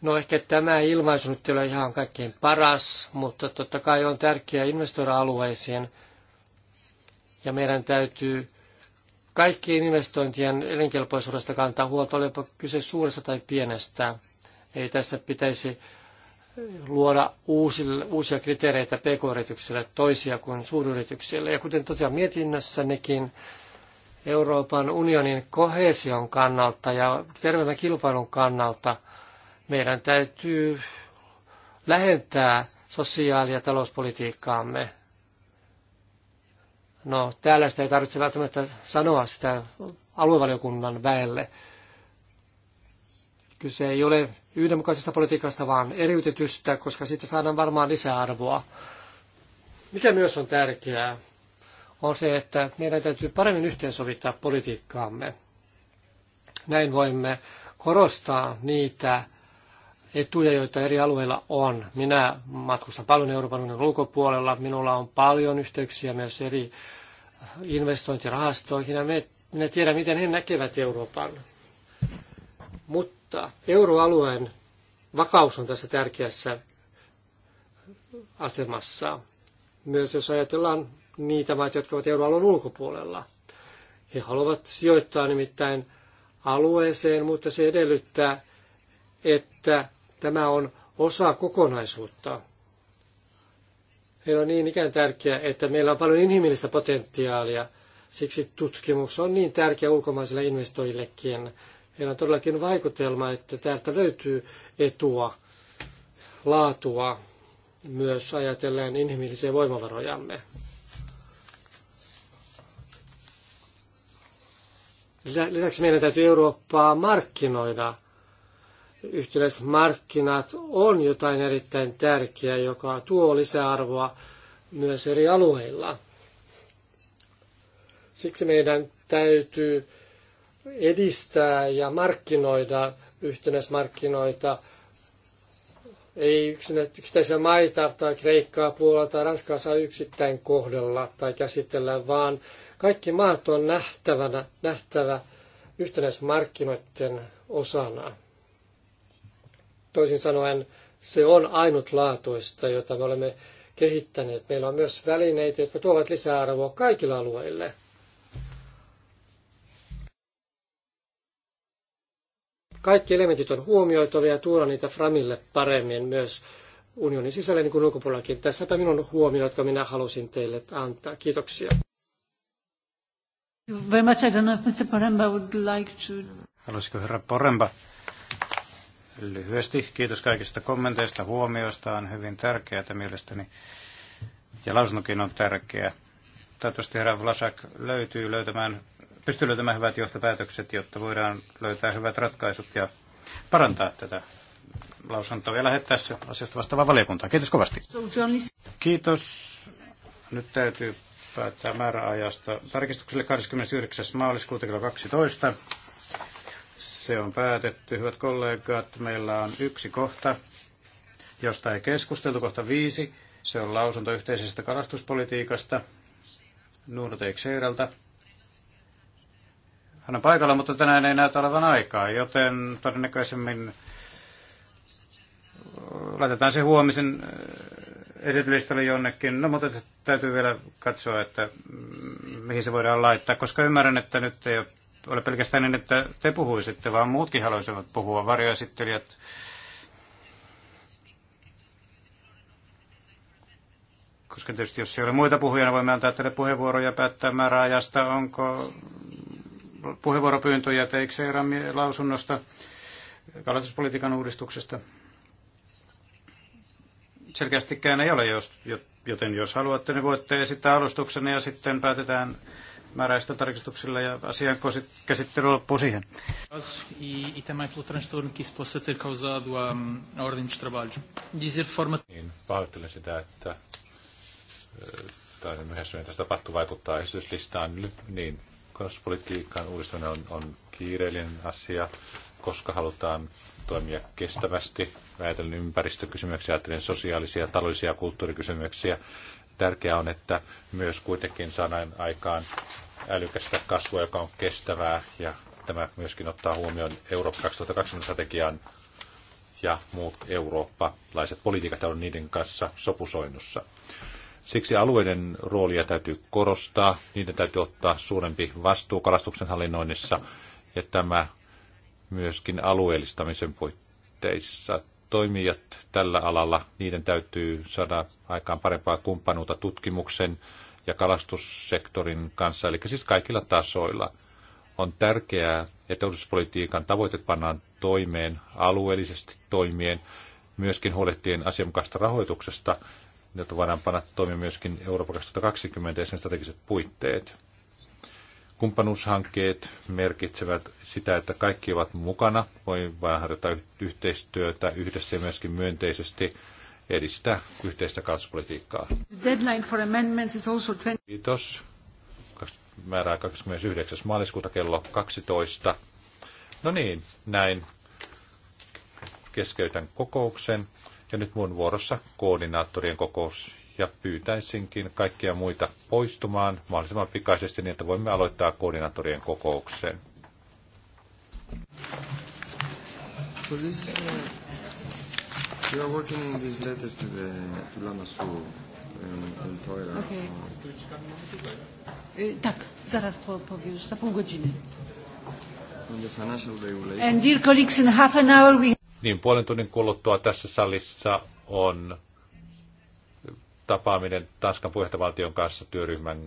No ehkä tämä ilmaisu nyt ei ole ihan kaikkein paras, mutta totta kai on tärkeää investoida alueisiin. Ja meidän täytyy kaikkien investointien elinkelpoisuudesta kantaa huolta, olipa kyse suuresta tai pienestä. Ei tässä pitäisi luoda uusille, uusia kriteereitä pk-yrityksille toisia kuin suuryrityksille. Ja kuten totean mietinnössänikin, Euroopan unionin kohesion kannalta ja terveemmän kilpailun kannalta meidän täytyy lähentää sosiaali- ja talouspolitiikkaamme No, täällä sitä ei tarvitse välttämättä sanoa sitä aluevaliokunnan väelle. Kyse ei ole yhdenmukaisesta politiikasta, vaan eriytetystä, koska siitä saadaan varmaan lisäarvoa. Mikä myös on tärkeää, on se, että meidän täytyy paremmin yhteensovittaa politiikkaamme. Näin voimme korostaa niitä etuja, joita eri alueilla on. Minä matkustan paljon Euroopan unionin ulkopuolella, minulla on paljon yhteyksiä myös eri investointirahastoihin ja me, minä tiedän, miten he näkevät Euroopan. Mutta euroalueen vakaus on tässä tärkeässä asemassa, myös jos ajatellaan niitä maita, jotka ovat euroalueen ulkopuolella. He haluavat sijoittaa nimittäin alueeseen, mutta se edellyttää, että Tämä on osa kokonaisuutta. Meillä on niin ikään tärkeää, että meillä on paljon inhimillistä potentiaalia. Siksi tutkimus on niin tärkeä ulkomaisille investoijillekin. Meillä on todellakin vaikutelma, että täältä löytyy etua, laatua, myös ajatellen inhimillisiä voimavarojamme. Lisäksi meidän täytyy Eurooppaa markkinoida – markkinat on jotain erittäin tärkeää, joka tuo lisäarvoa myös eri alueilla. Siksi meidän täytyy edistää ja markkinoida yhtenäismarkkinoita, ei yksittäisiä maita tai Kreikkaa, Puolaa tai Ranskaa saa yksittäin kohdella tai käsitellä, vaan kaikki maat on nähtävänä, nähtävä yhtenäismarkkinoiden osana. Toisin sanoen se on ainutlaatuista, jota me olemme kehittäneet. Meillä on myös välineitä, jotka tuovat lisäarvoa kaikilla alueille. Kaikki elementit on huomioitavia ja tuoda niitä Framille paremmin myös unionin sisällä niin kuin ulkopuolellakin. Tässäpä minun huomio, jotka minä halusin teille antaa. Kiitoksia. Haluaisiko herra Poremba lyhyesti. Kiitos kaikista kommenteista, huomioista. On hyvin tärkeää mielestäni. Ja lausunnokin on tärkeä. Toivottavasti herra Vlasak löytyy löytämään, pystyy löytämään hyvät johtopäätökset, jotta voidaan löytää hyvät ratkaisut ja parantaa tätä lausuntoa ja lähettää se asiasta vastaavaan valiokuntaan. Kiitos kovasti. Kiitos. Nyt täytyy päättää määräajasta tarkistukselle 29. maaliskuuta kello 12. Se on päätetty. Hyvät kollegat, meillä on yksi kohta, josta ei keskusteltu, kohta viisi. Se on lausunto yhteisestä kalastuspolitiikasta Nuno Hän on paikalla, mutta tänään ei näytä olevan aikaa, joten todennäköisemmin laitetaan se huomisen äh, esityslistalle jonnekin. No, mutta täytyy vielä katsoa, että mm, mihin se voidaan laittaa, koska ymmärrän, että nyt ei ole ole pelkästään niin, että te puhuisitte, vaan muutkin haluaisivat puhua, varjoesittelijät. Koska tietysti jos ei ole muita puhujia, niin voimme antaa teille puheenvuoroja päättää määräajasta, onko puheenvuoropyyntöjä Teixeiran lausunnosta kalastuspolitiikan uudistuksesta. Selkeästikään ei ole, jos, joten jos haluatte, niin voitte esittää alustuksenne ja sitten päätetään määräistä tarkistuksilla ja asian käsittely loppuu siihen. Niin, pahoittelen sitä, että tai myöhästyneen tästä tapahtuu vaikuttaa esityslistaan niin konspolitiikan uudistaminen on, on kiireellinen asia, koska halutaan toimia kestävästi, ajatellen ympäristökysymyksiä, ajatellen sosiaalisia, taloudellisia ja kulttuurikysymyksiä, Tärkeää on, että myös kuitenkin saadaan aikaan älykästä kasvua, joka on kestävää ja tämä myöskin ottaa huomioon Eurooppa 2020 strategian ja muut eurooppalaiset politiikat ovat niiden kanssa sopusoinnussa. Siksi alueiden roolia täytyy korostaa, niiden täytyy ottaa suurempi vastuu kalastuksen hallinnoinnissa ja tämä myöskin alueellistamisen puitteissa toimijat tällä alalla, niiden täytyy saada aikaan parempaa kumppanuutta tutkimuksen ja kalastussektorin kanssa, eli siis kaikilla tasoilla. On tärkeää, että uudistuspolitiikan tavoitteet pannaan toimeen alueellisesti toimien, myöskin huolehtien asianmukaista rahoituksesta, jotta voidaan panna toimia myöskin Euroopan 2020 ja sen strategiset puitteet. Kumppanuushankkeet merkitsevät sitä, että kaikki ovat mukana, voi vain harjoittaa yhteistyötä yhdessä ja myöskin myönteisesti edistää yhteistä kalastuspolitiikkaa. Deadline for amendments is also 20... Kiitos. Määrää 29. maaliskuuta kello 12. No niin, näin keskeytän kokouksen. Ja nyt mun vuorossa koordinaattorien kokous, ja pyytäisinkin kaikkia muita poistumaan mahdollisimman pikaisesti niin, että voimme aloittaa koordinaattorien kokouksen. So this, uh, you are working in these letters to the to and Okay. Uh, tak, zaraz po, powiesz, za pół godziny. On the financial regulation. And dear colleagues, in half an hour we... Niin, puolen tunnin kuluttua tässä salissa on tapaaminen Tanskan puheenjohtajavaltion kanssa työryhmän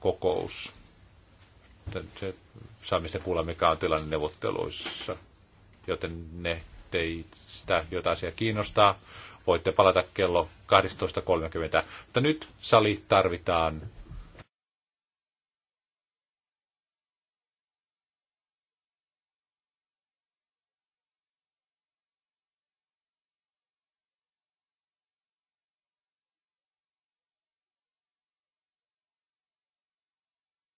kokous. Se saamme sitten kuulla, mikä on tilanne neuvotteluissa. Joten ne teistä, joita asia kiinnostaa, voitte palata kello 12.30. Mutta nyt sali tarvitaan